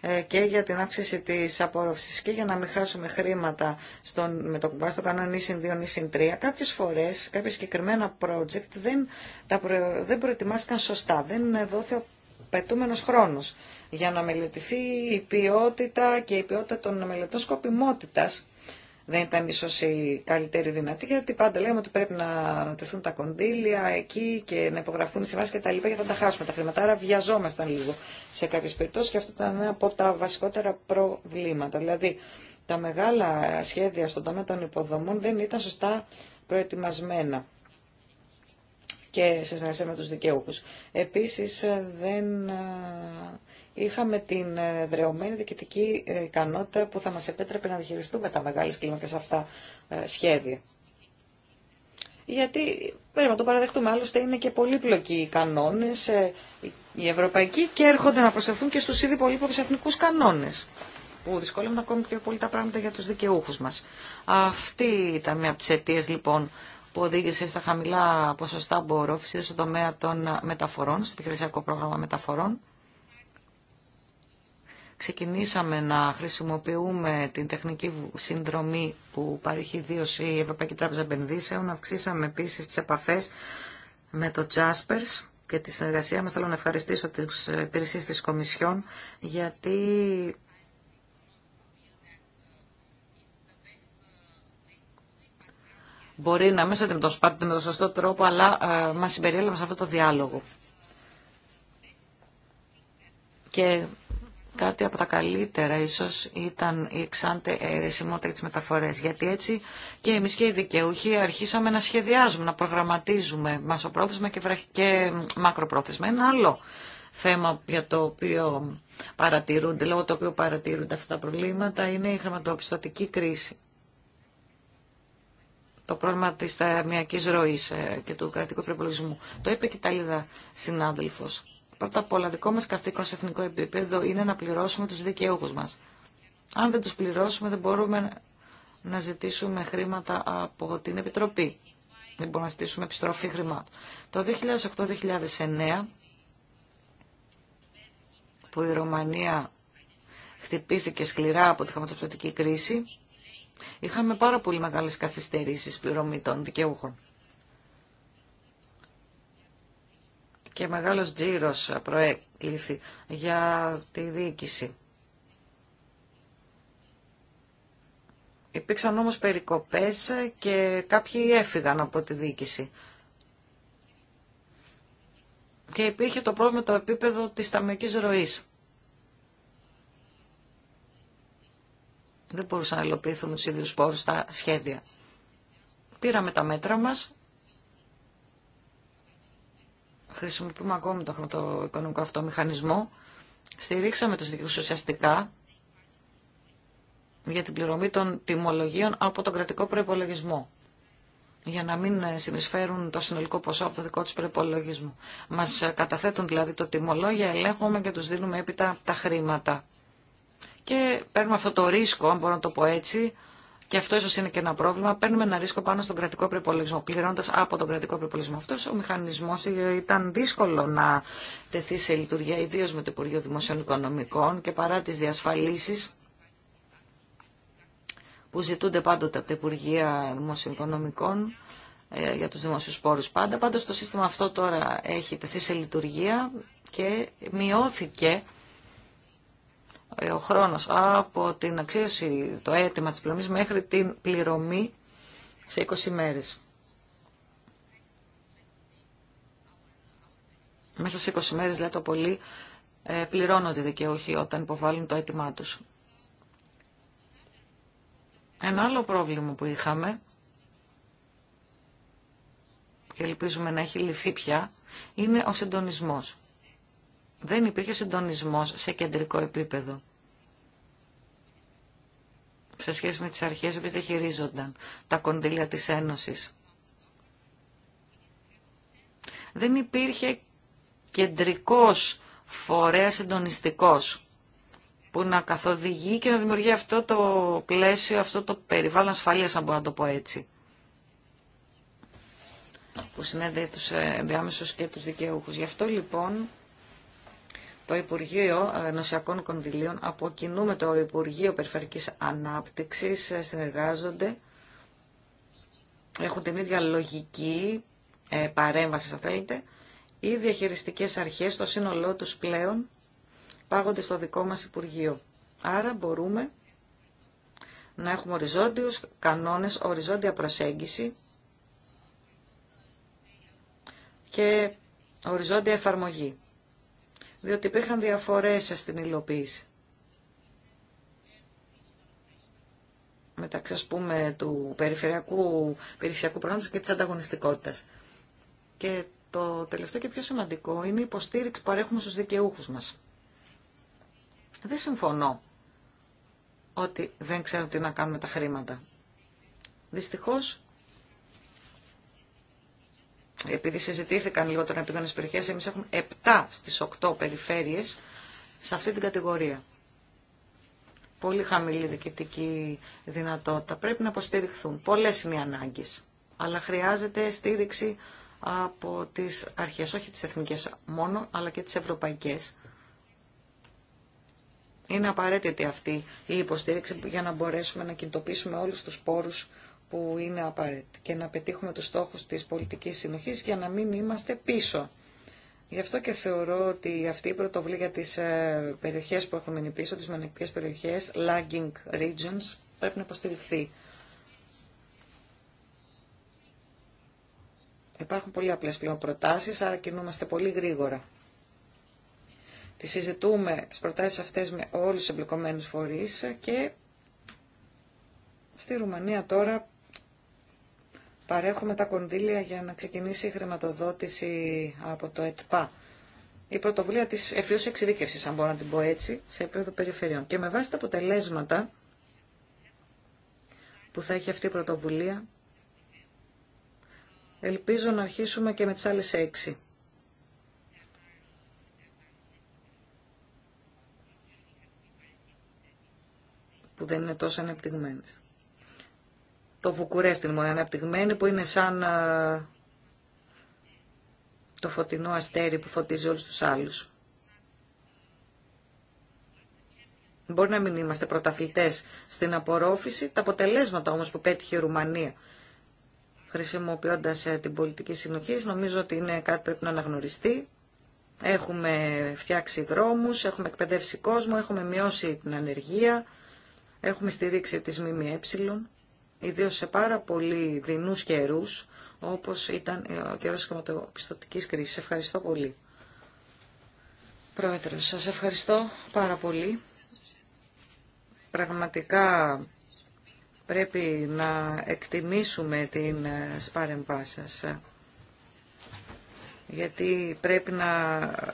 Speaker 2: ε, και για την αύξηση της απόρροφησης και για να μην χάσουμε χρήματα στον, με το κουμπά στο κανόνα συν 2 συν 3. Κάποιες φορές, κάποια συγκεκριμένα project δεν, τα δεν προετοιμάστηκαν σωστά, δεν δόθη ο πετούμενο χρόνος για να μελετηθεί η ποιότητα και η ποιότητα των μελετών σκοπιμότητας δεν ήταν ίσω η καλύτερη δυνατή, γιατί πάντα λέμε ότι πρέπει να ανατεθούν τα κονδύλια εκεί και να υπογραφούν οι συμβάσει και τα λοιπά, γιατί θα τα χάσουμε τα χρήματα. Άρα βιαζόμασταν λίγο σε κάποιε περιπτώσει και αυτό ήταν ένα από τα βασικότερα προβλήματα. Δηλαδή, τα μεγάλα σχέδια στον τομέα των υποδομών δεν ήταν σωστά προετοιμασμένα και σε συνεργασία με τους δικαιούχους. Επίσης, δεν είχαμε την ε, δρεωμένη διοικητική ε, ικανότητα που θα μας επέτρεπε να διαχειριστούμε τα μεγάλες κλίμακες αυτά ε, σχέδια. Γιατί πρέπει να το παραδεχτούμε, άλλωστε είναι και πολύπλοκοι οι κανόνες, οι ευρωπαϊκοί, και έρχονται να προσθεθούν και στους ήδη πολύπλοκους εθνικούς κανόνες που δυσκολεύουν ακόμη πιο πολύ τα πράγματα για τους δικαιούχους μας. Αυτή ήταν μια από τις αιτίες λοιπόν που οδήγησε στα χαμηλά ποσοστά φυσικά στον τομέα των μεταφορών, στο επιχειρησιακό πρόγραμμα μεταφορών ξεκινήσαμε να χρησιμοποιούμε την τεχνική συνδρομή που παρέχει ιδίω η Ευρωπαϊκή Τράπεζα Επενδύσεων. Αυξήσαμε επίση τι επαφέ με το Jaspers και τη συνεργασία μας. Θέλω να ευχαριστήσω τις υπηρεσίες της Κομισιόν γιατί μπορεί να μην σε με τον σωστό τρόπο, αλλά ε, μας συμπεριέλαβε σε αυτό το διάλογο. Και κάτι από τα καλύτερα ίσως ήταν η εξάντε αιρεσιμότητα ε, της μεταφορές. Γιατί έτσι και εμείς και οι δικαιούχοι αρχίσαμε να σχεδιάζουμε, να προγραμματίζουμε μασοπρόθεσμα και, και μακροπρόθεσμα. Ένα άλλο θέμα για το οποίο παρατηρούνται, λόγω το οποίο παρατηρούνται αυτά τα προβλήματα είναι η χρηματοπιστωτική κρίση. Το πρόβλημα της ταμιακής ροής ε, και του κρατικού προπολογισμού. Το είπε και η Ταλίδα συνάδελφος Πρώτα απ' όλα, δικό μα καθήκον σε εθνικό επίπεδο είναι να πληρώσουμε του δικαιούχου μα. Αν δεν του πληρώσουμε, δεν μπορούμε να ζητήσουμε χρήματα από την Επιτροπή. Δεν μπορούμε να ζητήσουμε επιστροφή χρημάτων. Το 2008-2009, που η Ρωμανία χτυπήθηκε σκληρά από τη χρηματοπιστωτική κρίση, είχαμε πάρα πολύ μεγάλες καθυστερήσεις πληρωμή των δικαιούχων. και μεγάλος τζίρος προέκλειθη για τη διοίκηση. Υπήρξαν όμως περικοπές και κάποιοι έφυγαν από τη διοίκηση. Και υπήρχε το πρόβλημα το επίπεδο της ταμιακής ροής. Δεν μπορούσαν να υλοποιηθούν τους ίδιους πόρους στα σχέδια. Πήραμε τα μέτρα μας χρησιμοποιούμε ακόμη το χρηματοοικονομικό αυτό μηχανισμό. Στηρίξαμε τους δικούς ουσιαστικά για την πληρωμή των τιμολογίων από τον κρατικό προϋπολογισμό για να μην συνεισφέρουν το συνολικό ποσό από το δικό τους προϋπολογισμό. Μας καταθέτουν δηλαδή το τιμολόγιο, ελέγχουμε και τους δίνουμε έπειτα τα χρήματα. Και παίρνουμε αυτό το ρίσκο, αν μπορώ να το πω έτσι, και αυτό ίσω είναι και ένα πρόβλημα, παίρνουμε ένα ρίσκο πάνω στον κρατικό προπολογισμό, πληρώνοντα από τον κρατικό προπολογισμό. Αυτό ο μηχανισμό ήταν δύσκολο να τεθεί σε λειτουργία, ιδίω με το Υπουργείο Δημοσίων Οικονομικών και παρά τι διασφαλίσει που ζητούνται πάντοτε από τα Υπουργεία Δημοσίων Οικονομικών ε, για τους δημόσιους πόρους πάντα. Πάντως το σύστημα αυτό τώρα έχει τεθεί σε λειτουργία και μειώθηκε ε, ο χρόνος από την αξίωση, το αίτημα της πληρωμής μέχρι την πληρωμή σε 20 μέρες. Μέσα σε 20 μέρες, λέει το πολύ, ε, πληρώνονται οι δικαιούχοι όταν υποβάλλουν το αίτημά τους. Ένα άλλο πρόβλημα που είχαμε και ελπίζουμε να έχει λυθεί πια, είναι ο συντονισμός δεν υπήρχε συντονισμός σε κεντρικό επίπεδο σε σχέση με τις αρχές που δεν χειρίζονταν τα κονδύλια της Ένωσης. Δεν υπήρχε κεντρικός φορέας συντονιστικός που να καθοδηγεί και να δημιουργεί αυτό το πλαίσιο, αυτό το περιβάλλον ασφαλείας, αν μπορώ να το πω έτσι, που συνέδεε τους ε, ενδιάμεσους και τους δικαιούχους. Γι' αυτό λοιπόν το Υπουργείο ε, Νοσιακών Κονδυλίων από κοινού με το Υπουργείο Περιφερικής Ανάπτυξης ε, συνεργάζονται, έχουν την ίδια λογική ε, παρέμβαση, αν θέλετε, οι διαχειριστικές αρχές στο σύνολό τους πλέον πάγονται στο δικό μας Υπουργείο. Άρα μπορούμε να έχουμε οριζόντιους κανόνες, οριζόντια προσέγγιση και οριζόντια εφαρμογή διότι υπήρχαν διαφορές στην υλοποίηση. μεταξύ ας πούμε του περιφερειακού περιφερειακού προγράμματος και της ανταγωνιστικότητας. Και το τελευταίο και πιο σημαντικό είναι η υποστήριξη που παρέχουμε στους δικαιούχους μας. Δεν συμφωνώ ότι δεν ξέρω τι να κάνουμε τα χρήματα. Δυστυχώς επειδή συζητήθηκαν λιγότερο επίγονες περιοχές, εμείς έχουμε 7 στις 8 περιφέρειες σε αυτή την κατηγορία. Πολύ χαμηλή διοικητική δυνατότητα. Πρέπει να αποστηριχθούν. Πολλές είναι οι ανάγκες. Αλλά χρειάζεται στήριξη από τις αρχές, όχι τις εθνικές μόνο, αλλά και τις ευρωπαϊκές. Είναι απαραίτητη αυτή η υποστήριξη για να μπορέσουμε να κινητοποιήσουμε όλους τους πόρους που είναι απαραίτητη και να πετύχουμε τους στόχους της πολιτικής συνοχής για να μην είμαστε πίσω. Γι' αυτό και θεωρώ ότι αυτή η πρωτοβουλία για τις ε, περιοχές που έχουμε μείνει πίσω, τις μενεκτικές περιοχές, lagging regions, πρέπει να υποστηριχθεί. Υπάρχουν πολύ απλές πλέον προτάσεις, άρα κινούμαστε πολύ γρήγορα. Τις συζητούμε τις προτάσεις αυτές με όλους τους εμπλεκομένους φορείς και στη Ρουμανία τώρα παρέχουμε τα κονδύλια για να ξεκινήσει η χρηματοδότηση από το ΕΤΠΑ. Η πρωτοβουλία της ευφυού εξειδίκευσης, αν μπορώ να την πω έτσι, σε επίπεδο περιφερειών. Και με βάση τα αποτελέσματα που θα έχει αυτή η πρωτοβουλία, ελπίζω να αρχίσουμε και με τις άλλες έξι. που δεν είναι τόσο ανεπτυγμένες το Βουκουρέστι μόνο λοιπόν, αναπτυγμένη που είναι σαν ε, το φωτεινό αστέρι που φωτίζει όλους τους άλλους. Μπορεί να μην είμαστε πρωταθλητές στην απορρόφηση, τα αποτελέσματα όμως που πέτυχε η Ρουμανία χρησιμοποιώντας ε, την πολιτική συνοχή, νομίζω ότι είναι κάτι που πρέπει να αναγνωριστεί. Έχουμε φτιάξει δρόμους, έχουμε εκπαιδεύσει κόσμο, έχουμε μειώσει την ανεργία, έχουμε στηρίξει τις ΜΜΕ ιδίως σε πάρα πολύ δεινούς καιρούς, όπως ήταν ε, ο καιρός της χρηματοπιστωτικής κρίσης. Ευχαριστώ πολύ. Πρόεδρο, σας ευχαριστώ πάρα πολύ. Πραγματικά πρέπει να εκτιμήσουμε την ε, σπάρεμπά σας ε, Γιατί πρέπει να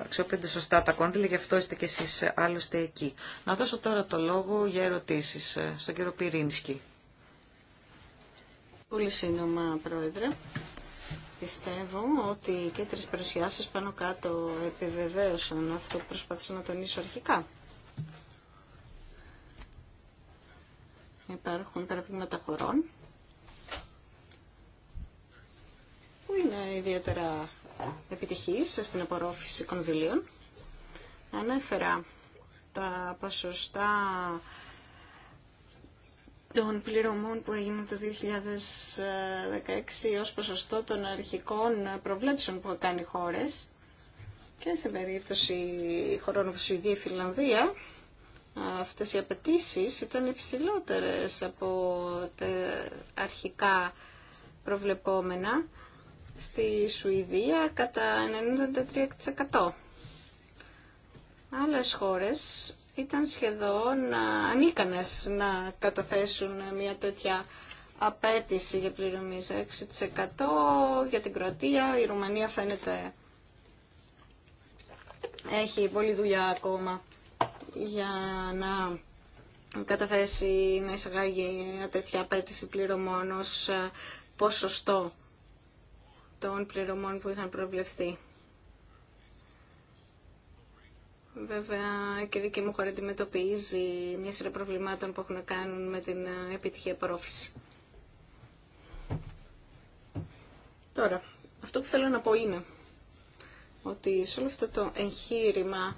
Speaker 2: ξεπέντε σωστά τα κόντυλα, γι' αυτό είστε κι εσείς άλλωστε εκεί. Να δώσω τώρα το λόγο για ερωτήσεις στον κύριο Πυρίνσκι.
Speaker 4: Πολύ σύντομα, Πρόεδρε. Πιστεύω ότι και τρεις παρουσιάσεις πάνω κάτω επιβεβαίωσαν αυτό που προσπάθησα να τονίσω αρχικά. Υπάρχουν παραδείγματα χωρών που είναι ιδιαίτερα επιτυχής στην απορρόφηση κονδυλίων. Ανέφερα τα ποσοστά των πληρωμών που έγιναν το 2016 ως ποσοστό των αρχικών προβλέψεων που έκανε οι χώρες και στην περίπτωση χωρών όπως η και Φιλανδία αυτές οι απαιτήσει ήταν υψηλότερε από τα αρχικά προβλεπόμενα στη Σουηδία κατά 93%. Άλλες χώρες ήταν σχεδόν ανίκανες να καταθέσουν μια τέτοια απέτηση για πληρωμή 6% για την Κροατία. Η Ρουμανία φαίνεται έχει πολλή δουλειά ακόμα για να καταθέσει να εισαγάγει μια τέτοια απέτηση πληρωμών ως ποσοστό των πληρωμών που είχαν προβλεφθεί. Βέβαια και η δική μου χώρα αντιμετωπίζει μια σειρά προβλημάτων που έχουν να κάνουν με την ε, επιτυχία απορρόφηση. Τώρα, αυτό που θέλω να πω είναι ότι σε όλο αυτό το εγχείρημα,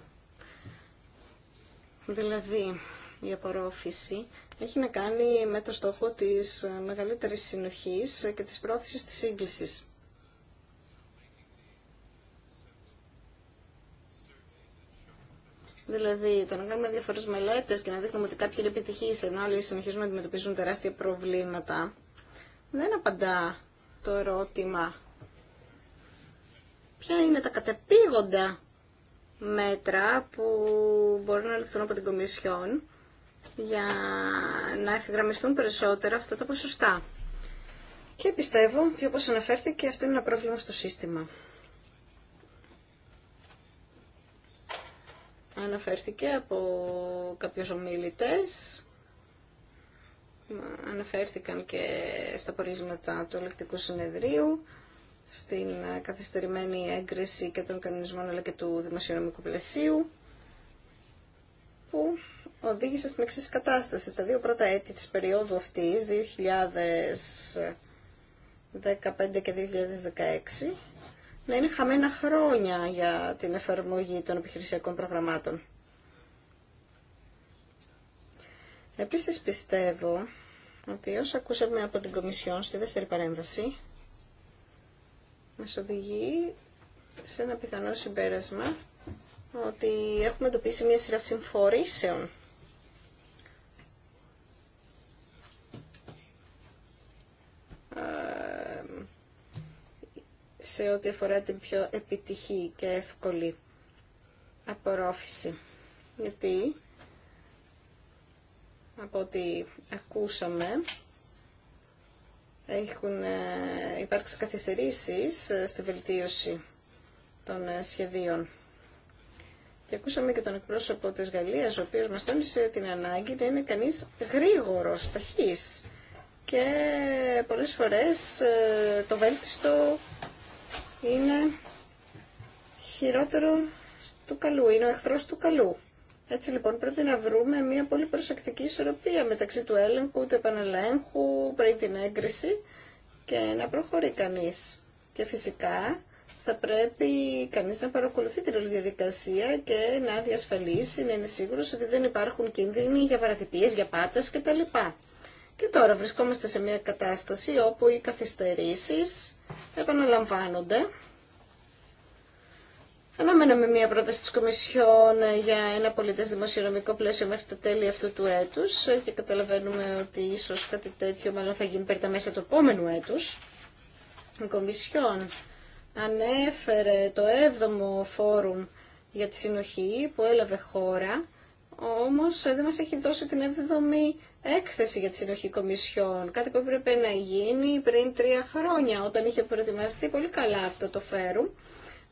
Speaker 4: δηλαδή η απορρόφηση, έχει να κάνει με το στόχο της ε, μεγαλύτερης συνοχής και της πρόθεσης της σύγκλησης. Δηλαδή, το να κάνουμε διάφορε μελέτε και να δείχνουμε ότι κάποιοι είναι επιτυχεί, ενώ άλλοι συνεχίζουν να αντιμετωπίζουν τεράστια προβλήματα, δεν απαντά το ερώτημα ποια είναι τα κατεπήγοντα μέτρα που μπορούν να ληφθούν από την Κομισιόν για να ευθυγραμμιστούν περισσότερα αυτά τα ποσοστά. Και πιστεύω ότι όπως αναφέρθηκε αυτό είναι ένα πρόβλημα στο σύστημα. αναφέρθηκε από κάποιους ομιλητές αναφέρθηκαν και στα πορίσματα του ελεκτικού συνεδρίου στην καθυστερημένη έγκριση και των κανονισμών αλλά και του δημοσιονομικού πλαισίου που οδήγησε στην εξή κατάσταση. Στα δύο πρώτα έτη της περίοδου αυτής, 2015 και 2016, να είναι χαμένα χρόνια για την εφαρμογή των επιχειρησιακών προγραμμάτων. Επίσης πιστεύω ότι όσο ακούσαμε από την Κομισιόν στη δεύτερη παρέμβαση, μας οδηγεί σε ένα πιθανό συμπέρασμα ότι έχουμε εντοπίσει μια σειρά συμφορήσεων σε ό,τι αφορά την πιο επιτυχή και εύκολη απορρόφηση. Γιατί από ό,τι ακούσαμε έχουν ε, υπάρξει καθυστερήσεις ε, στη βελτίωση των ε, σχεδίων. Και ακούσαμε και τον εκπρόσωπο της Γαλλίας, ο οποίος μας τόνισε την ανάγκη να είναι κανείς γρήγορος, ταχύς. Και πολλές φορές το βέλτιστο είναι χειρότερο του καλού, είναι ο εχθρός του καλού. Έτσι λοιπόν πρέπει να βρούμε μια πολύ προσεκτική ισορροπία μεταξύ του έλεγχου, του επαναλέγχου, πριν την έγκριση και να προχωρεί κανείς. Και φυσικά θα πρέπει κανείς να παρακολουθεί την όλη διαδικασία και να διασφαλίσει, να είναι σίγουρος ότι δεν υπάρχουν κίνδυνοι για παρατυπίες, για πάτες κτλ. Και τώρα βρισκόμαστε σε μια κατάσταση όπου οι καθυστερήσεις επαναλαμβάνονται. Αναμέναμε μια πρόταση της Κομισιόν για ένα πολιτές δημοσιονομικό πλαίσιο μέχρι το τέλη αυτού του έτους και καταλαβαίνουμε ότι ίσως κάτι τέτοιο μάλλον θα γίνει περί τα μέσα του επόμενου έτους. Η Κομισιόν ανέφερε το 7ο φόρουμ για τη συνοχή που έλαβε χώρα όμως δεν μας έχει δώσει την 7η έκθεση για τη συνοχή κομισιών. Κάτι που έπρεπε να γίνει πριν τρία χρόνια, όταν είχε προετοιμαστεί πολύ καλά αυτό το φέρου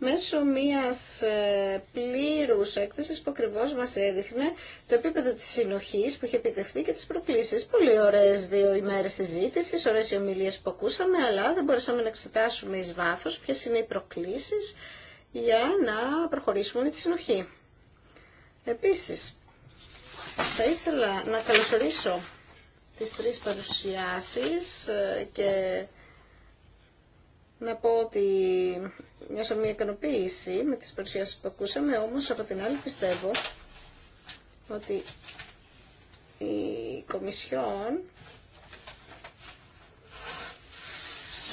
Speaker 4: μέσω μιας ε, πλήρους έκθεσης που ακριβώ μας έδειχνε το επίπεδο της συνοχής που είχε επιτευχθεί και τις προκλήσεις. Πολύ ωραίες δύο ημέρες συζήτηση, ωραίες οι ομιλίες που ακούσαμε, αλλά δεν μπορούσαμε να εξετάσουμε εις βάθος ποιες είναι οι προκλήσεις για να προχωρήσουμε με τη συνοχή. Επίσης, θα ήθελα να καλωσορίσω τις τρεις παρουσιάσεις ε, και να πω ότι νιώσα μια ικανοποίηση με τις παρουσιάσεις που ακούσαμε, όμως από την άλλη πιστεύω ότι η Κομισιόν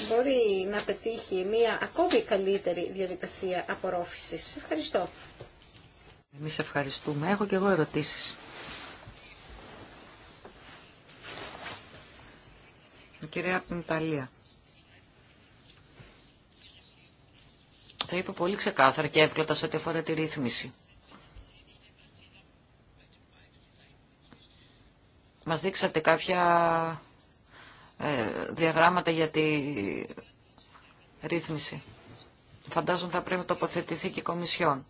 Speaker 4: μπορεί να πετύχει μια ακόμη καλύτερη διαδικασία απορρόφησης. Ευχαριστώ.
Speaker 2: Εμείς ευχαριστούμε. Έχω και εγώ ερωτήσεις. Η κυρία από την Ιταλία. Θα είπα πολύ ξεκάθαρα και εύκολα σε ό,τι αφορά τη ρύθμιση. Μας δείξατε κάποια ε, διαγράμματα για τη ρύθμιση. Φαντάζομαι θα πρέπει να τοποθετηθεί και η Κομισιόν.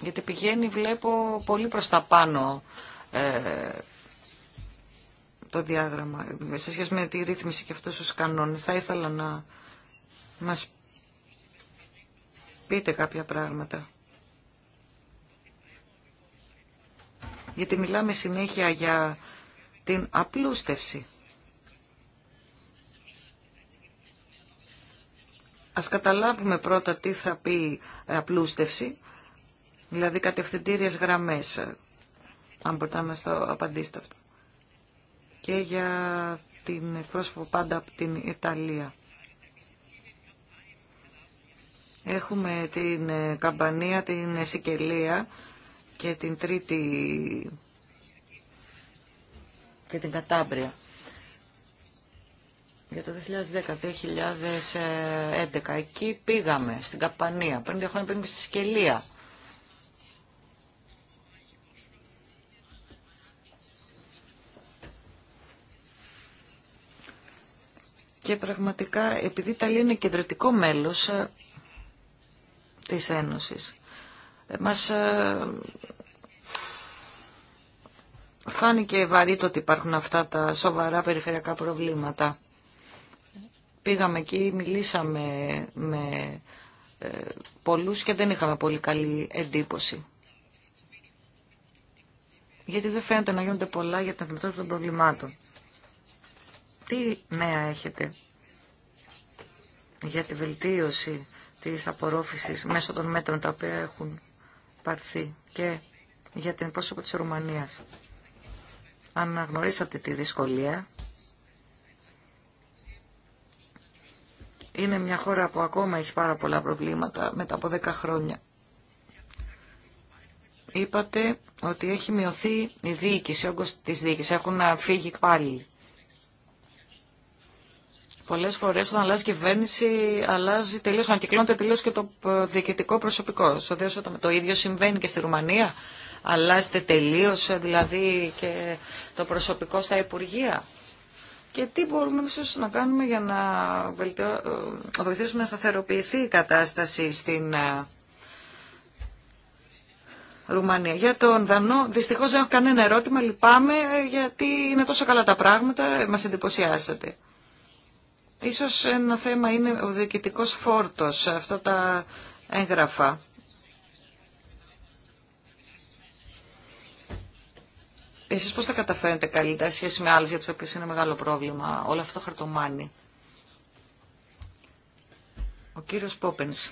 Speaker 2: Γιατί πηγαίνει, βλέπω, πολύ προς τα πάνω ε, το διάγραμμα σε σχέση με τη ρύθμιση και αυτούς τους κανόνες. Θα ήθελα να μας πείτε κάποια πράγματα. Γιατί μιλάμε συνέχεια για την απλούστευση. Ας καταλάβουμε πρώτα τι θα πει απλούστευση, δηλαδή κατευθυντήριες γραμμές, αν μπορείτε να μας το απαντήσετε αυτό και για την εκπρόσωπο πάντα από την Ιταλία. Έχουμε την ε, Καμπανία, την Σικελία και την Τρίτη και την Κατάμπρια. Για το 2010-2011 εκεί πήγαμε στην Καμπανία, πριν δύο χρόνια πήγαμε στη Σικελία. Και πραγματικά, επειδή η Ιταλία είναι κεντρωτικό μέλος ε, της Ένωσης, ε, μας ε, φάνηκε το ότι υπάρχουν αυτά τα σοβαρά περιφερειακά προβλήματα. Πήγαμε εκεί, μιλήσαμε με πολλούς και δεν είχαμε πολύ καλή εντύπωση. Γιατί δεν φαίνεται να γίνονται πολλά για την αντιμετώπιση των προβλημάτων. Τι νέα έχετε για τη βελτίωση της απορρόφησης μέσω των μέτρων τα οποία έχουν πάρθει και για την πρόσωπο της Ρουμανίας. Αναγνωρίσατε τη δυσκολία. Είναι μια χώρα που ακόμα έχει πάρα πολλά προβλήματα μετά από 10 χρόνια. Είπατε ότι έχει μειωθεί η διοίκηση, όγκος της διοίκησης. Έχουν φύγει πάλι. Πολλέ φορέ όταν αλλάζει κυβέρνηση, αλλάζει τελείω, ανακυκλώνεται τελείω και το ε, διοικητικό προσωπικό. το ίδιο συμβαίνει και στη Ρουμανία. Αλλάζεται τελείω ε, δηλαδή και το προσωπικό στα Υπουργεία. Και τι μπορούμε να κάνουμε για να βοηθήσουμε να σταθεροποιηθεί η κατάσταση στην ε, Ρουμανία. Για τον Δανό, δυστυχώς δεν έχω κανένα ερώτημα, λυπάμαι γιατί είναι τόσο καλά τα πράγματα, μας εντυπωσιάσατε. Ίσως ένα θέμα είναι ο διοικητικός φόρτος, αυτά τα έγγραφα. Εσείς πώς θα καταφέρετε καλύτερα σχέση με άλλους για τους οποίους είναι μεγάλο πρόβλημα όλο αυτό το χαρτομάνι.
Speaker 3: Ο κύριος Πόπενς.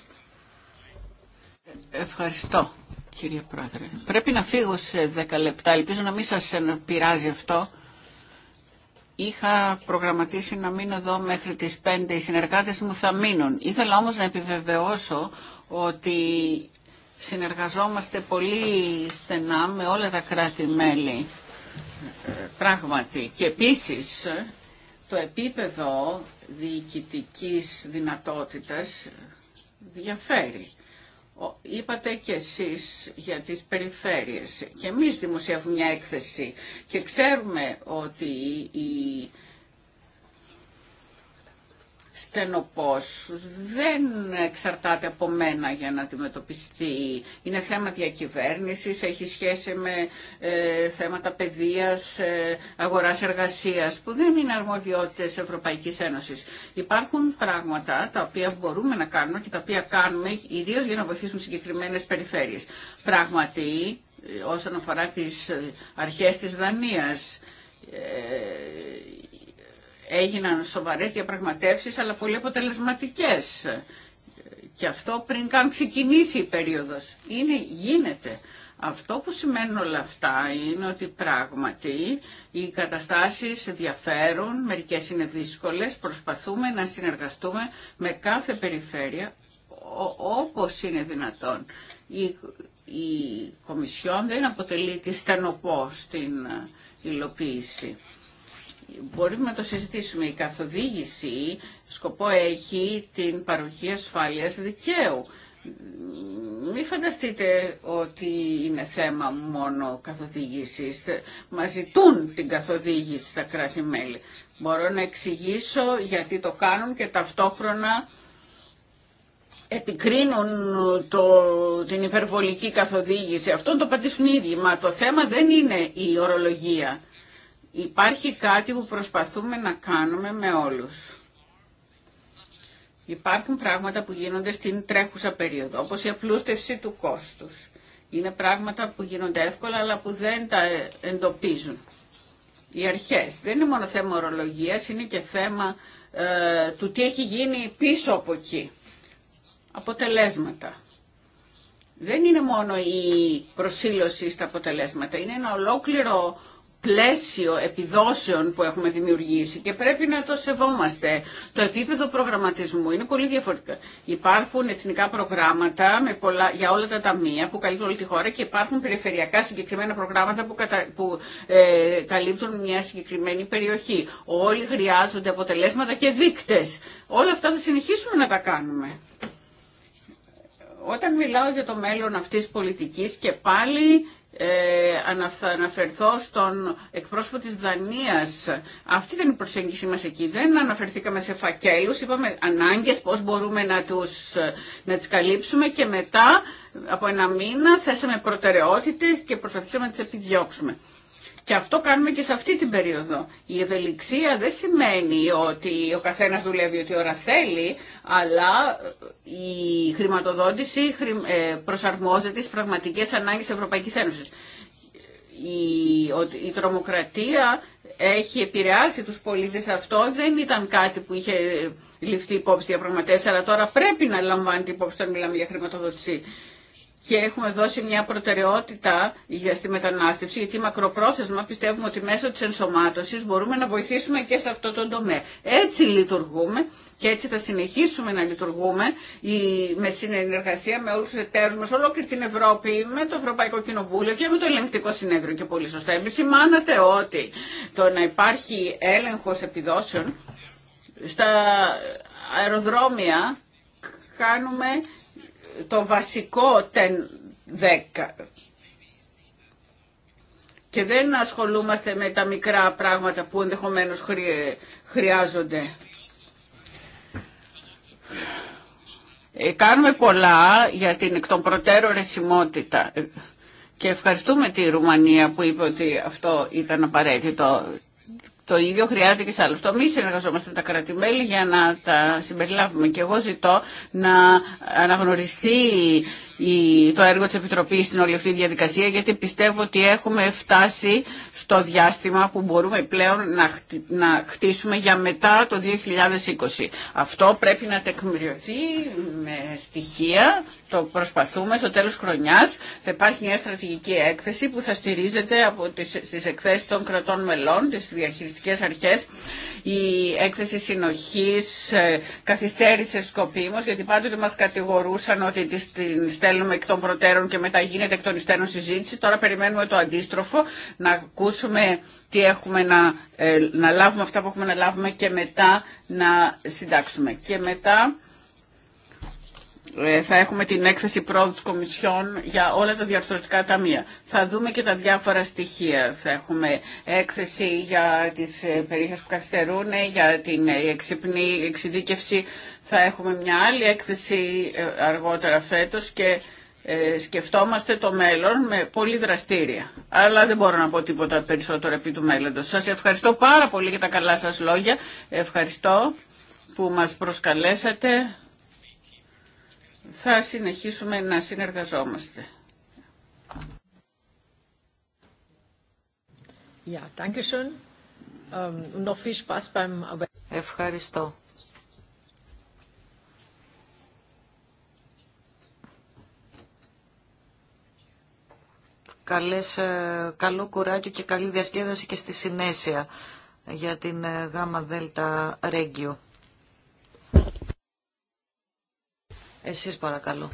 Speaker 3: Ευχαριστώ κύριε Πρόεδρε. Πρέπει να φύγω σε 10 λεπτά. Ελπίζω να μην σας ε, πειράζει αυτό. Είχα προγραμματίσει να μείνω εδώ μέχρι τις 5. Οι συνεργάτες μου θα μείνουν. Ήθελα όμως να επιβεβαιώσω ότι συνεργαζόμαστε πολύ στενά με όλα τα κράτη-μέλη. Πράγματι. Και επίσης το επίπεδο διοικητικής δυνατότητας διαφέρει είπατε κι εσείς για τις περιφέρειες και εμείς δημοσιεύουμε μια έκθεση και ξέρουμε ότι η στενοπός. Δεν εξαρτάται από μένα για να αντιμετωπιστεί. Είναι θέμα διακυβέρνησης, έχει σχέση με ε, θέματα παιδείας, ε, αγοράς εργασίας, που δεν είναι αρμοδιότητες Ευρωπαϊκής Ένωσης. Υπάρχουν πράγματα τα οποία μπορούμε να κάνουμε και τα οποία κάνουμε ιδίως για να βοηθήσουμε συγκεκριμένες περιφέρειες. Πράγματι, ε, όσον αφορά τις ε, αρχές της Δανίας, έγιναν σοβαρές διαπραγματεύσεις αλλά πολύ αποτελεσματικές. Και αυτό πριν καν ξεκινήσει η περίοδος. Είναι, γίνεται. Αυτό που σημαίνουν όλα αυτά είναι ότι πράγματι οι καταστάσεις διαφέρουν, μερικές είναι δύσκολες, προσπαθούμε να συνεργαστούμε με κάθε περιφέρεια όπως είναι δυνατόν. Η, η Κομισιόν δεν αποτελεί τη στενοπό στην υλοποίηση μπορούμε να το συζητήσουμε. Η καθοδήγηση σκοπό έχει την παροχή ασφάλειας δικαίου. Μην φανταστείτε ότι είναι θέμα μόνο καθοδήγησης. Μα ζητούν την καθοδήγηση στα κράτη-μέλη. Μπορώ να εξηγήσω γιατί το κάνουν και ταυτόχρονα επικρίνουν το, την υπερβολική καθοδήγηση. Αυτό το πατήσουν οι Μα το θέμα δεν είναι η ορολογία. Υπάρχει κάτι που προσπαθούμε να κάνουμε με όλους. Υπάρχουν πράγματα που γίνονται στην τρέχουσα περίοδο, όπως η απλούστευση του κόστους. Είναι πράγματα που γίνονται εύκολα, αλλά που δεν τα εντοπίζουν. Οι αρχές. Δεν είναι μόνο θέμα ορολογίας, είναι και θέμα ε, του τι έχει γίνει πίσω από εκεί. Αποτελέσματα. Δεν είναι μόνο η προσήλωση στα αποτελέσματα, είναι ένα ολόκληρο πλαίσιο επιδόσεων που έχουμε δημιουργήσει και πρέπει να το σεβόμαστε. Το επίπεδο προγραμματισμού είναι πολύ διαφορετικό. Υπάρχουν εθνικά προγράμματα με πολλά, για όλα τα ταμεία που καλύπτουν όλη τη χώρα και υπάρχουν περιφερειακά συγκεκριμένα προγράμματα που, που ε, καλύπτουν μια συγκεκριμένη περιοχή. Όλοι χρειάζονται αποτελέσματα και δείκτες. Όλα αυτά θα συνεχίσουμε να τα κάνουμε. Όταν μιλάω για το μέλλον αυτής της πολιτικής και πάλι ε, θα αναφερθώ στον εκπρόσωπο της Δανίας. Αυτή ήταν η προσέγγιση μας εκεί. Δεν αναφερθήκαμε σε φακέλους, είπαμε ανάγκες, πώς μπορούμε να, τους, να τις καλύψουμε και μετά από ένα μήνα θέσαμε προτεραιότητες και προσπαθήσαμε να τις επιδιώξουμε. Και αυτό κάνουμε και σε αυτή την περίοδο. Η ευελιξία δεν σημαίνει ότι ο καθένας δουλεύει ό,τι ώρα θέλει, αλλά ε, η χρηματοδότηση ε, προσαρμόζεται στις πραγματικές ανάγκες της Ευρωπαϊκής Ένωσης. Η, η τρομοκρατία έχει επηρεάσει τους πολίτες αυτό, δεν ήταν κάτι που είχε ληφθεί υπόψη διαπραγματεύσει, αλλά τώρα πρέπει να λαμβάνεται υπόψη όταν μιλάμε για χρηματοδότηση και έχουμε δώσει μια προτεραιότητα για στη μετανάστευση, γιατί μακροπρόθεσμα πιστεύουμε ότι μέσω της ενσωμάτωσης μπορούμε να βοηθήσουμε και σε αυτό το τομέα. Έτσι λειτουργούμε και έτσι θα συνεχίσουμε να λειτουργούμε με συνεργασία με όλους τους εταίρους μας, ολόκληρη την Ευρώπη, με το Ευρωπαϊκό Κοινοβούλιο και με το Ελεγκτικό Συνέδριο και πολύ σωστά. Επισημάνατε ότι το να υπάρχει έλεγχος επιδόσεων στα αεροδρόμια κάνουμε το βασικό τεν δέκα. Και δεν ασχολούμαστε με τα μικρά πράγματα που ενδεχομένως χρειάζονται. Ε, κάνουμε πολλά για την εκ των προτέρων ρεσιμότητα. Ε, και ευχαριστούμε τη Ρουμανία που είπε ότι αυτό ήταν απαραίτητο. Το ίδιο χρειάζεται και σε άλλους τομείς. Συνεργαζόμαστε με τα κρατημέλη για να τα συμπεριλάβουμε. Και εγώ ζητώ να αναγνωριστεί το έργο της Επιτροπής στην όλη αυτή διαδικασία γιατί πιστεύω ότι έχουμε φτάσει στο διάστημα που μπορούμε πλέον να, να χτίσουμε για μετά το 2020. Αυτό πρέπει να τεκμηριωθεί με στοιχεία, το προσπαθούμε στο τέλος χρονιάς. Θα υπάρχει μια στρατηγική έκθεση που θα στηρίζεται από τις, στις εκθέσεις των κρατών μελών, τις διαχειριστικές αρχές. Η έκθεση συνοχής ε, καθυστέρησε σκοπίμως γιατί πάντοτε μας κατηγορούσαν ότι τις, θέλουμε εκ των προτέρων και μετά γίνεται εκ των υστέρων συζήτηση. Τώρα περιμένουμε το αντίστροφο, να ακούσουμε τι έχουμε να, ε, να λάβουμε, αυτά που έχουμε να λάβουμε και μετά να συντάξουμε. Και μετά ε, θα έχουμε την έκθεση πρόοδου κομισιών για όλα τα διαρθρωτικά ταμεία. Θα δούμε και τα διάφορα στοιχεία. Θα έχουμε έκθεση για τις ε, περιοχές που καθυστερούν, ε, για την εξυπνή εξειδίκευση. Θα έχουμε μια άλλη έκθεση αργότερα φέτος και σκεφτόμαστε το μέλλον με πολύ δραστήρια. Αλλά δεν μπορώ να πω τίποτα περισσότερο επί του μέλλοντος. Σας ευχαριστώ πάρα πολύ για τα καλά σας λόγια. Ευχαριστώ που μας προσκαλέσατε θα συνεχίσουμε να συνεργαζόμαστε.
Speaker 1: Ähm, Ευχαριστώ.
Speaker 2: Καλές, ε, καλό κουράγιο και καλή διασκέδαση και στη συνέσεια για την ε, γάμα δέλτα Εσείς παρακαλώ.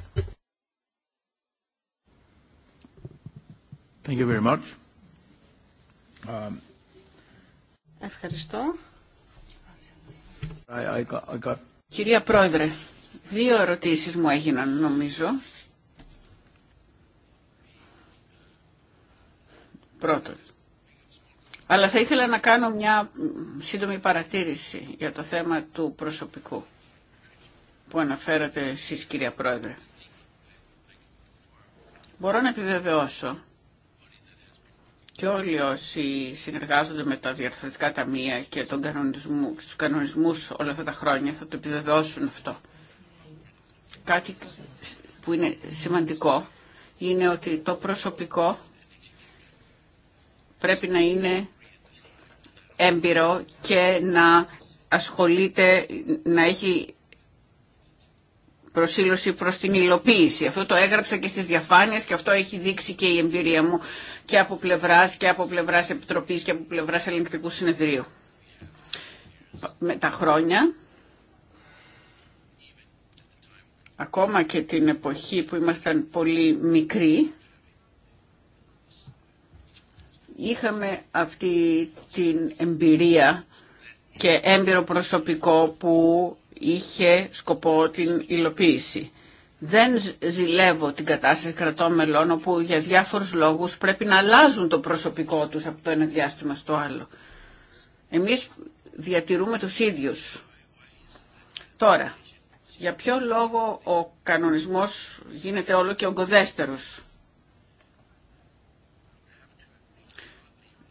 Speaker 4: Ευχαριστώ.
Speaker 3: Κυρία Πρόεδρε, δύο ερωτήσεις μου έγιναν νομίζω. Πρώτον, αλλά θα ήθελα να κάνω μια σύντομη παρατήρηση για το θέμα του προσωπικού που αναφέρατε εσείς κυρία Πρόεδρε. Μπορώ να επιβεβαιώσω και όλοι όσοι συνεργάζονται με τα διαρθρωτικά ταμεία και τον κανονισμού, τους κανονισμούς όλα αυτά τα χρόνια θα το επιβεβαιώσουν αυτό. Κάτι που είναι σημαντικό είναι ότι το προσωπικό πρέπει να είναι έμπειρο και να ασχολείται, να έχει προσήλωση προς την υλοποίηση. Αυτό το έγραψα και στις διαφάνειες και αυτό έχει δείξει και η εμπειρία μου και από πλευράς και από πλευράς Επιτροπής και από πλευράς Ελεγκτικού Συνεδρίου. Με τα χρόνια, ακόμα και την εποχή που ήμασταν πολύ μικροί, είχαμε αυτή την εμπειρία και έμπειρο προσωπικό που είχε σκοπό την υλοποίηση. Δεν ζηλεύω την κατάσταση κρατών μελών όπου για διάφορους λόγους πρέπει να αλλάζουν το προσωπικό τους από το ένα διάστημα στο άλλο. Εμείς διατηρούμε τους ίδιους. Τώρα, για ποιο λόγο ο κανονισμός γίνεται όλο και ογκοδέστερος.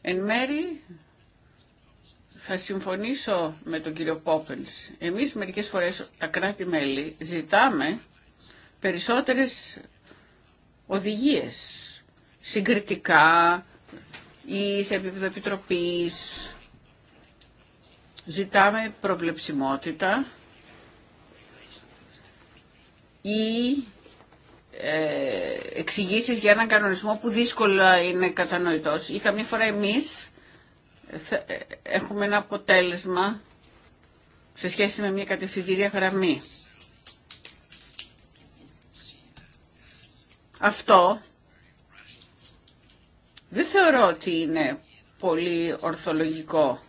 Speaker 3: Εν μέρη θα συμφωνήσω με τον κύριο Πόπενς. Εμείς μερικές φορές τα κράτη-μέλη ζητάμε περισσότερες οδηγίες συγκριτικά ή σε επίπεδο επιτροπής. Ζητάμε προβλεψιμότητα ή ε, εξηγήσεις για έναν κανονισμό που δύσκολα είναι κατανοητός ή καμιά φορά εμείς ε, έχουμε ένα αποτέλεσμα σε σχέση με μια κατευθυντήρια γραμμή. Αυτό δεν θεωρώ ότι είναι πολύ ορθολογικό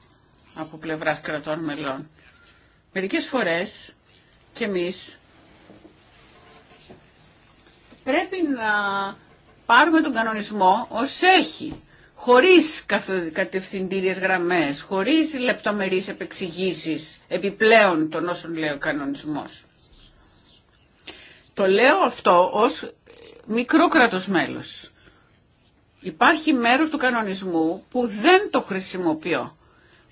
Speaker 3: από πλευράς κρατών μελών. Μερικές φορές και εμείς πρέπει να πάρουμε τον κανονισμό ως έχει χωρίς κατευθυντήριες γραμμές, χωρίς λεπτομερείς επεξηγήσεις επιπλέον των όσων λέει ο κανονισμός. Το λέω αυτό ως μικρό κράτος μέλος. Υπάρχει μέρος του κανονισμού που δεν το χρησιμοποιώ.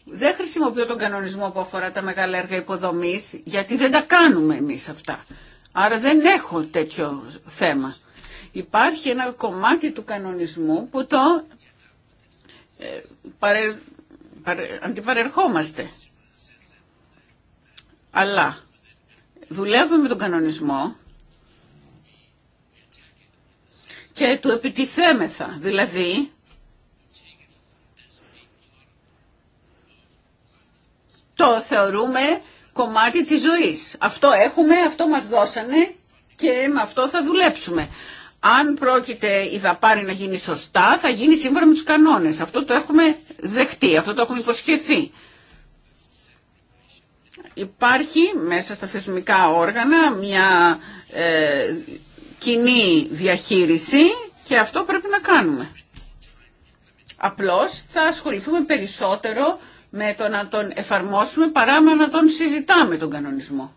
Speaker 3: Δεν χρησιμοποιώ τον κανονισμό που αφορά τα μεγάλα έργα υποδομής, γιατί δεν τα κάνουμε εμείς αυτά. Άρα δεν έχω τέτοιο θέμα. Υπάρχει ένα κομμάτι του κανονισμού που το ε, παρε, αντιπαρερχόμαστε. Αλλά δουλεύουμε με τον κανονισμό και του επιτιθέμεθα. Δηλαδή, το θεωρούμε κομμάτι της ζωής. Αυτό έχουμε, αυτό μας δώσανε και με αυτό θα δουλέψουμε αν πρόκειται η δαπάνη να γίνει σωστά, θα γίνει σύμφωνα με τους κανόνες. Αυτό το έχουμε δεχτεί, αυτό το έχουμε υποσχεθεί. Υπάρχει μέσα στα θεσμικά όργανα μια ε, κοινή διαχείριση και αυτό πρέπει να κάνουμε. Απλώς θα ασχοληθούμε περισσότερο με το να τον εφαρμόσουμε παρά με να τον συζητάμε τον κανονισμό.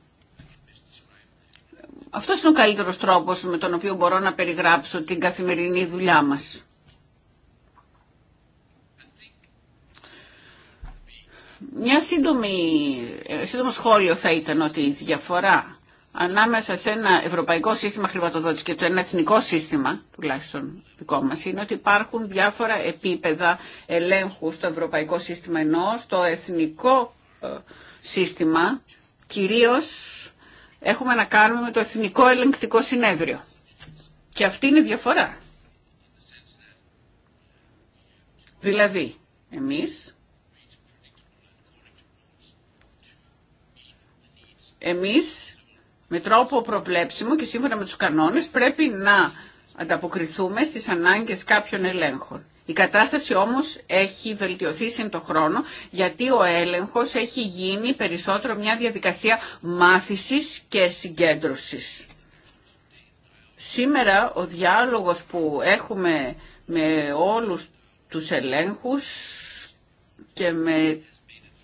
Speaker 3: Αυτό είναι ο καλύτερος τρόπος με τον οποίο μπορώ να περιγράψω την καθημερινή δουλειά μας. Μια σύντομη, σύντομο σχόλιο θα ήταν ότι η διαφορά ανάμεσα σε ένα ευρωπαϊκό σύστημα χρηματοδότηση και το ένα εθνικό σύστημα, τουλάχιστον δικό μας, είναι ότι υπάρχουν διάφορα επίπεδα ελέγχου στο ευρωπαϊκό σύστημα ενώ στο εθνικό ε, σύστημα κυρίως έχουμε να κάνουμε με το Εθνικό Ελεγκτικό Συνέδριο. Και αυτή είναι η διαφορά. Δηλαδή, εμείς, εμείς με τρόπο προβλέψιμο και σύμφωνα με τους κανόνες πρέπει να ανταποκριθούμε στις ανάγκες κάποιων ελέγχων. Η κατάσταση όμως έχει βελτιωθεί σύν το χρόνο γιατί ο έλεγχος έχει γίνει περισσότερο μια διαδικασία μάθησης και συγκέντρωσης. Σήμερα ο διάλογος που έχουμε με όλους τους ελέγχους και με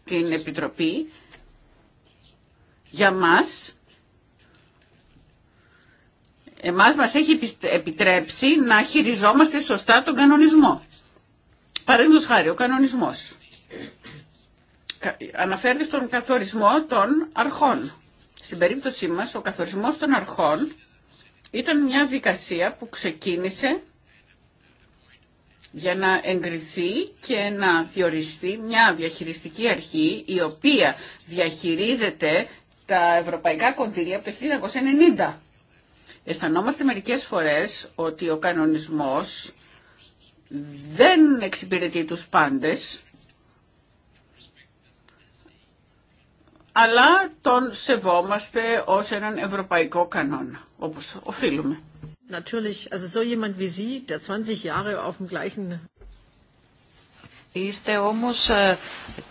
Speaker 3: την Επιτροπή για μας εμάς μας έχει επιτρέψει να χειριζόμαστε σωστά τον κανονισμό. Παραδείγματος χάρη, ο κανονισμός αναφέρει στον καθορισμό των αρχών. Στην περίπτωσή μας, ο καθορισμός των αρχών ήταν μια δικασία που ξεκίνησε για να εγκριθεί και να διοριστεί μια διαχειριστική αρχή η οποία διαχειρίζεται τα ευρωπαϊκά κονδύλια από το 1990. Αισθανόμαστε μερικές φορές ότι ο κανονισμός δεν εξυπηρετεί τους πάντες, αλλά τον σεβόμαστε ως έναν ευρωπαϊκό κανόνα, όπως οφείλουμε. 20
Speaker 1: Είστε όμως ε,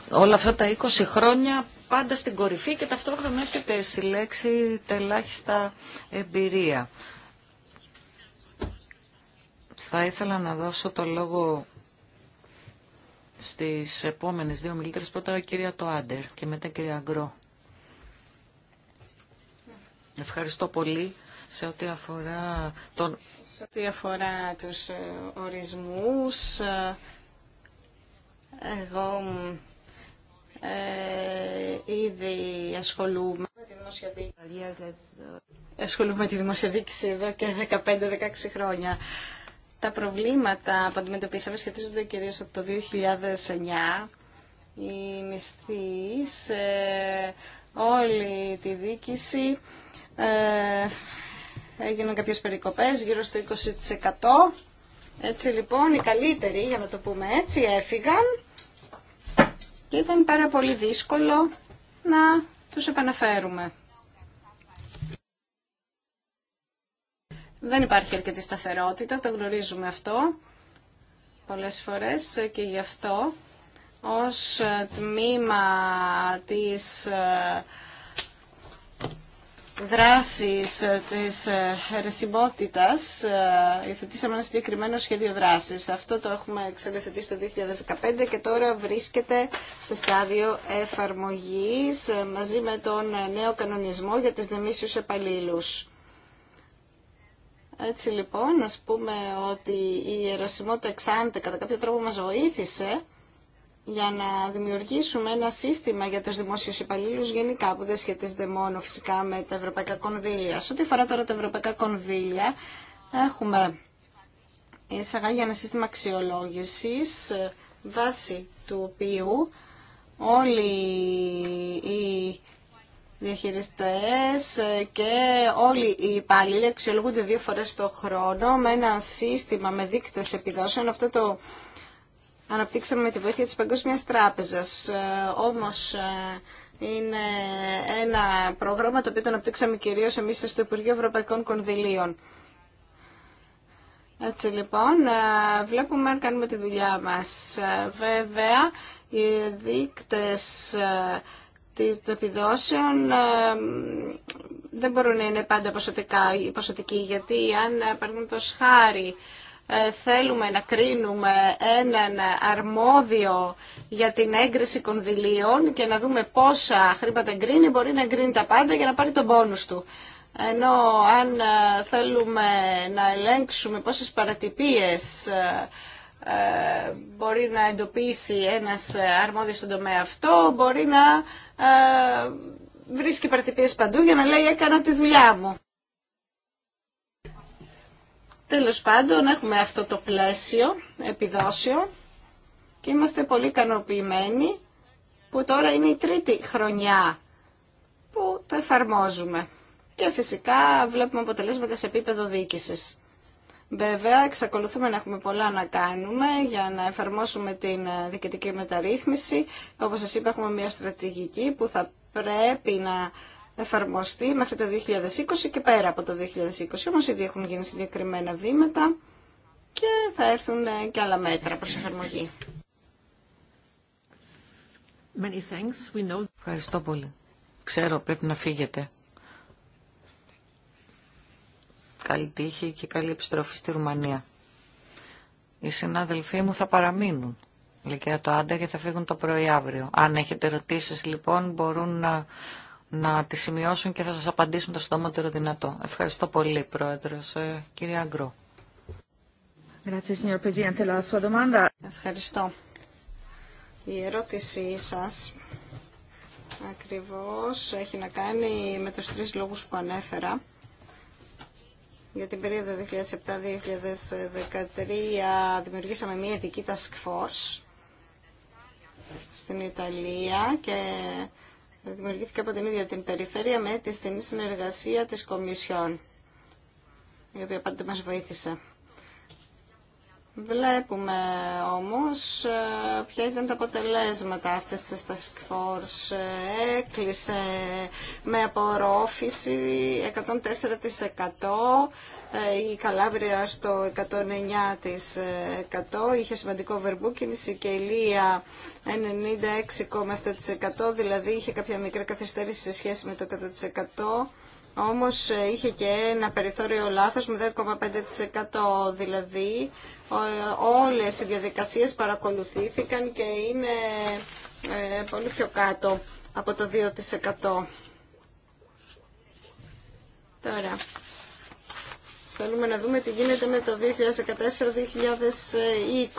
Speaker 1: όλα αυτά τα 20 χρόνια πάντα στην κορυφή και
Speaker 2: ταυτόχρονα έχετε συλλέξει τελάχιστα εμπειρία. Θα ήθελα να δώσω το λόγο στις επόμενες δύο μιλήτρες. Πρώτα η κυρία Τοάντερ και μετά η κυρία Γκρό. Ευχαριστώ πολύ σε ό,τι αφορά τον... Σε ό,τι αφορά τους ε, ορισμούς, ε,
Speaker 4: εγώ ε, ήδη ασχολούμαι με τη δημοσιοδίκηση. Ασχολούμαι με τη δημοσιοδίκηση εδώ και 15-16 χρόνια. Τα προβλήματα που αντιμετωπίσαμε σχετίζονται κυρίως από το 2009. Οι μισθείς, ε, όλη τη δίκηση, ε, έγιναν κάποιες περικοπές, γύρω στο 20%. Έτσι λοιπόν οι καλύτεροι, για να το πούμε έτσι, έφυγαν και ήταν πάρα πολύ δύσκολο να τους επαναφέρουμε. Δεν υπάρχει αρκετή σταθερότητα, το γνωρίζουμε αυτό πολλές φορές και γι' αυτό ως τμήμα της ε, δράσης ε, της ερεσιμότητας ε, υιοθετήσαμε ένα συγκεκριμένο σχέδιο δράσης. Αυτό το έχουμε ξαναθετήσει το 2015 και τώρα βρίσκεται στο στάδιο εφαρμογής μαζί με τον νέο κανονισμό για τις δεμίσιους επαλλήλους. Έτσι λοιπόν, να πούμε ότι η ερωσιμότητα εξάντια κατά κάποιο τρόπο μας βοήθησε για να δημιουργήσουμε ένα σύστημα για τους δημόσιους υπαλλήλους γενικά που δεν σχετίζεται μόνο φυσικά με τα ευρωπαϊκά κονδύλια. Σε ό,τι αφορά τώρα τα ευρωπαϊκά κονδύλια, έχουμε εισαγάγει ένα σύστημα αξιολόγησης ε, βάση του οποίου όλοι οι διαχειριστές ε, και όλοι οι υπάλληλοι αξιολογούνται δύο φορές το χρόνο με ένα σύστημα με δείκτες επιδόσεων. Αυτό το αναπτύξαμε με τη βοήθεια της Παγκόσμιας Τράπεζας. Ε, όμως ε, είναι ένα πρόγραμμα το οποίο το αναπτύξαμε κυρίως εμείς στο Υπουργείο Ευρωπαϊκών Κονδυλίων. Έτσι λοιπόν, βλέπουμε αν κάνουμε τη δουλειά μας. Βέβαια, οι δείκτες των επιδόσεων ε, δεν μπορούν να είναι πάντα ποσοτικοί, γιατί αν ε, παραδείγματο το σχάρι ε, θέλουμε να κρίνουμε έναν αρμόδιο για την έγκριση κονδυλίων και να δούμε πόσα χρήματα εγκρίνει, μπορεί να εγκρίνει τα πάντα για να πάρει τον πόνους του. Ενώ αν θέλουμε να ελέγξουμε πόσες παρατυπίες ε, μπορεί να εντοπίσει ένας ε, αρμόδιος στον τομέα αυτό, μπορεί να ε, βρίσκει παρατυπίες παντού για να λέει έκανα τη δουλειά μου. Τέλος πάντων έχουμε αυτό το πλαίσιο επιδόσιο και είμαστε πολύ ικανοποιημένοι που τώρα είναι η τρίτη χρονιά που το εφαρμόζουμε. Και φυσικά βλέπουμε αποτελέσματα σε επίπεδο διοίκησης. Βέβαια, εξακολουθούμε να έχουμε πολλά να κάνουμε για να εφαρμόσουμε την ε, διοικητική μεταρρύθμιση. Όπως σας είπα, έχουμε μια στρατηγική που θα πρέπει να εφαρμοστεί μέχρι το 2020 και πέρα από το 2020. Όμως ήδη έχουν γίνει συγκεκριμένα βήματα και θα έρθουν ε, και άλλα μέτρα προς εφαρμογή.
Speaker 2: Ευχαριστώ πολύ. Ξέρω, πρέπει να φύγετε καλή τύχη και καλή επιστροφή στη Ρουμανία. Οι συνάδελφοί μου θα παραμείνουν, λέει του το Άντα, και θα φύγουν το πρωί αύριο. Αν έχετε ερωτήσεις λοιπόν μπορούν να, να τις σημειώσουν και θα σας απαντήσουν το συντομότερο δυνατό. Ευχαριστώ πολύ Πρόεδρος. Ε, κυρία Αγκρό. Ευχαριστώ.
Speaker 4: Η ερώτησή σας ακριβώς έχει να κάνει με τους τρεις λόγους που ανέφερα για την περίοδο 2007-2013 δημιουργήσαμε μια ειδική task force στην Ιταλία και δημιουργήθηκε από την ίδια την περιφέρεια με τη στενή συνεργασία της Κομισιόν, η οποία πάντοτε μας βοήθησε. Βλέπουμε όμως ε, ποια ήταν τα αποτελέσματα αυτές της Task Force. Ε, έκλεισε με απορρόφηση 104% ε, η Καλάβρια στο 109% είχε σημαντικό βερμπούκινηση και η Λία 96,7% δηλαδή είχε κάποια μικρή καθυστέρηση σε σχέση με το 100% όμως ε, είχε και ένα περιθώριο λάθος με 0,5% δηλαδή όλες οι διαδικασίες παρακολουθήθηκαν και είναι ε, πολύ πιο κάτω από το 2%. Τώρα, θέλουμε να δούμε τι γίνεται με το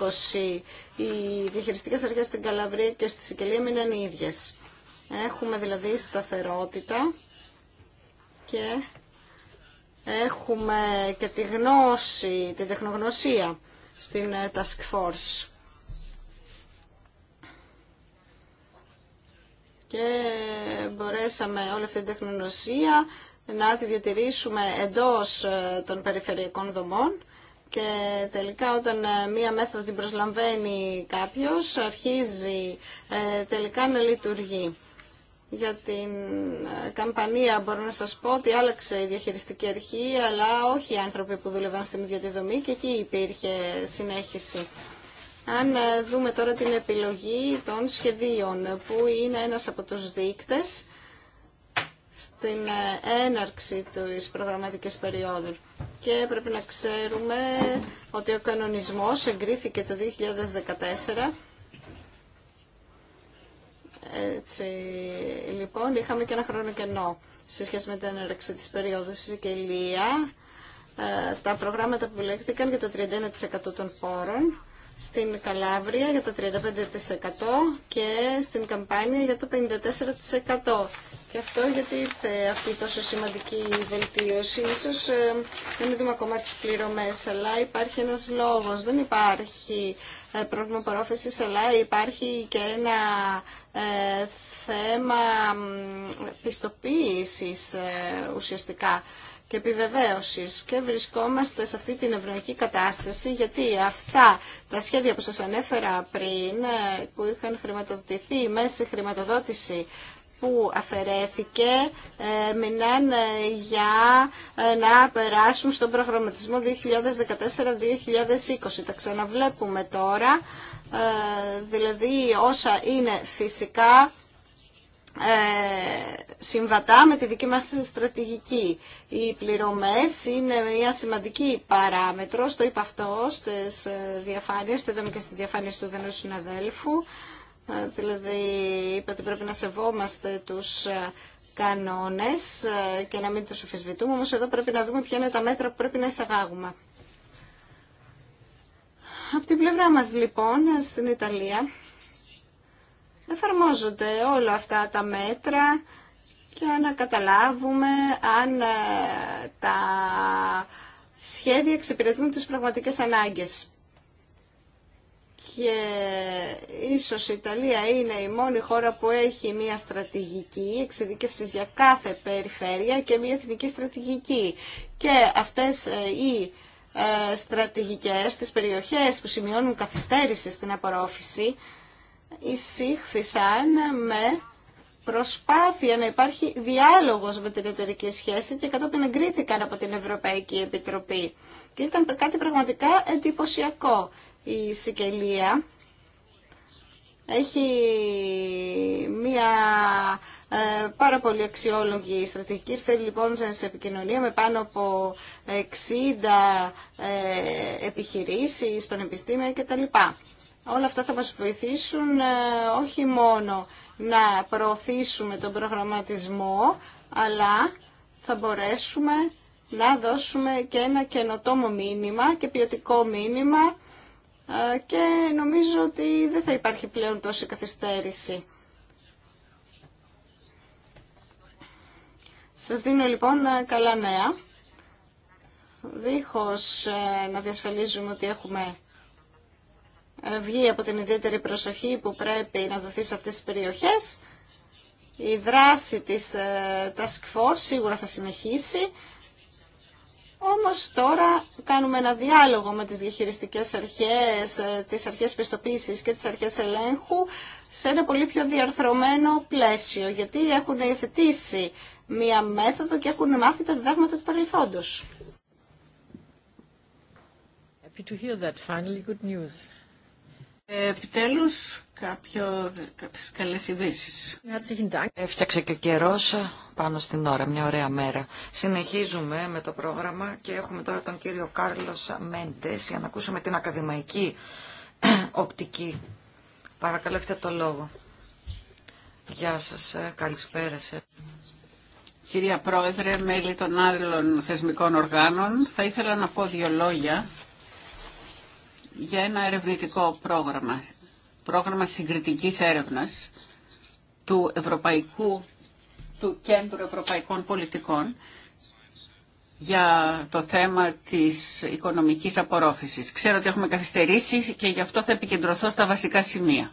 Speaker 4: 2014-2020. Οι διαχειριστικές αρχές στην Καλαβρία και στη Σικελία μείναν οι ίδιες. Έχουμε δηλαδή σταθερότητα και έχουμε και τη γνώση, την τεχνογνωσία στην ε, Task Force. Και μπορέσαμε όλη αυτή την τεχνογνωσία να τη διατηρήσουμε εντός ε, των περιφερειακών δομών και τελικά όταν ε, μία μέθοδο την προσλαμβαίνει κάποιος αρχίζει τελικά να λειτουργεί για την ε, καμπανία μπορώ να σας πω ότι άλλαξε η διαχειριστική αρχή, αλλά όχι οι άνθρωποι που δούλευαν στην ίδια τη δομή και εκεί υπήρχε συνέχιση. Αν ε, δούμε τώρα την επιλογή των σχεδίων, που είναι ένας από τους δείκτες στην ε, έναρξη της προγραμματικής περίοδου. Και πρέπει να ξέρουμε ότι ο κανονισμός εγκρίθηκε το 2014 έτσι, λοιπόν, είχαμε και ένα χρόνο κενό σε σχέση με την έρεξη της περίοδου στη Σικελία. Ε, τα προγράμματα που επιλέχθηκαν για το 31% των φόρων στην Καλάβρια για το 35% και στην Καμπάνια για το 54%. Και αυτό γιατί ήρθε αυτή η τόσο σημαντική βελτίωση. Ίσως δεν δούμε ακόμα τις πληρωμές, αλλά υπάρχει ένας λόγος. Δεν υπάρχει ε, πρόβλημα παρόφεσης, αλλά υπάρχει και ένα ε, θέμα πιστοποίησης ε, ουσιαστικά και επιβεβαίωσης και βρισκόμαστε σε αυτή την ευρωϊκή κατάσταση γιατί αυτά τα σχέδια που σας ανέφερα πριν ε, που είχαν χρηματοδοτηθεί μέση χρηματοδότηση που αφαιρέθηκε ε, μείναν για ε, να περάσουν στον προγραμματισμό 2014-2020. Τα ξαναβλέπουμε τώρα, δηλαδή όσα είναι φυσικά ε, συμβατά με τη δική μας στρατηγική. Οι πληρωμές είναι μια σημαντική παράμετρο, το είπα αυτό στις ε, διαφάνειες, το είδαμε και στις διαφάνειες του Δενού Συναδέλφου, ε, δηλαδή είπα ότι πρέπει να σεβόμαστε τους κανόνες και να μην τους αφισβητούμε, όμως εδώ πρέπει να δούμε ποια είναι τα μέτρα που πρέπει να εισαγάγουμε. Από την πλευρά μας λοιπόν, στην Ιταλία, εφαρμόζονται όλα αυτά τα μέτρα για να καταλάβουμε αν ε, τα σχέδια εξυπηρετούν τις πραγματικές ανάγκες. Και ίσως η Ιταλία είναι η μόνη χώρα που έχει μια στρατηγική εξειδικεύσης για κάθε περιφέρεια και μια εθνική στρατηγική. Και αυτές ε, οι ε, στρατηγικές, τις περιοχές που σημειώνουν καθυστέρηση στην απορρόφηση, εισήχθησαν με προσπάθεια να υπάρχει διάλογος με την εταιρική σχέση και κατόπιν εγκρίθηκαν από την Ευρωπαϊκή Επιτροπή. Και ήταν κάτι πραγματικά εντυπωσιακό. Η Σικελία έχει μία ε, πάρα πολύ αξιόλογη στρατηγική. Ήρθε λοιπόν σε επικοινωνία με πάνω από 60 ε, επιχειρήσεις, πανεπιστήμια κτλ. Όλα αυτά θα μας βοηθήσουν ε, όχι μόνο να προωθήσουμε τον προγραμματισμό, αλλά θα μπορέσουμε να δώσουμε και ένα καινοτόμο μήνυμα και ποιοτικό μήνυμα ε, και νομίζω ότι δεν θα υπάρχει πλέον τόση καθυστέρηση. Σας δίνω λοιπόν ε, καλά νέα, δίχως να διασφαλίζουμε ότι έχουμε βγει από την ιδιαίτερη προσοχή που πρέπει να δοθεί σε αυτές τις περιοχές. Η δράση της ε, Task Force σίγουρα θα συνεχίσει. Όμως τώρα κάνουμε ένα διάλογο με τις διαχειριστικές αρχές, ε, τις αρχές πιστοποίησης και τις αρχές ελέγχου σε ένα πολύ πιο διαρθρωμένο πλαίσιο, γιατί έχουν υιοθετήσει μία μέθοδο και έχουν μάθει τα διδάγματα του παρελθόντος.
Speaker 1: Επιτέλους, κάποιο, κάποιες καλές ειδήσει.
Speaker 2: Έφτιαξε και ο καιρός πάνω στην ώρα, μια ωραία μέρα. Συνεχίζουμε με το πρόγραμμα και έχουμε τώρα τον κύριο Κάρλος Μέντες για να ακούσουμε την ακαδημαϊκή οπτική.
Speaker 3: Παρακαλώ, έχετε το λόγο. Γεια σας, ε, καλησπέρα σας. Κυρία Πρόεδρε, μέλη των άλλων θεσμικών οργάνων, θα ήθελα να πω δύο λόγια για ένα ερευνητικό πρόγραμμα, πρόγραμμα συγκριτικής έρευνας του, Ευρωπαϊκού, του Κέντρου Ευρωπαϊκών Πολιτικών για το θέμα της οικονομικής απορρόφησης. Ξέρω ότι έχουμε καθυστερήσει και γι' αυτό θα επικεντρωθώ στα βασικά σημεία.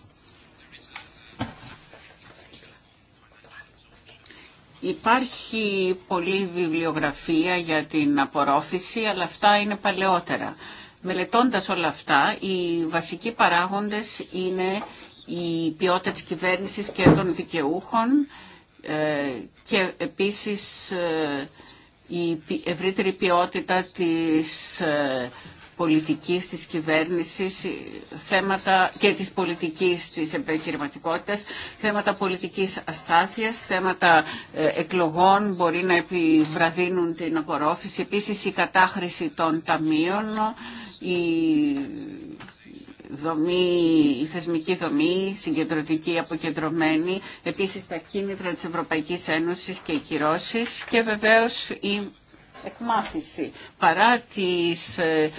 Speaker 3: Υπάρχει πολλή βιβλιογραφία για την απορρόφηση, αλλά αυτά είναι παλαιότερα. Μελετώντας όλα αυτά, οι βασικοί παράγοντες είναι η ποιότητα της κυβέρνησης και των δικαιούχων ε, και επίσης ε, η ευρύτερη ποιότητα της ε, πολιτικής της κυβέρνησης θέματα και της πολιτικής της επιχειρηματικότητα, θέματα πολιτικής αστάθειας, θέματα εκλογών μπορεί να επιβραδύνουν την απορρόφηση, επίσης η κατάχρηση των ταμείων, η δομή, η θεσμική δομή, συγκεντρωτική, αποκεντρωμένη, επίσης τα κίνητρα της Ευρωπαϊκής Ένωσης και οι κυρώσεις και βεβαίως η εκμάθηση. Παρά τις ε,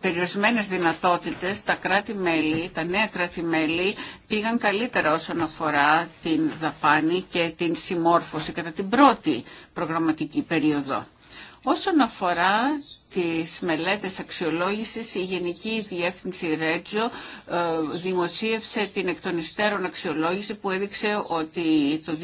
Speaker 3: περιορισμένες δυνατότητες, τα κράτη-μέλη, τα νέα κράτη-μέλη πήγαν καλύτερα όσον αφορά την δαπάνη και την συμμόρφωση κατά την πρώτη προγραμματική περίοδο. Όσον αφορά τις μελέτες αξιολόγησης η Γενική Διεύθυνση Ρέτζο ε, δημοσίευσε την εκ των υστέρων αξιολόγηση που έδειξε ότι το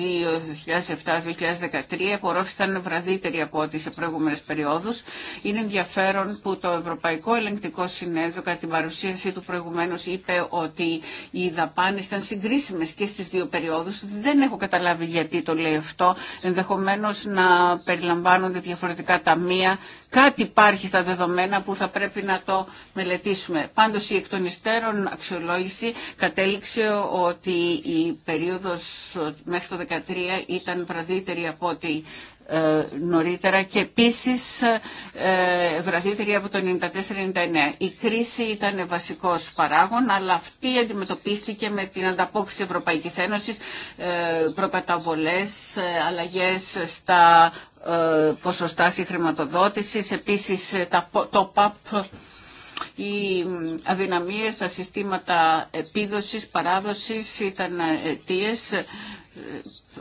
Speaker 3: 2007-2013 ήταν βραδύτερη από ό,τι σε προηγούμενες περιόδους. Είναι ενδιαφέρον που το Ευρωπαϊκό Ελεγκτικό Συνέδριο κατά την παρουσίαση του προηγουμένως είπε ότι οι δαπάνες ήταν συγκρίσιμες και στις δύο περιόδους. Δεν έχω καταλάβει γιατί το λέει αυτό. Ενδεχομένως να περιλαμβάνονται διαφορετικά ταμεία. Κάτι υπάρχει στα δεδομένα που θα πρέπει να το μελετήσουμε. Πάντως η εκ των υστέρων αξιολόγηση κατέληξε ότι η περίοδος μέχρι το 2013 ήταν βραδύτερη από ό,τι ε, νωρίτερα και επίσης ε, βραδύτερη από το 94-99. Η κρίση ήταν βασικός παράγων, αλλά αυτή αντιμετωπίστηκε με την ανταπόκριση Ευρωπαϊκής Ένωσης, ε, προπαταβολές, αλλαγές στα ποσοστά συγχρηματοδότησης, επίσης το ΠΑΠ οι αδυναμίες στα συστήματα επίδοσης, παράδοσης ήταν αιτίες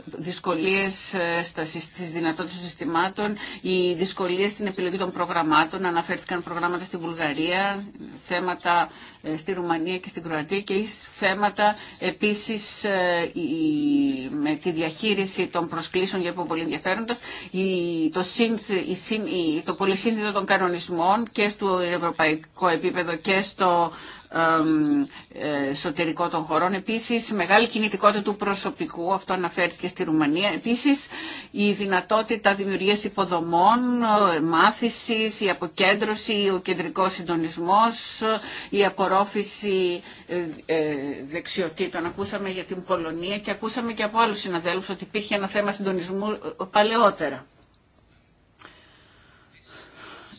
Speaker 3: δυσκολίες ε, στα, στις δυνατότητες των συστημάτων, οι δυσκολίες στην επιλογή των προγραμμάτων, αναφέρθηκαν προγράμματα στη Βουλγαρία, θέματα ε, στη Ρουμανία και στην Κροατία και θέματα επίσης ε, με τη διαχείριση των προσκλήσεων για πολύ ενδιαφέροντα, το, συνθ, το των κανονισμών και στο ευρωπαϊκό επίπεδο και στο ε, εσωτερικό των χωρών. Επίσης, μεγάλη κινητικότητα του προσωπικού, αυτό αναφέρθηκε στη Ρουμανία. Επίσης, η δυνατότητα δημιουργίας υποδομών, ε, μάθησης, η αποκέντρωση, ο κεντρικός συντονισμός, η απορρόφηση ε, δεξιοτήτων. Ακούσαμε για την Πολωνία και ακούσαμε και από άλλους συναδέλφους ότι υπήρχε ένα θέμα συντονισμού παλαιότερα.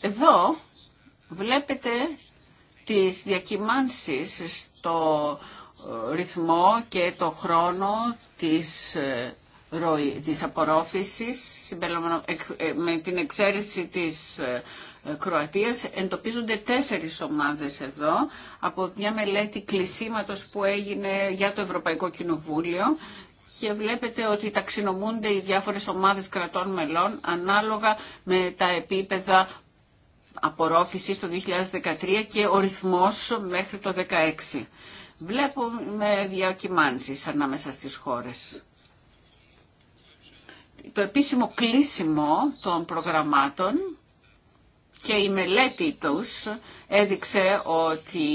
Speaker 3: Εδώ βλέπετε τις διακυμάνσεις στο ε, ρυθμό και το χρόνο της, ε, ροή, της απορρόφησης ε, με την εξαίρεση της Κροατίας εντοπίζονται τέσσερις ομάδες εδώ από μια μελέτη κλεισίματος που έγινε για το Ευρωπαϊκό Κοινοβούλιο και βλέπετε ότι ταξινομούνται οι διάφορες ομάδες κρατών μελών ανάλογα με τα επίπεδα Απορρόφηση το 2013 και ο ρυθμός μέχρι το 2016. Βλέπουμε διακυμάνσεις ανάμεσα στις χώρες. Το επίσημο κλείσιμο των προγραμμάτων και η μελέτη τους έδειξε ότι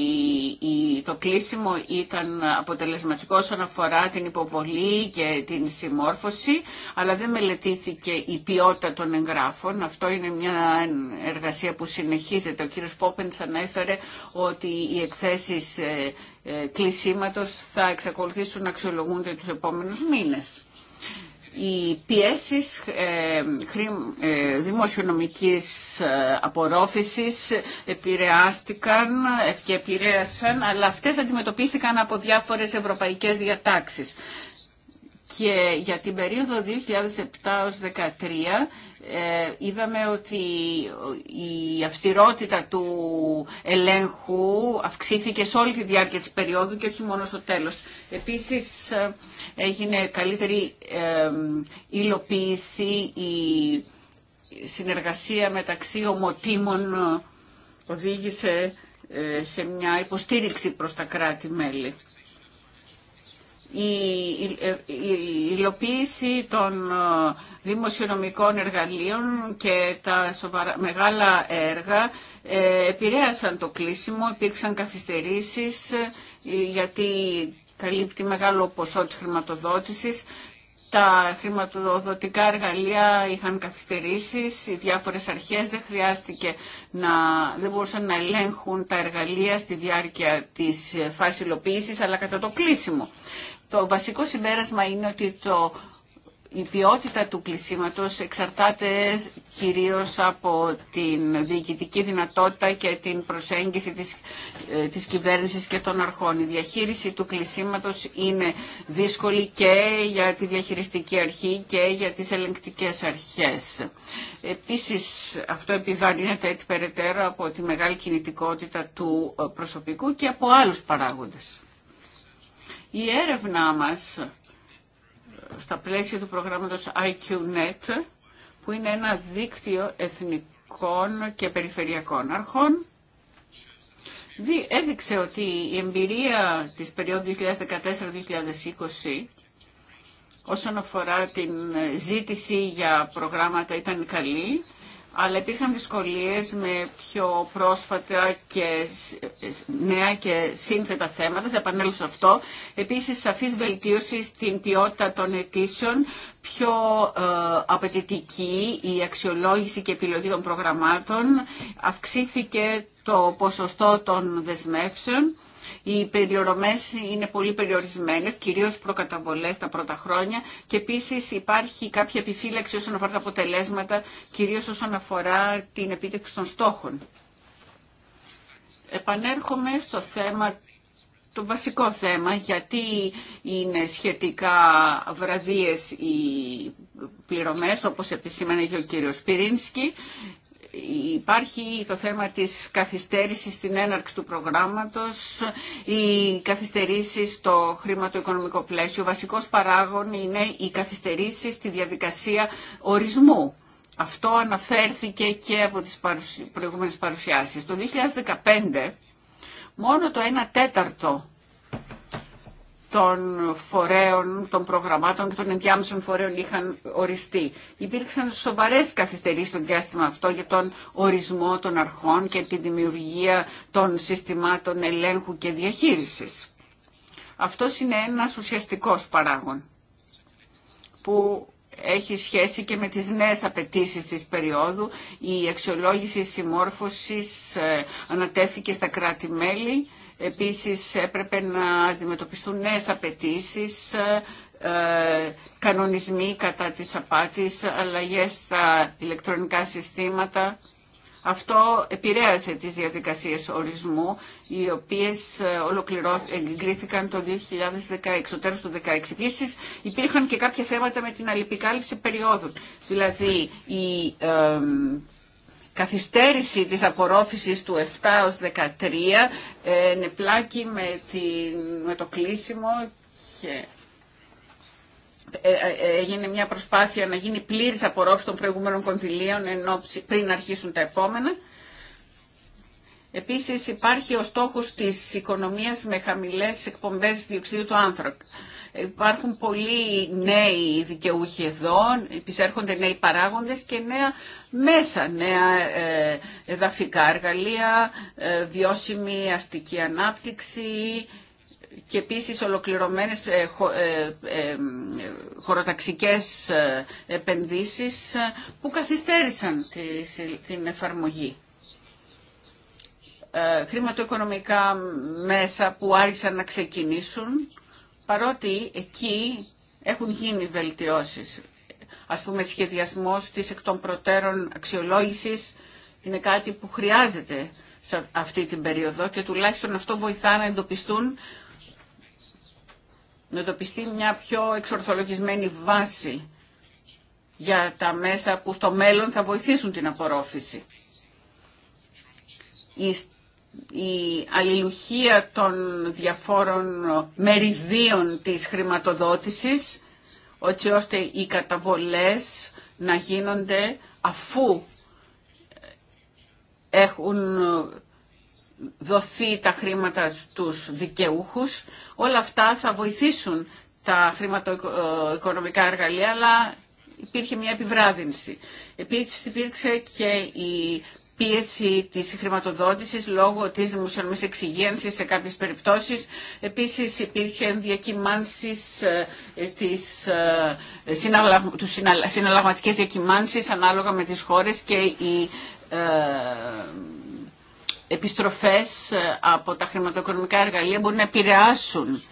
Speaker 3: το κλείσιμο ήταν αποτελεσματικό όσον αφορά την υποβολή και την συμμόρφωση, αλλά δεν μελετήθηκε η ποιότητα των εγγράφων. Αυτό είναι μια εργασία που συνεχίζεται. Ο κύριος Πόπενς ανέφερε ότι οι εκθέσεις ε, ε, κλεισίματος θα εξακολουθήσουν να αξιολογούνται τους επόμενους μήνες οι πιέσεις ε, ε, δημοσιονομικής ε, απορρόφησης επηρεάστηκαν και επηρέασαν, αλλά αυτές αντιμετωπίστηκαν από διάφορες ευρωπαϊκές διατάξεις. Και για την περίοδο 2007-2013 ε, είδαμε ότι η αυστηρότητα του ελέγχου αυξήθηκε σε όλη τη διάρκεια της περίοδου και όχι μόνο στο τέλος. Επίσης ε, έγινε καλύτερη ε, υλοποίηση η συνεργασία μεταξύ ομοτήμων οδήγησε σε μια υποστήριξη προς τα κράτη-μέλη η υλοποίηση των ε, δημοσιονομικών εργαλείων και τα μεγάλα έργα ε, επηρέασαν το κλείσιμο, υπήρξαν καθυστερήσεις ε, γιατί καλύπτει μεγάλο ποσό της χρηματοδότησης. Τα χρηματοδοτικά εργαλεία είχαν καθυστερήσεις, οι διάφορες αρχές δεν χρειάστηκε να, δεν μπορούσαν να ελέγχουν τα εργαλεία στη διάρκεια της φάσης υλοποίησης, αλλά κατά το κλείσιμο. Το βασικό συμπέρασμα είναι ότι το, η ποιότητα του κλεισίματος εξαρτάται κυρίως από την διοικητική δυνατότητα και την προσέγγιση της, ε, της κυβέρνησης και των αρχών. Η διαχείριση του κλεισίματος είναι δύσκολη και για τη διαχειριστική αρχή και για τις ελεγκτικές αρχές. Επίσης αυτό επιβαρύνεται έτσι περαιτέρω από τη μεγάλη κινητικότητα του ε, προσωπικού και από άλλους παράγοντες. Η έρευνά μας ε, στα πλαίσια του προγράμματος IQNet, που είναι ένα δίκτυο εθνικών και περιφερειακών αρχών, έδειξε ότι η εμπειρία της περίοδου 2014-2020 όσον αφορά την ζήτηση για προγράμματα ήταν καλή αλλά υπήρχαν δυσκολίες με πιο πρόσφατα και νέα και σύνθετα θέματα, θα επανέλθω σε αυτό. Επίσης, σαφής βελτίωση στην ποιότητα των αιτήσεων, πιο ε, απαιτητική η αξιολόγηση και επιλογή των προγραμμάτων, αυξήθηκε το ποσοστό των δεσμεύσεων οι περιορομές είναι πολύ περιορισμένες, κυρίως προκαταβολές τα πρώτα χρόνια και επίσης υπάρχει κάποια επιφύλαξη όσον αφορά τα αποτελέσματα, κυρίως όσον αφορά την επίτευξη των στόχων. Επανέρχομαι στο θέμα το βασικό θέμα, γιατί είναι σχετικά βραδίες οι πληρωμές, όπως επισήμανε και ο κύριος Πυρίνσκι, υπάρχει το θέμα της καθυστέρησης στην έναρξη του προγράμματος, οι καθυστερήσεις στο χρηματοοικονομικό πλαίσιο. Ο βασικός παράγων είναι οι καθυστερήσεις στη διαδικασία ορισμού. Αυτό αναφέρθηκε και από τις προηγούμενες παρουσιάσεις. Το 2015 μόνο το 1 τέταρτο των φορέων, των προγραμμάτων και των ενδιάμεσων φορέων είχαν οριστεί. Υπήρξαν σοβαρές καθυστερήσεις στο διάστημα αυτό για τον ορισμό των αρχών και τη δημιουργία των συστημάτων ελέγχου και διαχείρισης. Αυτό είναι ένας ουσιαστικός παράγων που έχει σχέση και με τις νέες απαιτήσεις της περίοδου. Η αξιολόγηση συμμόρφωσης ε, ανατέθηκε στα κράτη-μέλη Επίσης έπρεπε να αντιμετωπιστούν νέες απαιτήσει, ε, κανονισμοί κατά της απάτης, αλλαγές στα ηλεκτρονικά συστήματα. Αυτό επηρέασε τις διαδικασίες ορισμού, οι οποίες ε, ολοκληρώθηκαν το 2016, ο τέλος του 2016. Επίση υπήρχαν και κάποια θέματα με την αλληπικάλυψη περιόδων. Δηλαδή, η ε, καθυστέρηση της απορρόφησης του 7 ως 13 είναι πλάκη με, την, το κλείσιμο και ε, ε, ε, έγινε μια προσπάθεια να γίνει πλήρης απορρόφηση των προηγούμενων κονδυλίων ενώ πριν αρχίσουν τα επόμενα. Επίσης υπάρχει ο στόχος της οικονομίας με χαμηλές εκπομπές διοξιδίου του άνθρακα. Υπάρχουν πολλοί νέοι δικαιούχοι εδώ, επισέρχονται νέοι παράγοντες και νέα μέσα, νέα ε, εδαφικά εργαλεία, ε, βιώσιμη αστική ανάπτυξη και επίσης ολοκληρωμένες ε, χωροταξικές επενδύσεις που καθυστέρησαν την εφαρμογή χρηματοοικονομικά μέσα που άρχισαν να ξεκινήσουν παρότι εκεί έχουν γίνει βελτιώσεις. Ας πούμε, σχεδιασμός της εκ των προτέρων αξιολόγησης είναι κάτι που χρειάζεται σε αυτή την περίοδο και τουλάχιστον αυτό βοηθά να εντοπιστούν να εντοπιστεί μια πιο εξορθολογισμένη βάση για τα μέσα που στο μέλλον θα βοηθήσουν την απορρόφηση η αλληλουχία των διαφόρων μεριδίων της χρηματοδότησης, ότι ώστε οι καταβολές να γίνονται αφού έχουν δοθεί τα χρήματα στους δικαιούχους. Όλα αυτά θα βοηθήσουν τα χρηματοοικονομικά εργαλεία, αλλά υπήρχε μια επιβράδυνση. Επίσης υπήρξε και η πίεση της χρηματοδότησης λόγω της δημοσιονομικής εξυγένσης σε κάποιες περιπτώσεις. Επίσης υπήρχε διακυμάνσεις ε, της, ε, του συναλλαγματικές διακυμάνσεις ανάλογα με τις χώρες και οι ε, επιστροφές από τα χρηματοοικονομικά εργαλεία μπορούν να επηρεάσουν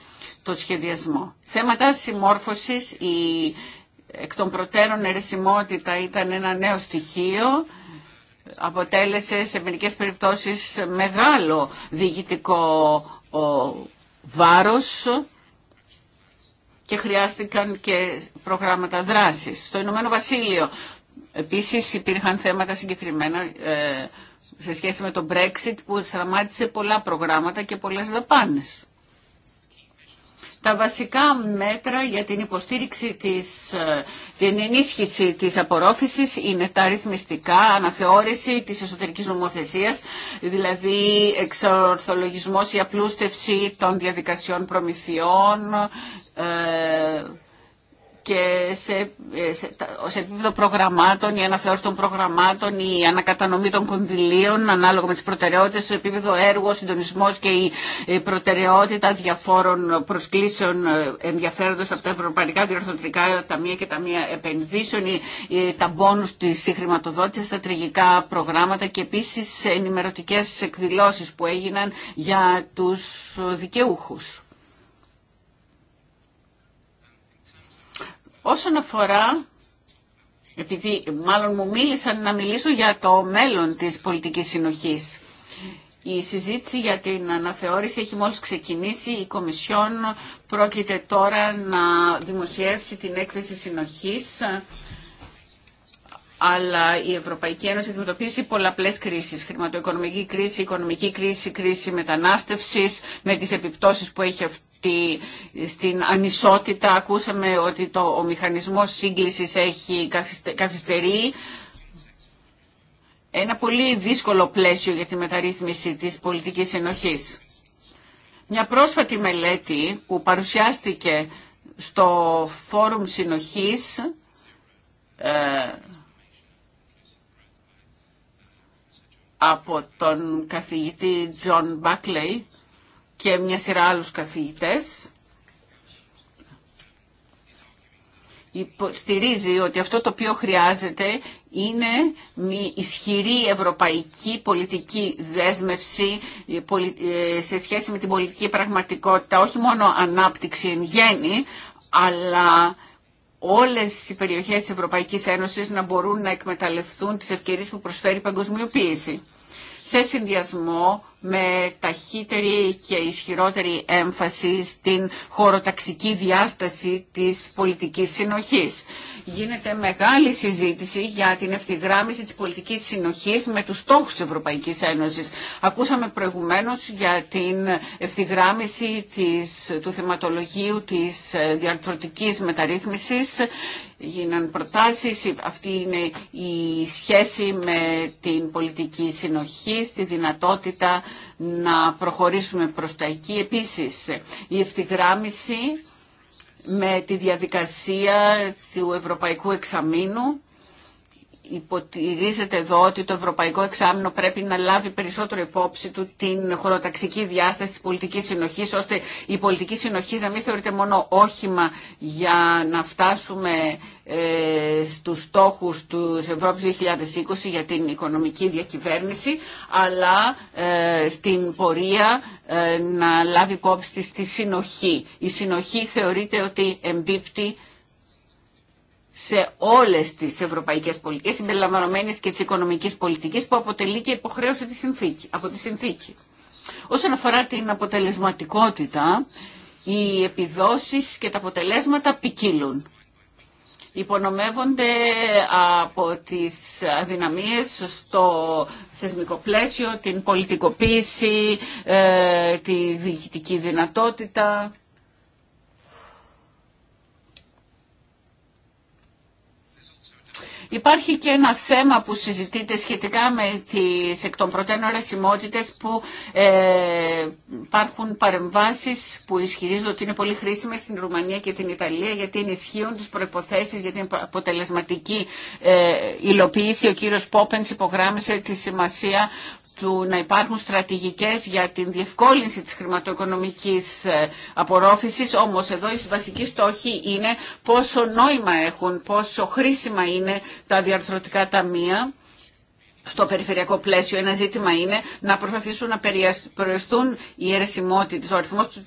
Speaker 3: το σχεδιασμό. Θέματα συμμόρφωσης, η εκ των προτέρων ερεσιμότητα ήταν ένα νέο στοιχείο αποτέλεσε σε μερικέ περιπτώσεις μεγάλο διοικητικό βάρος και χρειάστηκαν και προγράμματα δράσης. Στο Ηνωμένο Βασίλειο επίσης υπήρχαν θέματα συγκεκριμένα ε, σε σχέση με το Brexit που σταμάτησε πολλά προγράμματα και πολλές δαπάνες τα βασικά μέτρα για την υποστήριξη της, ε, την ενίσχυση της απορρόφησης είναι τα αριθμιστικά, αναθεώρηση της εσωτερικής νομοθεσίας, δηλαδή εξορθολογισμός ή απλούστευση των διαδικασιών προμηθειών, ε, και σε, ε, σε, σε επίπεδο προγραμμάτων, η αναθεώρηση των προγραμμάτων, η ανακατανομή των κονδυλίων ανάλογα με τι προτεραιότητε, σε επίπεδο έργου, ο συντονισμός και η, προτεραιότητα διαφόρων προσκλήσεων ε, ενδιαφέροντος από τα ευρωπαϊκά διορθωτικά ταμεία και ταμεία επενδύσεων, τα μπόνους τη χρηματοδότηση, τα τριγικά προγράμματα και επίση ενημερωτικέ εκδηλώσει που έγιναν για του δικαιούχου. Όσον αφορά, επειδή μάλλον μου μίλησαν να μιλήσω για το μέλλον της πολιτικής συνοχής. Η συζήτηση για την αναθεώρηση έχει μόλις ξεκινήσει. Η Κομισιόν πρόκειται τώρα να δημοσιεύσει την έκθεση συνοχής αλλά η Ευρωπαϊκή Ένωση αντιμετωπίζει πολλαπλές κρίσεις. Χρηματοοικονομική κρίση, οικονομική κρίση, κρίση μετανάστευσης, με τις επιπτώσεις που έχει αυτή τη, στην ανισότητα. Ακούσαμε ότι το, ο μηχανισμός σύγκλησης έχει καθυστερεί. Ένα πολύ δύσκολο πλαίσιο για τη μεταρρύθμιση της πολιτικής ενοχής. Μια πρόσφατη μελέτη που παρουσιάστηκε στο Φόρουμ Συνοχής ε, από τον καθηγητή Τζον Μπάκλεϊ, και μια σειρά άλλους καθηγητές υποστηρίζει ότι αυτό το οποίο χρειάζεται είναι μια ισχυρή ευρωπαϊκή πολιτική δέσμευση ε, ε, σε σχέση με την πολιτική πραγματικότητα, όχι μόνο ανάπτυξη εν γέννη, αλλά όλες οι περιοχές της Ευρωπαϊκής Ένωσης να μπορούν να εκμεταλλευτούν τις ευκαιρίες που προσφέρει η παγκοσμιοποίηση. Σε συνδυασμό με ταχύτερη και ισχυρότερη έμφαση στην χωροταξική διάσταση της πολιτικής συνοχής. Γίνεται μεγάλη συζήτηση για την ευθυγράμμιση της πολιτικής συνοχής με τους στόχους της Ευρωπαϊκής Ένωσης. Ακούσαμε προηγουμένως για την ευθυγράμμιση της, του θεματολογίου της διαρθρωτικής μεταρρύθμισης γίναν προτάσεις, αυτή είναι η σχέση με την πολιτική συνοχή, τη δυνατότητα να προχωρήσουμε προς τα εκεί. Επίσης, η ευθυγράμμιση με τη διαδικασία του Ευρωπαϊκού Εξαμήνου υποτηρίζεται εδώ ότι το Ευρωπαϊκό Εξάμεινο πρέπει να λάβει περισσότερο υπόψη του την χωροταξική διάσταση της πολιτικής συνοχής, ώστε η πολιτική συνοχή να μην θεωρείται μόνο όχημα για να φτάσουμε ε, στους στόχους του Ευρώπης 2020 για την οικονομική διακυβέρνηση, αλλά ε, στην πορεία ε, να λάβει υπόψη της τη συνοχή. Η συνοχή θεωρείται ότι εμπίπτει σε όλες τις ευρωπαϊκές πολιτικές, συμπεριλαμβανομένες και της οικονομικής πολιτικής που αποτελεί και υποχρέωση συνθήκη, από τη συνθήκη. Όσον αφορά την αποτελεσματικότητα, οι επιδόσεις και τα αποτελέσματα ποικίλουν. Υπονομεύονται από τις αδυναμίες στο θεσμικό πλαίσιο, την πολιτικοποίηση, ε, τη διοικητική δυνατότητα Υπάρχει και ένα θέμα που συζητείται σχετικά με τις εκ των που ε, υπάρχουν παρεμβάσεις που ισχυρίζονται ότι είναι πολύ χρήσιμες στην Ρουμανία και την Ιταλία γιατί ενισχύουν τις προϋποθέσεις για την αποτελεσματική ε, υλοποίηση. Ο κύριος Πόπενς υπογράμμισε τη σημασία του να υπάρχουν στρατηγικές για την διευκόλυνση της χρηματοοικονομικής ε, απορρόφησης, όμως εδώ η βασική στόχη είναι πόσο νόημα έχουν, πόσο χρήσιμα είναι τα διαρθρωτικά ταμεία στο περιφερειακό πλαίσιο. Ένα ζήτημα είναι να προσπαθήσουν να περιοριστούν οι ο αριθμός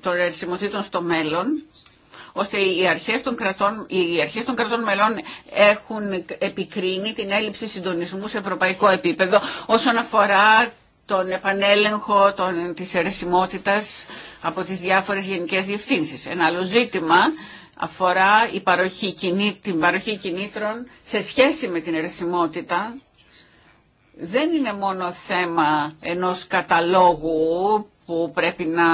Speaker 3: των αιρεσιμοτήτων στο μέλλον ώστε οι αρχές των κρατών, οι αρχές των κρατών μελών έχουν επικρίνει την έλλειψη συντονισμού σε ευρωπαϊκό επίπεδο όσον αφορά τον επανέλεγχο των, της αιρεσιμότητας από τις διάφορες γενικές διευθύνσεις. Ένα άλλο ζήτημα αφορά η παροχή, την παροχή κινήτρων σε σχέση με την αιρεσιμότητα. Δεν είναι μόνο θέμα ενός καταλόγου που πρέπει να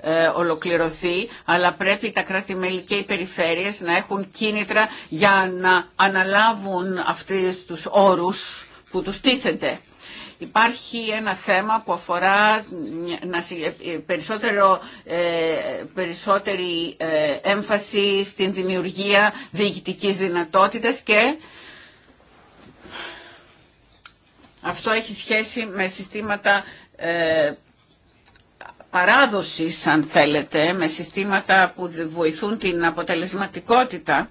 Speaker 3: ε, ολοκληρωθεί, αλλά πρέπει τα κράτη-μέλη και οι περιφέρειες να έχουν κίνητρα για να αναλάβουν αυτούς τους όρους που τους τίθενται. Υπάρχει ένα θέμα που αφορά ε, ε, περισσότερο, περισσότερη έμφαση στην δημιουργία διοικητικής δυνατότητας και αυτό έχει σχέση με συστήματα παράδοσης αν θέλετε με συστήματα που βοηθούν την αποτελεσματικότητα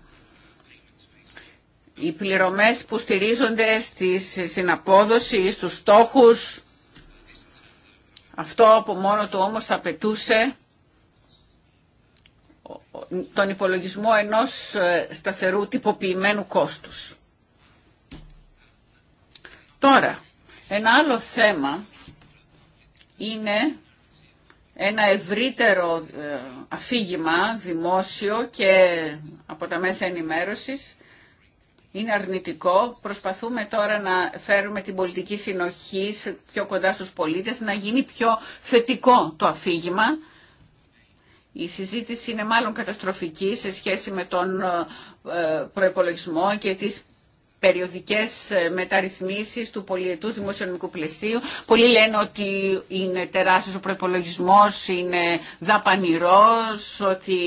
Speaker 3: οι πληρωμές που στηρίζονται στις, στην απόδοση ή στους στόχους αυτό από μόνο του όμως θα απαιτούσε τον υπολογισμό ενός ε, σταθερού τυποποιημένου κόστους. Τώρα, ένα άλλο θέμα είναι ένα ευρύτερο ε, αφήγημα δημόσιο και από τα μέσα ενημέρωσης. Είναι αρνητικό. Προσπαθούμε τώρα να φέρουμε την πολιτική συνοχή πιο κοντά στους πολίτες, να γίνει πιο θετικό το αφήγημα. Η συζήτηση είναι μάλλον καταστροφική σε σχέση με τον ε, ε, προϋπολογισμό και τις περιοδικές ε, μεταρρυθμίσεις του πολιετού δημοσιονομικού πλαισίου. Πολλοί λένε ότι είναι τεράστιος ο προπολογισμό, είναι δαπανηρός, ότι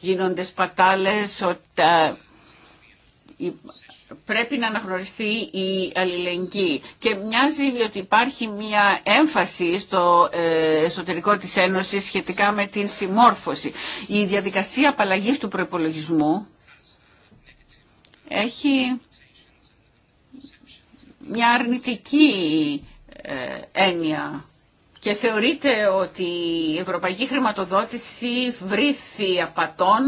Speaker 3: γίνονται σπατάλες, ότι ε, πρέπει να αναγνωριστεί η αλληλεγγύη. Και μοιάζει ότι υπάρχει μια έμφαση στο ε, εσωτερικό της Ένωσης σχετικά με την συμμόρφωση. Η διαδικασία απαλλαγής του προπολογισμού έχει μια αρνητική ε, έννοια και θεωρείται ότι η ευρωπαϊκή χρηματοδότηση βρίθη απατών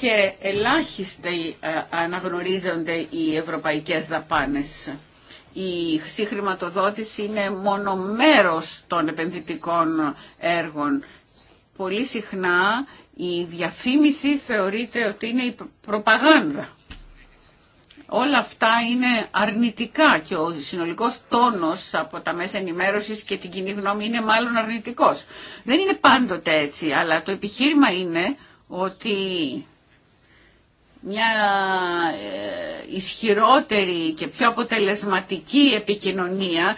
Speaker 3: και ελάχιστα ε, αναγνωρίζονται οι ευρωπαϊκές δαπάνες. Η χρηματοδότηση είναι μόνο μέρος των επενδυτικών έργων. Πολύ συχνά η διαφήμιση θεωρείται ότι είναι η προπαγάνδα. Όλα αυτά είναι αρνητικά και ο συνολικός τόνος από τα μέσα ενημέρωσης και την κοινή γνώμη είναι μάλλον αρνητικός. Δεν είναι πάντοτε έτσι, αλλά το επιχείρημα είναι ότι μια ε, ισχυρότερη και πιο αποτελεσματική επικοινωνία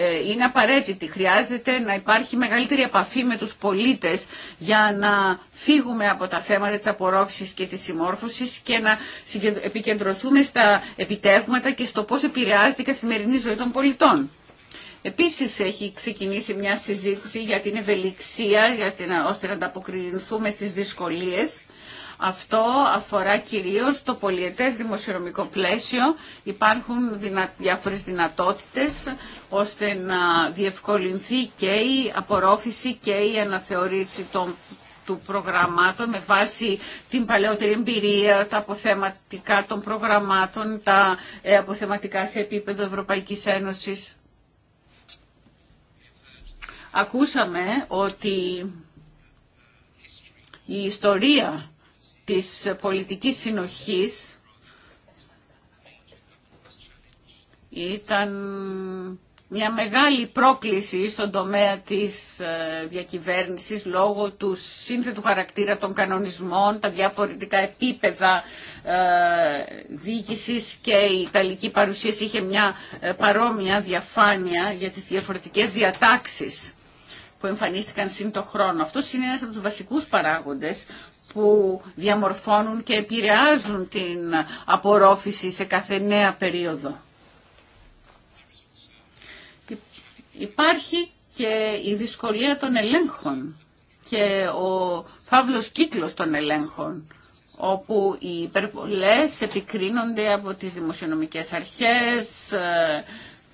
Speaker 3: ε, ε, είναι απαραίτητη. Χρειάζεται να υπάρχει μεγαλύτερη επαφή με τους πολίτες για να φύγουμε από τα θέματα της απορρόφησης και της συμμόρφωσης και να επικεντρωθούμε στα επιτεύγματα και στο πώς επηρεάζεται η καθημερινή ζωή των πολιτών. Επίσης έχει ξεκινήσει μια συζήτηση για την ευελιξία, την, ώστε να ανταποκρινθούμε στις δυσκολίες αυτό αφορά κυρίως το πολιετές δημοσιονομικό πλαίσιο. Υπάρχουν δυνα... διάφορες δυνατότητες ώστε να διευκολυνθεί και η απορρόφηση και η αναθεωρήση των του προγραμμάτων με βάση την παλαιότερη εμπειρία, τα αποθεματικά των προγραμμάτων, τα ε, αποθεματικά σε επίπεδο Ευρωπαϊκής Ένωσης. Ακούσαμε ότι η ιστορία της πολιτικής συνοχής ήταν μια μεγάλη πρόκληση στον τομέα της ε, διακυβέρνησης λόγω του σύνθετου χαρακτήρα των κανονισμών, τα διαφορετικά επίπεδα ε, διοίκησης και η Ιταλική παρουσίαση είχε μια ε, παρόμοια διαφάνεια για τις διαφορετικές διατάξεις που εμφανίστηκαν σύντο χρόνο. Αυτός είναι ένας από τους βασικούς παράγοντες που διαμορφώνουν και επηρεάζουν την απορρόφηση σε κάθε νέα περίοδο. Υπάρχει και η δυσκολία των ελέγχων και ο φαύλος κύκλος των ελέγχων όπου οι υπερβολές επικρίνονται από τις δημοσιονομικές αρχές, ε,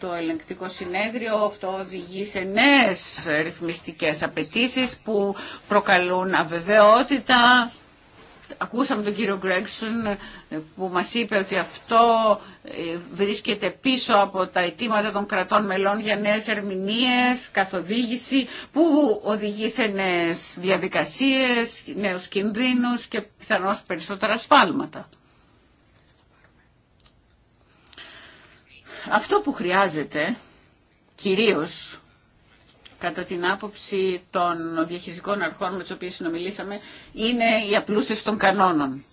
Speaker 3: το ελεγκτικό συνέδριο. Αυτό οδηγεί σε νέες ρυθμιστικές απαιτήσεις που προκαλούν αβεβαιότητα. Ακούσαμε τον κύριο Γκρέξον ε, που μας είπε ότι αυτό ε, βρίσκεται πίσω από τα αιτήματα των κρατών μελών για νέες ερμηνείες, καθοδήγηση που οδηγεί σε νέες διαδικασίες, νέους κινδύνους και πιθανώς περισσότερα σφάλματα. Αυτό που χρειάζεται, κυρίως κατά την άποψη των διαχειριστικών αρχών με τις οποίες συνομιλήσαμε, είναι η απλούστευση των κανόνων.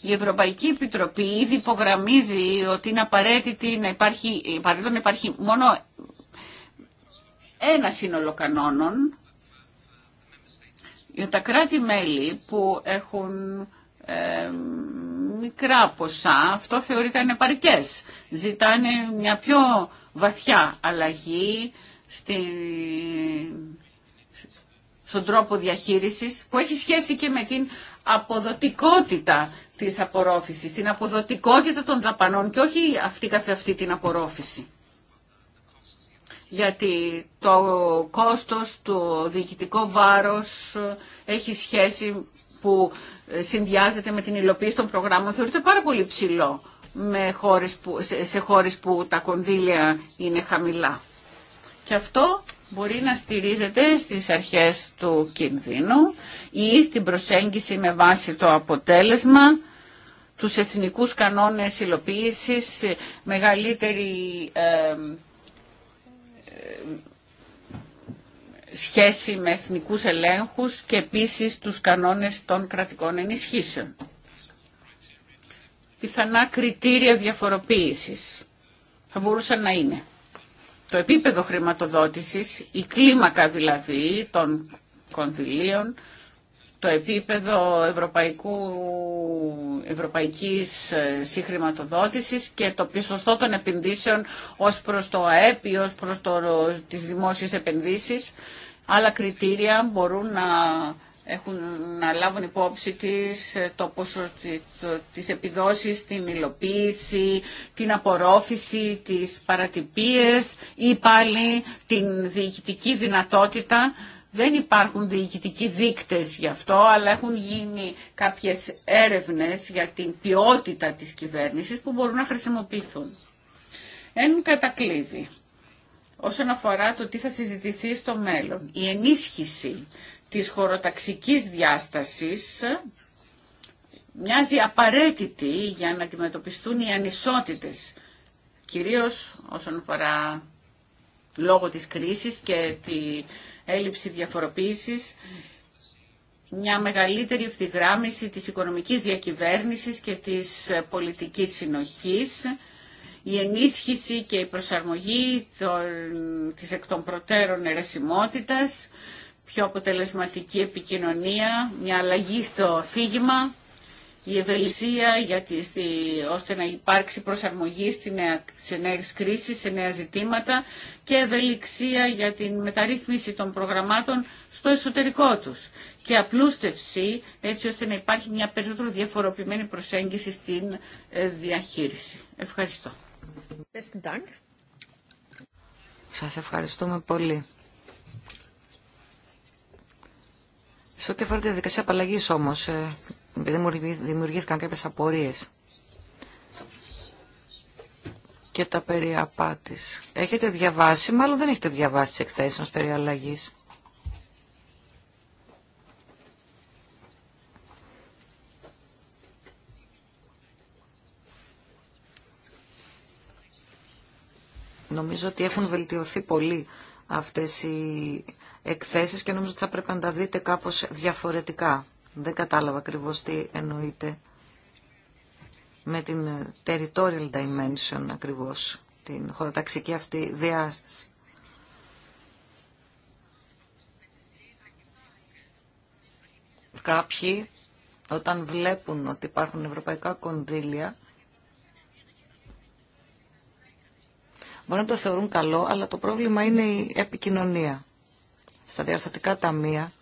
Speaker 3: Η Ευρωπαϊκή Επιτροπή ήδη υπογραμμίζει ότι είναι απαραίτητη να υπάρχει, απαραίτητο να υπάρχει μόνο ένα σύνολο κανόνων για τα κράτη-μέλη που έχουν μικρά ποσά, αυτό θεωρείται ανεπαρκές. Ζητάνε μια πιο βαθιά αλλαγή στη... στον τρόπο διαχείρισης που έχει σχέση και με την αποδοτικότητα της απορρόφησης, την αποδοτικότητα των δαπανών και όχι αυτή καθε αυτή την απορρόφηση. Γιατί το κόστος, το διοικητικό βάρος έχει σχέση που συνδυάζεται με την υλοποίηση των προγράμμων θεωρείται πάρα πολύ ψηλό με που, σε χώρες που τα κονδύλια είναι χαμηλά. Και αυτό μπορεί να στηρίζεται στις αρχές του κινδύνου ή στην προσέγγιση με βάση το αποτέλεσμα, τους εθνικούς κανόνες υλοποίησης, μεγαλύτερη ε, σχέση με εθνικούς ελέγχους και επίσης τους κανόνες των κρατικών ενισχύσεων. Πιθανά κριτήρια διαφοροποίησης θα μπορούσαν να είναι. Το επίπεδο χρηματοδότησης, η κλίμακα δηλαδή των κονδυλίων, το επίπεδο ευρωπαϊκού, ευρωπαϊκής ε, συγχρηματοδότησης και το ποσοστό των επενδύσεων ως προς το ΑΕΠ ή ως προς το, ε, τις δημόσιες επενδύσεις. Άλλα κριτήρια μπορούν να, έχουν, να λάβουν υπόψη τις, το ποσο, τις επιδόσεις, την υλοποίηση, την απορρόφηση, τις παρατυπίες ή πάλι την διοικητική δυνατότητα. Δεν υπάρχουν διοικητικοί δείκτες γι' αυτό, αλλά έχουν γίνει κάποιες έρευνες για την ποιότητα της κυβέρνησης που μπορούν να χρησιμοποιηθούν. Εν κατακλείδη, όσον αφορά το τι θα συζητηθεί στο μέλλον. Η ενίσχυση της χωροταξικής διάστασης μοιάζει απαραίτητη για να αντιμετωπιστούν οι ανισότητες, κυρίως όσον αφορά λόγω της κρίσης και τη έλλειψη διαφοροποίησης, μια μεγαλύτερη ευθυγράμμιση της οικονομικής διακυβέρνησης και της πολιτικής συνοχής, η ενίσχυση και η προσαρμογή των, της εκ των προτέρων ερεσιμότητας, πιο αποτελεσματική επικοινωνία, μια αλλαγή στο φύγημα, η ευελισία για στη, ώστε να υπάρξει προσαρμογή στη νέα, σε νέες κρίσεις, σε νέα ζητήματα και ευελιξία για την μεταρρύθμιση των προγραμμάτων στο εσωτερικό τους και απλούστευση έτσι ώστε να υπάρχει μια περισσότερο διαφοροποιημένη προσέγγιση στην ε, διαχείριση. Ευχαριστώ.
Speaker 2: Σας ευχαριστούμε πολύ. Σε ό,τι αφορά τη διαδικασία απαλλαγή όμω, ε, δημιουργήθηκαν κάποιε απορίε. Και τα περί απάτης. Έχετε διαβάσει, μάλλον δεν έχετε διαβάσει τι εκθέσει μα περί αλλαγής. Νομίζω ότι έχουν βελτιωθεί πολύ αυτές οι εκθέσεις και νομίζω ότι θα πρέπει να τα δείτε κάπως διαφορετικά. Δεν κατάλαβα ακριβώ τι εννοείται με την territorial dimension ακριβώς, την χωροταξική αυτή διάσταση. Κάποιοι όταν βλέπουν ότι υπάρχουν ευρωπαϊκά κονδύλια μπορεί να το θεωρούν καλό, αλλά το πρόβλημα είναι η επικοινωνία. Στα διαρθωτικά ταμεία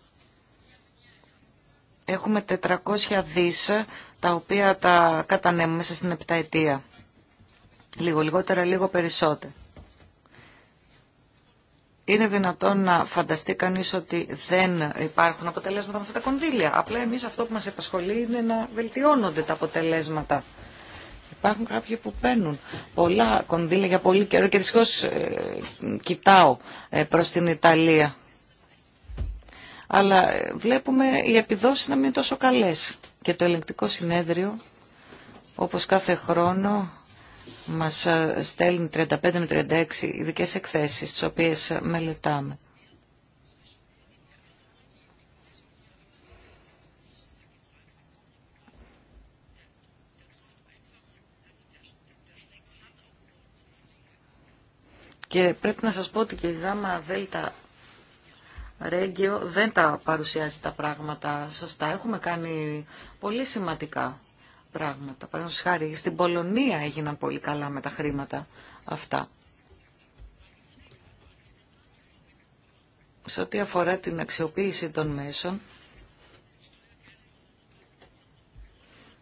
Speaker 2: έχουμε 400 δις, τα οποία τα κατανέμουμε μέσα στην επταετία. Λίγο λιγότερα, λίγο περισσότερο. Είναι δυνατόν να φανταστεί κανείς ότι δεν υπάρχουν αποτελέσματα με αυτά τα κονδύλια. Απλά εμείς αυτό που μας επασχολεί είναι να βελτιώνονται τα αποτελέσματα υπάρχουν κάποιοι που παίρνουν πολλά κονδύλια για πολύ καιρό και δυστυχώς ε, κοιτάω ε, προς την Ιταλία. Αλλά ε, βλέπουμε οι επιδόσεις να μην είναι τόσο καλές. Και το ελεγκτικό συνέδριο, όπως κάθε χρόνο, μας ε, στέλνει 35 με 36 ειδικές εκθέσεις, τις οποίες μελετάμε. Και πρέπει να σας πω ότι και η γάμα δέλτα Ρέγγιο δεν τα παρουσιάζει τα πράγματα σωστά. Έχουμε κάνει πολύ σημαντικά πράγματα. Παραδείγματος χάρη στην Πολωνία έγιναν πολύ καλά με τα χρήματα αυτά. Σε ό,τι αφορά την αξιοποίηση των μέσων,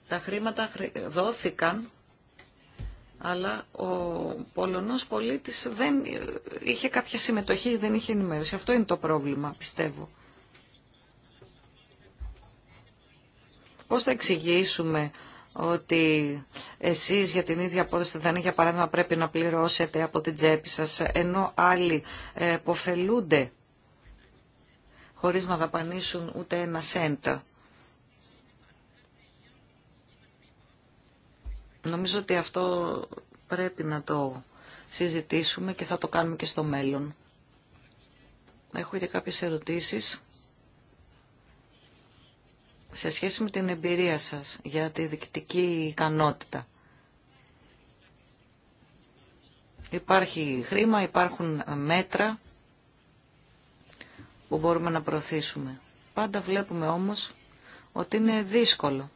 Speaker 2: τα χρήματα δόθηκαν αλλά ο Πολωνός πολίτης δεν ε, είχε κάποια συμμετοχή, δεν είχε ενημέρωση. Αυτό είναι το πρόβλημα, πιστεύω. Πώς θα εξηγήσουμε ότι εσείς για την ίδια απόδοση δεν για παράδειγμα, πρέπει να πληρώσετε από την τσέπη σας, ενώ άλλοι υποφελούνται ε, χωρίς να δαπανίσουν ούτε ένα σέντα. Νομίζω ότι αυτό πρέπει να το συζητήσουμε και θα το κάνουμε και στο μέλλον. Έχω και κάποιες ερωτήσεις σε σχέση με την εμπειρία σας για τη διοικητική ικανότητα. Υπάρχει χρήμα, υπάρχουν μέτρα που μπορούμε να προωθήσουμε. Πάντα βλέπουμε όμως ότι είναι δύσκολο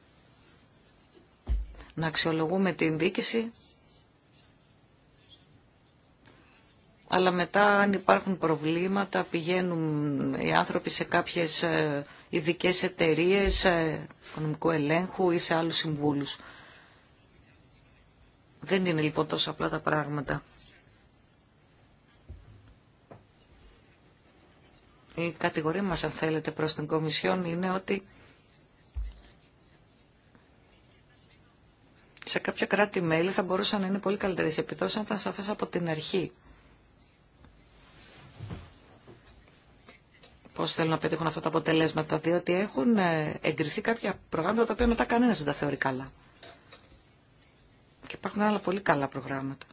Speaker 2: να αξιολογούμε την δίκηση, αλλά μετά αν υπάρχουν προβλήματα πηγαίνουν οι άνθρωποι σε κάποιες ε, ειδικέ εταιρείε ε, οικονομικού ελέγχου ή σε άλλους συμβούλους. Δεν είναι λοιπόν τόσο απλά τα πράγματα. Η κατηγορία μας, αν θέλετε, προς την Κομισιόν είναι ότι σε κάποια κράτη-μέλη θα μπορούσαν να είναι πολύ καλύτερε οι επιδόσει αν ήταν σαφέ από την αρχή. Πώ θέλουν να πετύχουν αυτά τα αποτελέσματα, διότι έχουν ε, εγκριθεί κάποια προγράμματα τα οποία μετά κανένα δεν τα θεωρεί καλά. Και υπάρχουν άλλα πολύ καλά προγράμματα.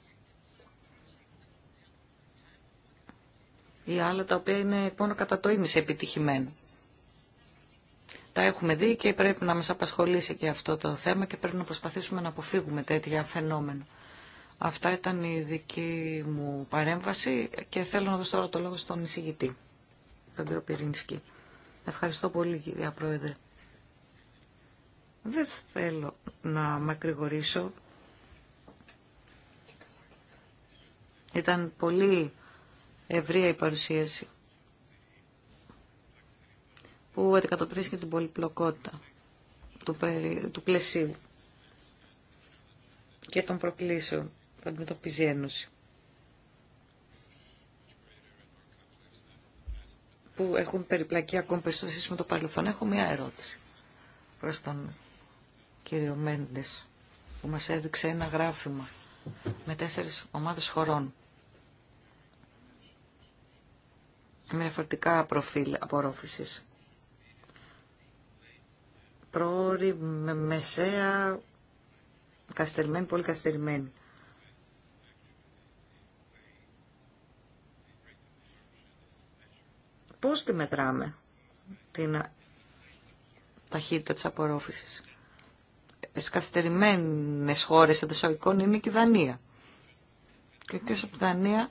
Speaker 2: Ή άλλα τα οποία είναι μόνο κατά το ίμιση επιτυχημένα. Τα έχουμε δει και πρέπει να μας απασχολήσει και αυτό το θέμα και πρέπει να προσπαθήσουμε να αποφύγουμε τέτοια φαινόμενα. Αυτά ήταν η δική μου παρέμβαση και θέλω να δώσω τώρα το λόγο στον εισηγητή, τον κύριο Πυρίνσκι. Ευχαριστώ πολύ κυρία Πρόεδρε. Δεν θέλω να μακρηγορήσω. Ήταν πολύ ευρία η παρουσίαση που αντικατοπτρίζει την πολυπλοκότητα του, περι... του πλαισίου και των προκλήσεων που αντιμετωπίζει η Ένωση. που έχουν περιπλακεί ακόμη περισσότερο με το παρελθόν. Έχω μία ερώτηση προς τον κύριο Μέντες που μας έδειξε ένα γράφημα με τέσσερις ομάδες χωρών με διαφορετικά προφίλ απορρόφησης πρόωρη, με, μεσαία, καστερμένη, πολύ καστερμένη. Πώς τη μετράμε την ταχύτητα της απορρόφησης. Στις χώρες εντός αγικών είναι και η Δανία. Και ο κ. Δανία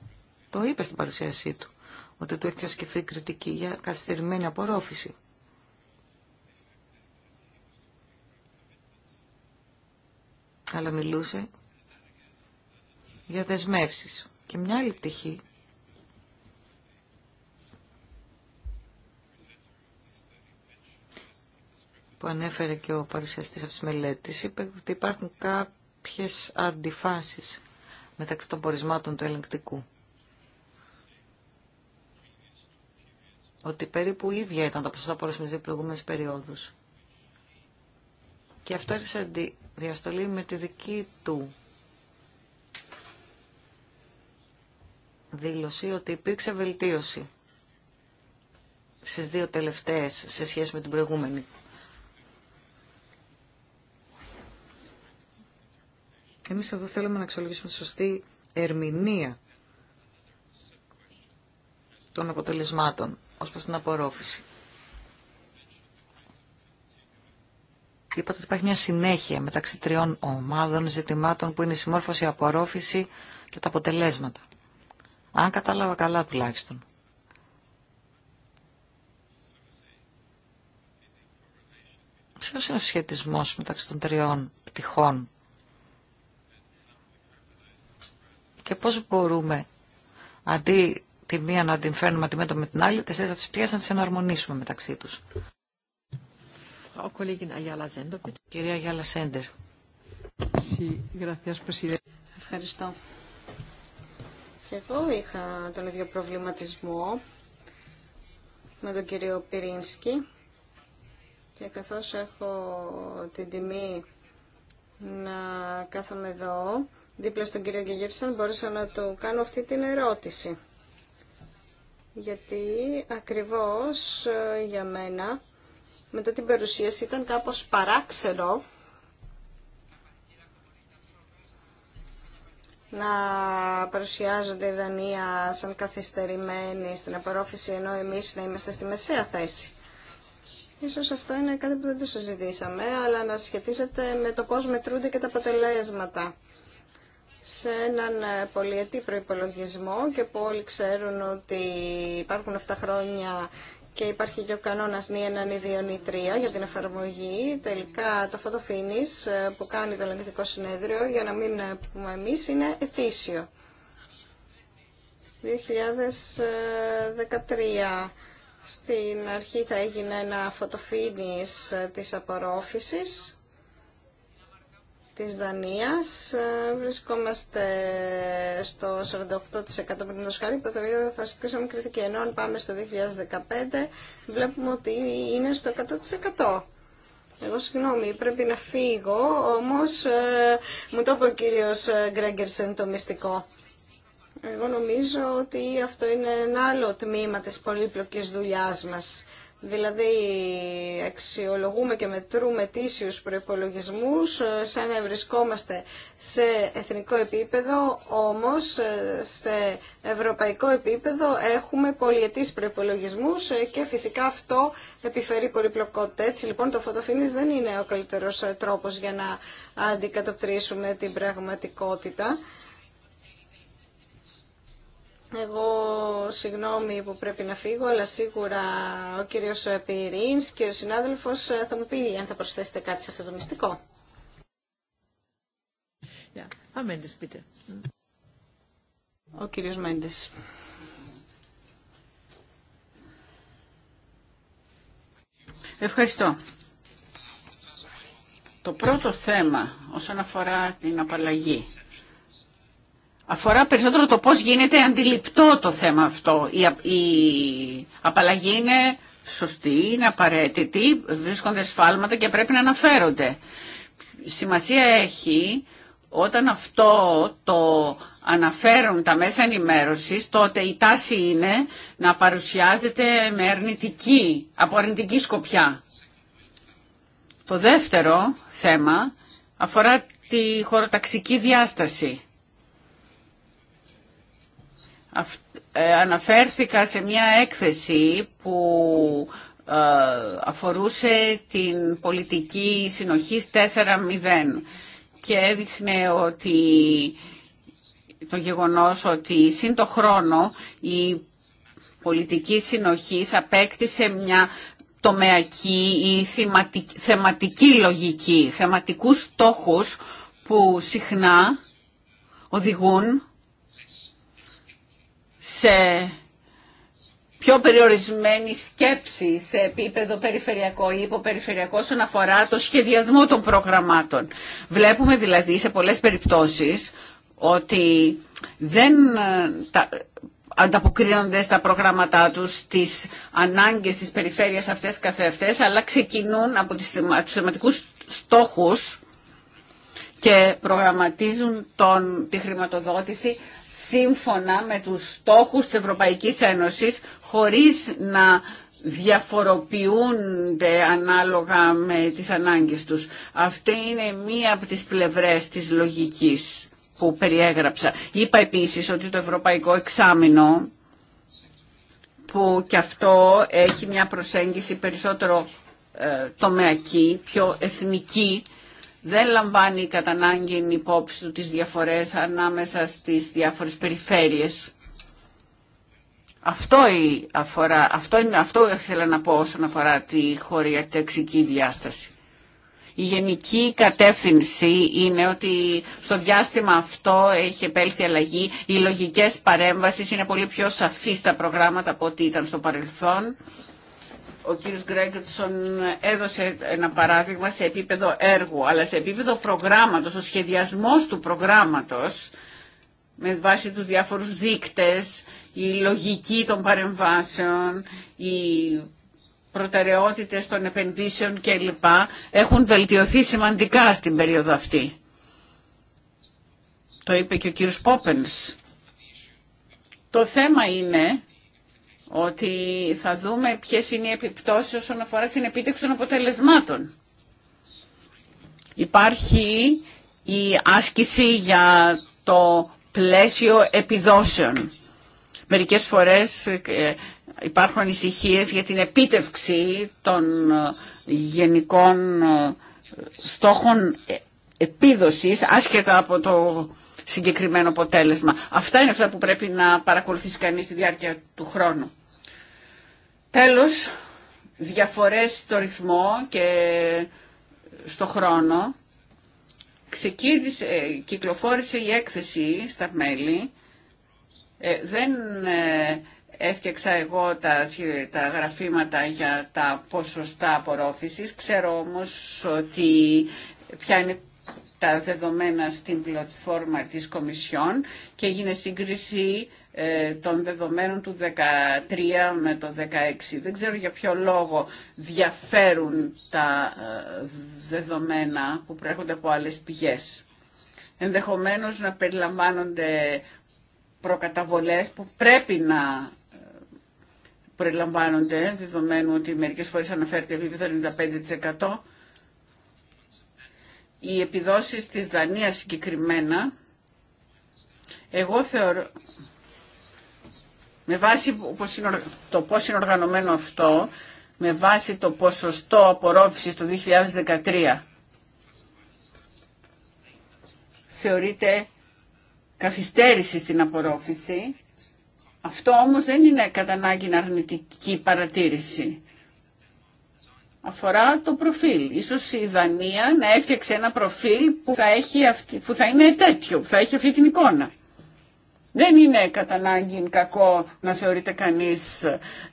Speaker 2: το είπε στην παρουσίασή του, ότι του έχει ασκηθεί κριτική για καστερημένη απορρόφηση. αλλά μιλούσε για δεσμεύσεις. Και μια άλλη πτυχή που ανέφερε και ο παρουσιαστής αυτής της μελέτης είπε ότι υπάρχουν κάποιες αντιφάσεις μεταξύ των πορισμάτων του ελεγκτικού. Ότι περίπου ίδια ήταν τα ποσοστά πορισμής προηγούμενες περίοδους. Και αυτό έρθει σε διαστολή με τη δική του δήλωση ότι υπήρξε βελτίωση στις δύο τελευταίες σε σχέση με την προηγούμενη. Εμείς εδώ θέλουμε να αξιολογήσουμε σωστή ερμηνεία των αποτελεσμάτων ως προς την απορρόφηση. Είπατε ότι υπάρχει μια συνέχεια μεταξύ τριών ομάδων ζητημάτων που είναι η συμμόρφωση, η απορρόφηση και τα αποτελέσματα. Αν κατάλαβα καλά τουλάχιστον. Ποιο είναι ο σχετισμό μεταξύ των τριών πτυχών και πώ μπορούμε αντί τη μία να την φέρνουμε αντιμέτωπη με την άλλη, τι τις να τι εναρμονίσουμε μεταξύ του,
Speaker 1: Κυρία Σέντερ. Ευχαριστώ.
Speaker 2: Και
Speaker 4: εγώ είχα τον ίδιο προβληματισμό με τον κύριο Πυρίνσκι και καθώς έχω την τιμή να κάθομαι εδώ δίπλα στον κύριο Γεγίρσαν μπορούσα να του κάνω αυτή την ερώτηση γιατί ακριβώς ε, για μένα μετά την παρουσίαση ήταν κάπως παράξενο να παρουσιάζονται η Δανία σαν καθυστερημένη στην απορρόφηση, ενώ εμείς να είμαστε στη μεσαία θέση. Ίσως αυτό είναι κάτι που δεν το συζητήσαμε, αλλά να σχετίζεται με το πώς μετρούνται και τα αποτελέσματα σε έναν πολυετή προϋπολογισμό και που όλοι ξέρουν ότι υπάρχουν αυτά χρόνια και υπάρχει και ο κανόνα νη 1, ή 2, νη 3 για την εφαρμογή. Τελικά το φωτοφίνη ε, που κάνει το ελεγκτικό συνέδριο, για να μην ε, πούμε εμεί, είναι ετήσιο. 2013. Ε, Στην αρχή θα έγινε ένα φωτοφίνης της απορρόφησης της Δανίας. Ε, βρισκόμαστε στο 48% πριν Οσχαρή, που το θα σκούσαμε κριτική. Ενώ αν πάμε στο 2015 βλέπουμε ότι είναι στο 100%. Εγώ συγγνώμη, πρέπει να φύγω, όμως ε, μου το είπε ο κύριος ε, Γκρέγκερσεν το μυστικό. Εγώ νομίζω ότι αυτό είναι ένα άλλο τμήμα της πολύπλοκης δουλειάς μας. Δηλαδή αξιολογούμε και μετρούμε τήσιους προϋπολογισμούς ε, σαν να βρισκόμαστε σε εθνικό επίπεδο, όμως ε, σε ευρωπαϊκό επίπεδο έχουμε πολιετής προϋπολογισμούς ε, και φυσικά αυτό επιφέρει πολυπλοκότητα. Έτσι λοιπόν το φωτοφινής δεν είναι ο καλύτερος τρόπος για να αντικατοπτρίσουμε την πραγματικότητα. Εγώ συγγνώμη που πρέπει να φύγω, αλλά σίγουρα ο κύριος Πυρίνς και ο συνάδελφος ε, θα μου πει αν θα προσθέσετε κάτι σε αυτό το μυστικό. Ο κύριος Μέντες.
Speaker 3: Ευχαριστώ. Το πρώτο θέμα όσον αφορά την απαλλαγή αφορά περισσότερο το πώς γίνεται αντιληπτό το θέμα αυτό. Η, η απαλλαγή είναι σωστή, είναι απαραίτητη, βρίσκονται σφάλματα και πρέπει να αναφέρονται. Σημασία έχει όταν αυτό το αναφέρουν τα μέσα ενημέρωσης, τότε η τάση είναι να παρουσιάζεται με αρνητική, από αρνητική σκοπιά. Το δεύτερο θέμα αφορά τη χωροταξική διάσταση. Ε, αναφέρθηκα σε μια έκθεση που ε, αφορούσε την πολιτική συνοχής 4.0 και έδειχνε ότι το γεγονός ότι συντο χρόνο η πολιτική συνοχής απέκτησε μια τομεακή ή θεματική, λογική, θεματικούς στόχους που συχνά οδηγούν σε πιο περιορισμένη σκέψη σε επίπεδο περιφερειακό ή υποπεριφερειακό όσον αφορά το σχεδιασμό των προγραμμάτων. Βλέπουμε δηλαδή σε πολλές περιπτώσεις ότι δεν ε, τα, ανταποκρίνονται στα προγράμματά τους τις ανάγκες της περιφέρειας αυτές καθεαυτές, αλλά ξεκινούν από τις θεματικούς στόχους και προγραμματίζουν τη χρηματοδότηση σύμφωνα με τους στόχους της Ευρωπαϊκής Ένωσης χωρίς να διαφοροποιούνται ανάλογα με τις ανάγκες τους. Αυτή είναι μία από τις πλευρές της λογικής που περιέγραψα. Είπα επίσης ότι το Ευρωπαϊκό Εξάμεινο που και αυτό έχει μια προσέγγιση περισσότερο ε, τομεακή, πιο εθνική, δεν λαμβάνει κατά ανάγκη υπόψη του τις διαφορές ανάμεσα στις διάφορες περιφέρειες. Αυτό, η αφορά, αυτό, είναι, αυτό ήθελα να πω όσον αφορά τη χωριατεξική διάσταση. Η γενική κατεύθυνση είναι ότι στο διάστημα αυτό έχει επέλθει αλλαγή. Οι λογικές παρέμβασεις είναι πολύ πιο σαφείς στα προγράμματα από ό,τι ήταν στο παρελθόν ο κύριος Γκρέγκρτσον έδωσε ένα παράδειγμα σε επίπεδο έργου, αλλά σε επίπεδο προγράμματος, ο σχεδιασμός του προγράμματος, με βάση τους διάφορους δείκτες, η λογική των παρεμβάσεων, οι προτεραιότητες των επενδύσεων κλπ. έχουν βελτιωθεί σημαντικά στην περίοδο αυτή. Το είπε και ο κύριος Πόπενς. Το θέμα είναι ότι θα δούμε ποιες είναι οι επιπτώσεις όσον αφορά την επίτευξη των αποτελεσμάτων. Υπάρχει η άσκηση για το πλαίσιο επιδόσεων. Μερικές φορές ε, υπάρχουν ανησυχίε για την επίτευξη των ε, γενικών ε, στόχων επίδοσης άσχετα από το συγκεκριμένο αποτέλεσμα. Αυτά είναι αυτά που πρέπει να παρακολουθήσει κανείς στη διάρκεια του χρόνου. Τέλος, διαφορές στο ρυθμό και στο χρόνο. Ξεκίνησε, ε, κυκλοφόρησε η έκθεση στα μέλη. Ε, δεν ε, έφτιαξα εγώ τα, τα γραφήματα για τα ποσοστά απορρόφησης. Ξέρω όμως ότι ποια είναι τα δεδομένα στην πλατφόρμα της Κομισιόν και έγινε σύγκριση ε, των δεδομένων του 13 με το 16. Δεν ξέρω για ποιο λόγο διαφέρουν τα ε, δεδομένα που προέρχονται από άλλες πηγές. Ενδεχομένως να περιλαμβάνονται προκαταβολές που πρέπει να ε, περιλαμβάνονται, δεδομένου ότι μερικές φορές αναφέρεται επίπεδο 95%. Οι επιδόσεις της Δανίας συγκεκριμένα, εγώ θεωρώ, με βάση το πώ είναι οργανωμένο αυτό, με βάση το ποσοστό απορρόφησης το 2013, θεωρείται καθυστέρηση στην απορρόφηση. Αυτό όμως δεν είναι κατά ανάγκη αρνητική παρατήρηση. Αφορά το προφίλ. Ίσως η Δανία να έφτιαξε ένα προφίλ που θα, έχει αυτή, που θα είναι τέτοιο, που θα έχει αυτή την εικόνα. Δεν είναι κατά ανάγκη κακό να θεωρείται κανείς,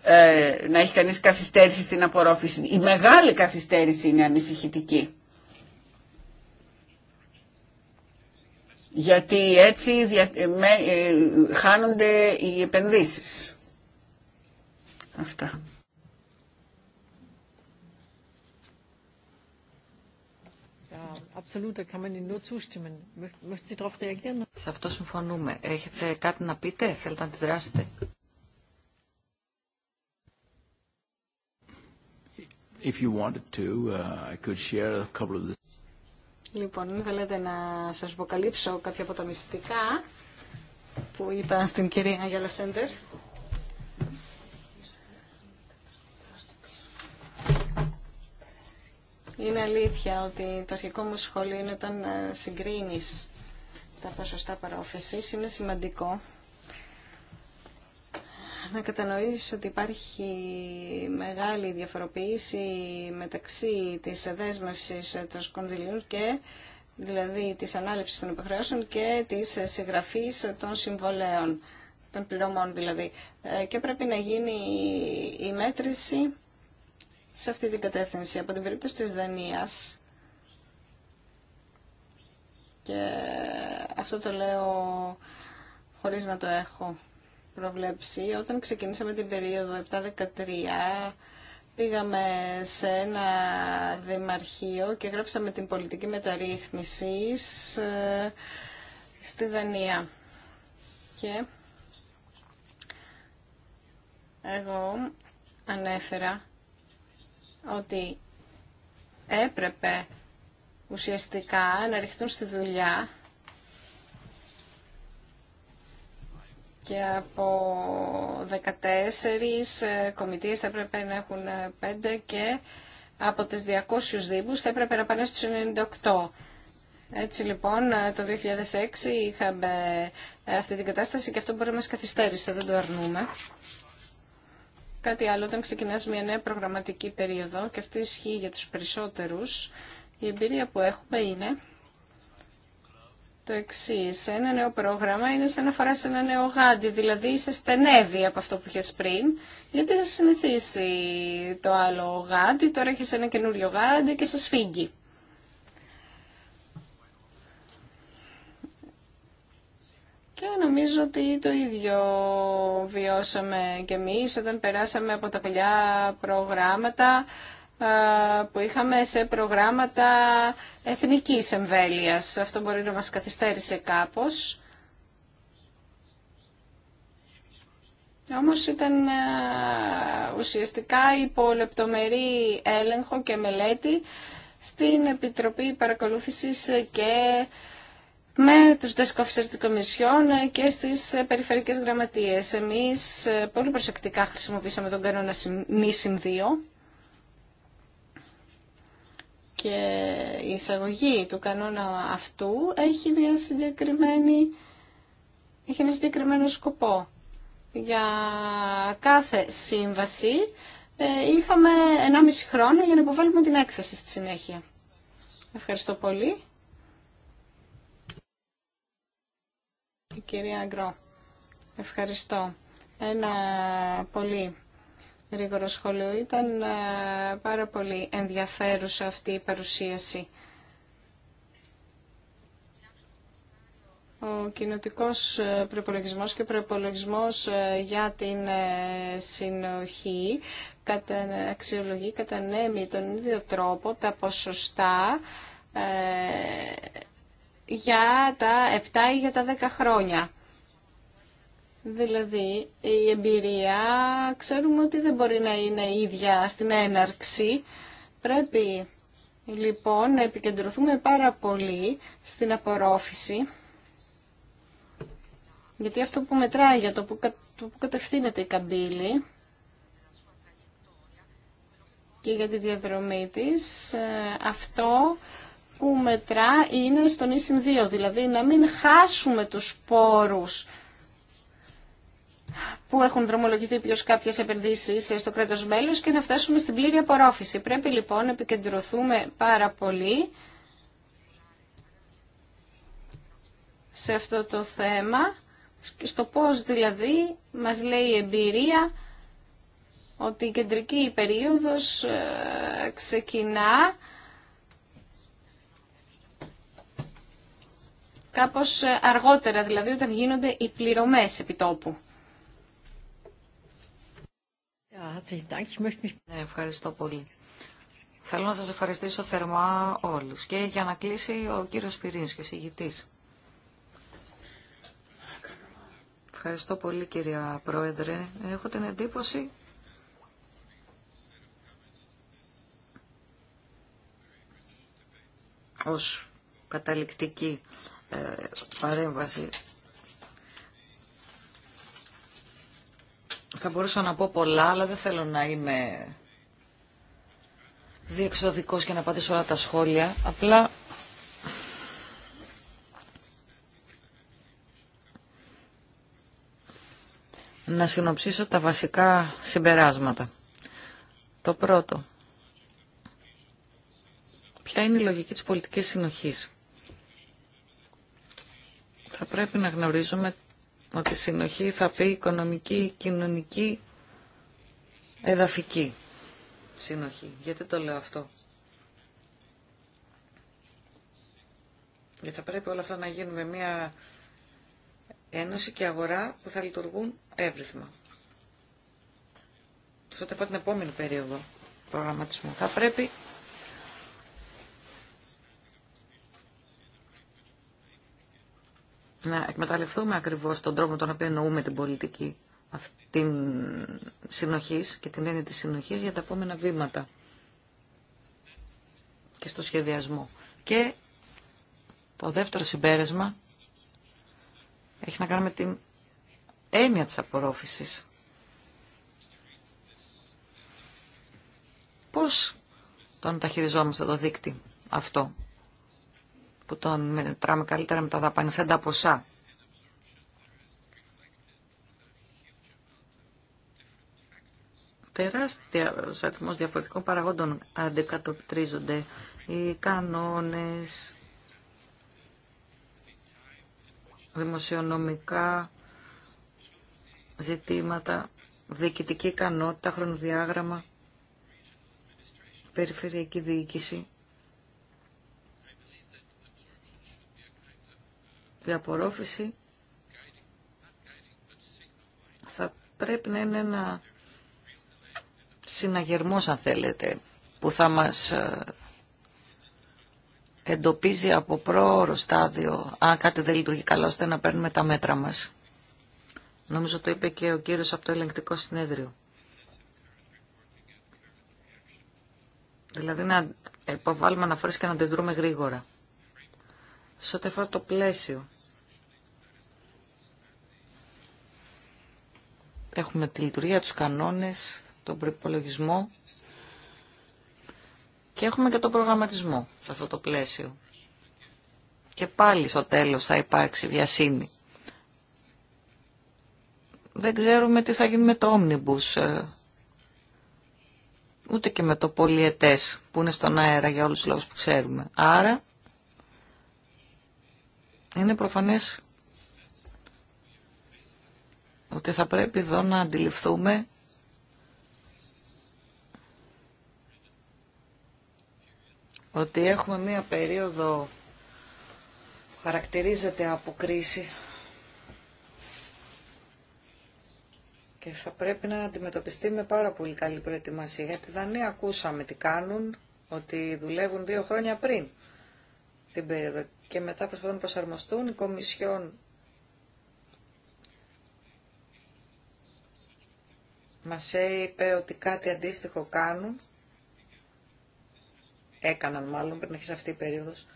Speaker 3: ε, να έχει κανείς καθυστέρηση στην απορρόφηση. Η μεγάλη καθυστέρηση είναι ανησυχητική. Γιατί έτσι δια, ε, ε, χάνονται οι επενδύσεις. Αυτά.
Speaker 1: Σε αυτό συμφωνούμε. Έχετε κάτι να πείτε, θέλετε να αντιδράσετε.
Speaker 3: If
Speaker 2: Λοιπόν, θέλετε να σας αποκαλύψω
Speaker 4: κάποια από τα μυστικά που είπα στην κυρία Γιαλασέντερ. Είναι αλήθεια ότι το αρχικό μου σχόλιο είναι όταν ε, συγκρίνεις τα ποσοστά παρόφηση. Είναι σημαντικό να κατανοήσεις ότι υπάρχει μεγάλη διαφοροποίηση μεταξύ της δέσμευσης των σκονδυλίων και δηλαδή της ανάληψης των υποχρεώσεων και της συγγραφής των συμβολέων, των πληρωμών δηλαδή. Ε, και πρέπει να γίνει η μέτρηση σε αυτή την κατεύθυνση. Από την περίπτωση της Δανίας, και αυτό το λέω χωρίς να το έχω προβλέψει, όταν ξεκινήσαμε την περίοδο 7-13, πήγαμε σε ένα δημαρχείο και γράψαμε την πολιτική μεταρρύθμιση ε, στη Δανία. Και εγώ ανέφερα ότι έπρεπε ουσιαστικά να ρηχτούν στη δουλειά και από 14 ε, κομιτείες θα έπρεπε να έχουν 5 ε, και από τις 200 δήμους θα έπρεπε να πάνε στους 98. Έτσι λοιπόν ε, το 2006 είχαμε αυτή την κατάσταση και αυτό μπορεί να μας καθυστέρησε, δεν το αρνούμε. Κάτι άλλο, όταν ξεκινάς μια νέα προγραμματική περίοδο, και αυτό ισχύει για τους περισσότερους, η εμπειρία που έχουμε είναι το εξή. Ένα νέο πρόγραμμα είναι σαν να φορά ένα νέο γάντι, δηλαδή σε στενεύει από αυτό που είχε πριν, γιατί θα συνηθίσει το άλλο γάντι, τώρα έχει ένα καινούριο γάντι και σε σφίγγει. νομίζω ότι το ίδιο βιώσαμε και εμείς όταν περάσαμε από τα παλιά προγράμματα που είχαμε σε προγράμματα εθνικής εμβέλειας. Αυτό μπορεί να μας καθυστέρησε κάπως. Όμως ήταν ουσιαστικά υπολεπτομερή έλεγχο και μελέτη στην Επιτροπή Παρακολούθησης και με τους desk officers της Κομισιόν και στις περιφερειακές γραμματείες. Εμείς ε, πολύ προσεκτικά χρησιμοποίησαμε τον κανόνα μη 2 και η εισαγωγή του κανόνα αυτού έχει μια συγκεκριμένη έχει ένα συγκεκριμένο σκοπό. Για κάθε σύμβαση ε, είχαμε 1,5 χρόνο για να υποβάλουμε την έκθεση στη συνέχεια. Ευχαριστώ πολύ. Η κυρία Αγκρό, ευχαριστώ. Ένα πολύ γρήγορο σχολείο. Ήταν ε, πάρα πολύ ενδιαφέρουσα αυτή η παρουσίαση. Ο κοινοτικό ε, προπολογισμό και προπολογισμό ε, για την συνοχή αξιολογεί κατά νέμι τον ίδιο τρόπο τα ποσοστά για τα 7 ή για τα 10 χρόνια. Δηλαδή, η εμπειρία ξέρουμε ότι δεν μπορεί να είναι ίδια στην έναρξη. Πρέπει λοιπόν να επικεντρωθούμε πάρα πολύ στην απορρόφηση. Γιατί αυτό που μετράει για το που, που κατευθύνεται η καμπύλη και για τη διαδρομή της, ε, αυτό μέτρα είναι στον νήσιν 2, δηλαδή να μην χάσουμε τους πόρους που έχουν δρομολογηθεί ποιο κάποιες επενδύσεις στο κράτος μέλος και να φτάσουμε στην πλήρη απορρόφηση. Πρέπει λοιπόν να επικεντρωθούμε πάρα πολύ σε αυτό το θέμα, στο πώς δηλαδή μας λέει η εμπειρία ότι η κεντρική περίοδος ε, ξεκινά κάπως αργότερα, δηλαδή όταν γίνονται οι πληρωμές επιτόπου.
Speaker 2: Ναι, ευχαριστώ πολύ. Θέλω να σας ευχαριστήσω θερμά όλους. Και για να κλείσει ο κύριος ο ηγητής. Ευχαριστώ πολύ κυρία Πρόεδρε. Έχω την εντύπωση ως καταληκτική παρέμβαση. Θα μπορούσα να πω πολλά, αλλά δεν θέλω να είμαι διεξοδικός και να απαντήσω όλα τα σχόλια. Απλά να συνοψίσω τα βασικά συμπεράσματα. Το πρώτο. Ποια είναι η λογική της πολιτικής συνοχής θα πρέπει να γνωρίζουμε ότι συνοχή θα πει οικονομική, κοινωνική, εδαφική συνοχή. Γιατί το λέω αυτό. Γιατί θα πρέπει όλα αυτά να γίνουν με μια ένωση και αγορά που θα λειτουργούν εύρυθμα. Σε ό,τι την επόμενη περίοδο προγραμματισμού θα πρέπει να εκμεταλλευτούμε ακριβώς τον τρόπο τον οποίο εννοούμε την πολιτική αυτήν συνοχής και την έννοια της συνοχής για τα επόμενα βήματα και στο σχεδιασμό. Και το δεύτερο συμπέρασμα έχει να κάνει με την έννοια της απορρόφησης. Πώς τον ταχυριζόμαστε το δίκτυ αυτό που τον μετράμε καλύτερα με τα δαπανηθέντα ποσά. Τεράστιος αριθμός διαφορετικών παραγόντων αντικατοπτρίζονται. Οι κανόνες, δημοσιονομικά ζητήματα, διοικητική ικανότητα, χρονοδιάγραμμα, περιφερειακή διοίκηση. η απορρόφηση θα πρέπει να είναι ένα συναγερμός αν θέλετε που θα μας ε, εντοπίζει από πρόωρο στάδιο αν κάτι δεν λειτουργεί καλά ώστε να παίρνουμε τα μέτρα μας. Νομίζω το είπε και ο κύριος από το ελεγκτικό συνέδριο. Δηλαδή να υποβάλουμε αναφορές και να αντιδρούμε γρήγορα σε ό,τι το πλαίσιο. Έχουμε τη λειτουργία, τους κανόνες, τον προπολογισμό και έχουμε και τον προγραμματισμό σε αυτό το πλαίσιο. Και πάλι στο τέλος θα υπάρξει βιασύνη. Δεν ξέρουμε τι θα γίνει με το Omnibus, ε, ούτε και με το πολιετές που είναι στον αέρα για όλους τους λόγους που ξέρουμε. Άρα είναι προφανές ότι θα πρέπει εδώ να αντιληφθούμε ότι έχουμε μία περίοδο που χαρακτηρίζεται από κρίση και θα πρέπει να αντιμετωπιστεί με πάρα πολύ καλή προετοιμασία γιατί δεν ακούσαμε τι κάνουν ότι δουλεύουν δύο χρόνια πριν την περίοδο και μετά προσπαθούν να προσαρμοστούν. Η Κομισιόν μας είπε ότι κάτι αντίστοιχο κάνουν. Έκαναν μάλλον πριν αρχίσει αυτή η περίοδος.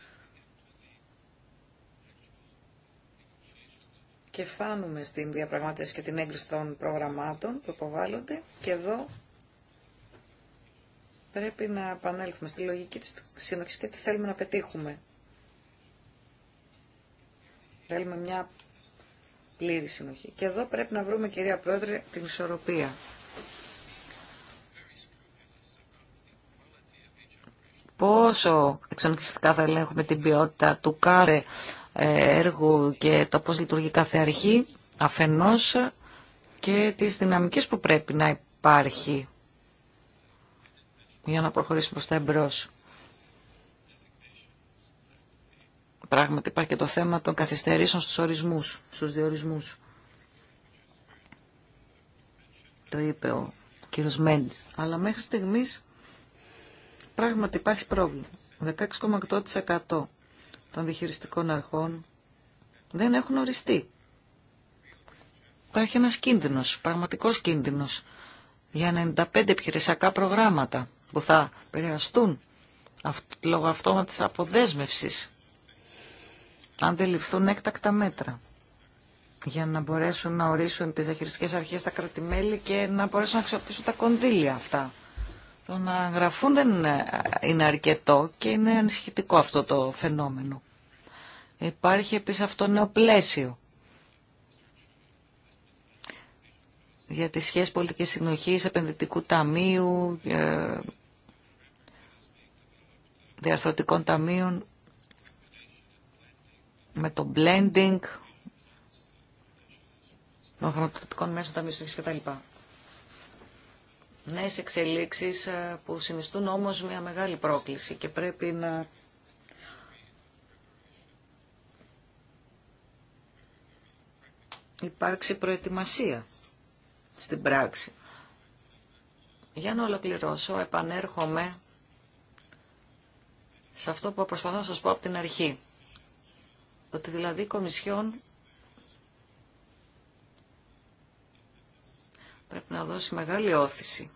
Speaker 2: Και φάνουμε στην διαπραγμάτευση και την έγκριση των προγραμμάτων που υποβάλλονται και εδώ πρέπει να επανέλθουμε στη λογική της συνοχής και τι θέλουμε να πετύχουμε. Θέλουμε μια πλήρη συνοχή. Και εδώ πρέπει να βρούμε, κυρία Πρόεδρε, την ισορροπία. Πόσο εξονοχιστικά θα ελέγχουμε την ποιότητα του κάθε ε, έργου και το πώς λειτουργεί κάθε αρχή, αφενός και τις δυναμικές που πρέπει να υπάρχει για να προχωρήσουμε προς τα εμπρός. Πράγματι υπάρχει και το θέμα των καθυστερήσεων στους ορισμούς, στους διορισμούς. Το είπε ο κύριος Μέντης. Αλλά μέχρι στιγμής πράγματι υπάρχει πρόβλημα. 16,8% των διχειριστικών αρχών δεν έχουν οριστεί. Υπάρχει ένας κίνδυνος, πραγματικός κίνδυνος για 95 επιχειρησιακά προγράμματα που θα περιοριστούν λόγω αυτόματης αποδέσμευσης αν δεν ληφθούν έκτακτα μέτρα για να μπορέσουν να ορίσουν τις διαχειριστικές αρχές στα κρατημέλη και να μπορέσουν να αξιοποιήσουν τα κονδύλια αυτά. Το να γραφούν δεν είναι αρκετό και είναι ανησυχητικό αυτό το φαινόμενο. Υπάρχει επίσης αυτό νέο πλαίσιο για τις σχέσεις πολιτικής συνοχής, επενδυτικού ταμείου, ε, διαρθρωτικών ταμείων με το blending των χρηματοδοτικών μέσων ταμείωσης κτλ. Νέες εξελίξεις ε, που συνιστούν όμως μια μεγάλη πρόκληση και πρέπει να υπάρξει προετοιμασία στην πράξη. Για να ολοκληρώσω, επανέρχομαι σε αυτό που προσπαθώ να σας πω από την αρχή. Ότι δηλαδή η Κομισιόν πρέπει να δώσει μεγάλη όθηση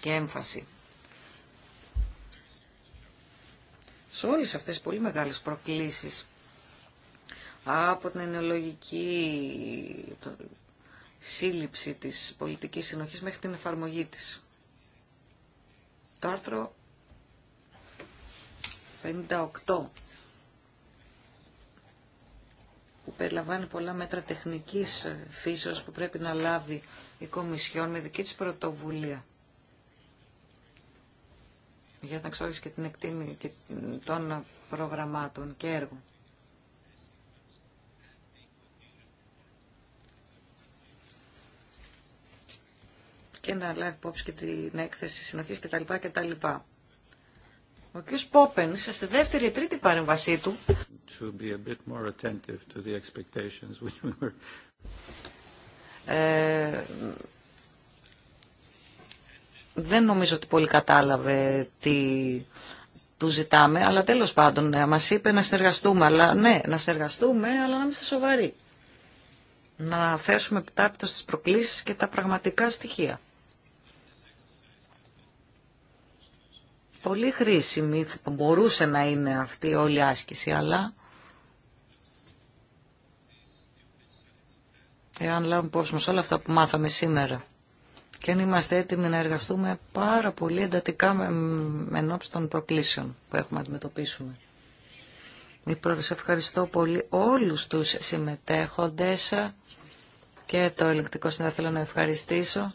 Speaker 2: και έμφαση σε όλες αυτές τις πολύ μεγάλες προκλήσεις από την ενολογική σύλληψη της πολιτικής συνοχής μέχρι την εφαρμογή της. Το άρθρο 58 που περιλαμβάνει πολλά μέτρα τεχνικής ε, φύσεως που πρέπει να λάβει η Κομισιόν με δική της πρωτοβουλία για να αξιόλογηση και την εκτίμηση των προγραμμάτων και έργων. και να λάβει υπόψη και την έκθεση συνοχής κτλ. λοιπά. Ο κ. Πόπεν, στη δεύτερη ή τρίτη παρέμβασή του, to be a bit more attentive to the expectations were. Ε, δεν νομίζω ότι πολύ κατάλαβε τι του ζητάμε, αλλά τέλος πάντων ναι, μας είπε να συνεργαστούμε, αλλά ναι, να συνεργαστούμε, αλλά να είμαστε σοβαροί. Να θέσουμε επιτάπητο στις προκλήσεις και τα πραγματικά στοιχεία. Πολύ χρήσιμη μπορούσε να είναι αυτή όλη η άσκηση, αλλά εάν λάβουμε υπόψη μας όλα αυτά που μάθαμε σήμερα και αν είμαστε έτοιμοι να εργαστούμε πάρα πολύ εντατικά με, με των προκλήσεων που έχουμε να αντιμετωπίσουμε. πρώτα πρώτος ευχαριστώ πολύ όλους τους συμμετέχοντες και το ελεκτικό συνέδριο θέλω να ευχαριστήσω.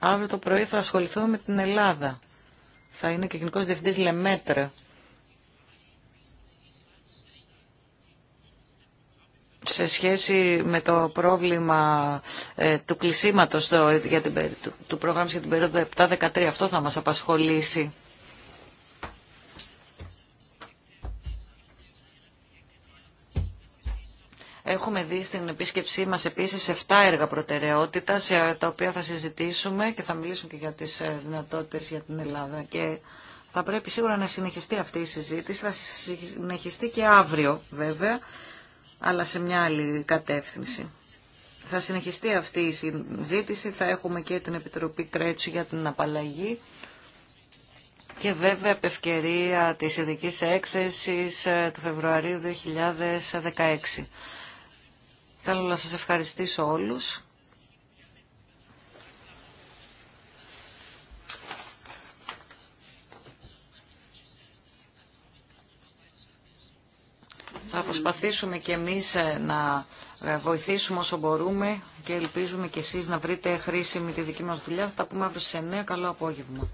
Speaker 2: Αύριο το πρωί θα ασχοληθώ με την Ελλάδα. Θα είναι και γενικός διευθυντής Λεμέτρα. σε σχέση με το πρόβλημα ε, του κλεισίματος για την, του, του πρόγραμματος για την περίοδο 7-13. Αυτό θα μας απασχολήσει. Έχουμε δει στην επίσκεψή μας επίσης 7 έργα προτεραιότητας, ε, τα οποία θα συζητήσουμε και θα μιλήσουμε και για τις ε, δυνατότητες για την Ελλάδα. Και θα πρέπει σίγουρα να συνεχιστεί αυτή η συζήτηση, θα συνεχιστεί και αύριο βέβαια αλλά σε μια άλλη κατεύθυνση. Θα συνεχιστεί αυτή η συζήτηση, θα έχουμε και την Επιτροπή Κρέτσου για την απαλλαγή και βέβαια επ' ευκαιρία της ειδικής έκθεσης ε, του Φεβρουαρίου 2016. Θέλω να σας ευχαριστήσω όλους
Speaker 1: Θα προσπαθήσουμε
Speaker 2: και εμείς ε, να ε, βοηθήσουμε όσο μπορούμε και ελπίζουμε και εσείς να βρείτε χρήσιμη τη δική μας δουλειά. Θα τα πούμε αύριο σε 9. Καλό απόγευμα.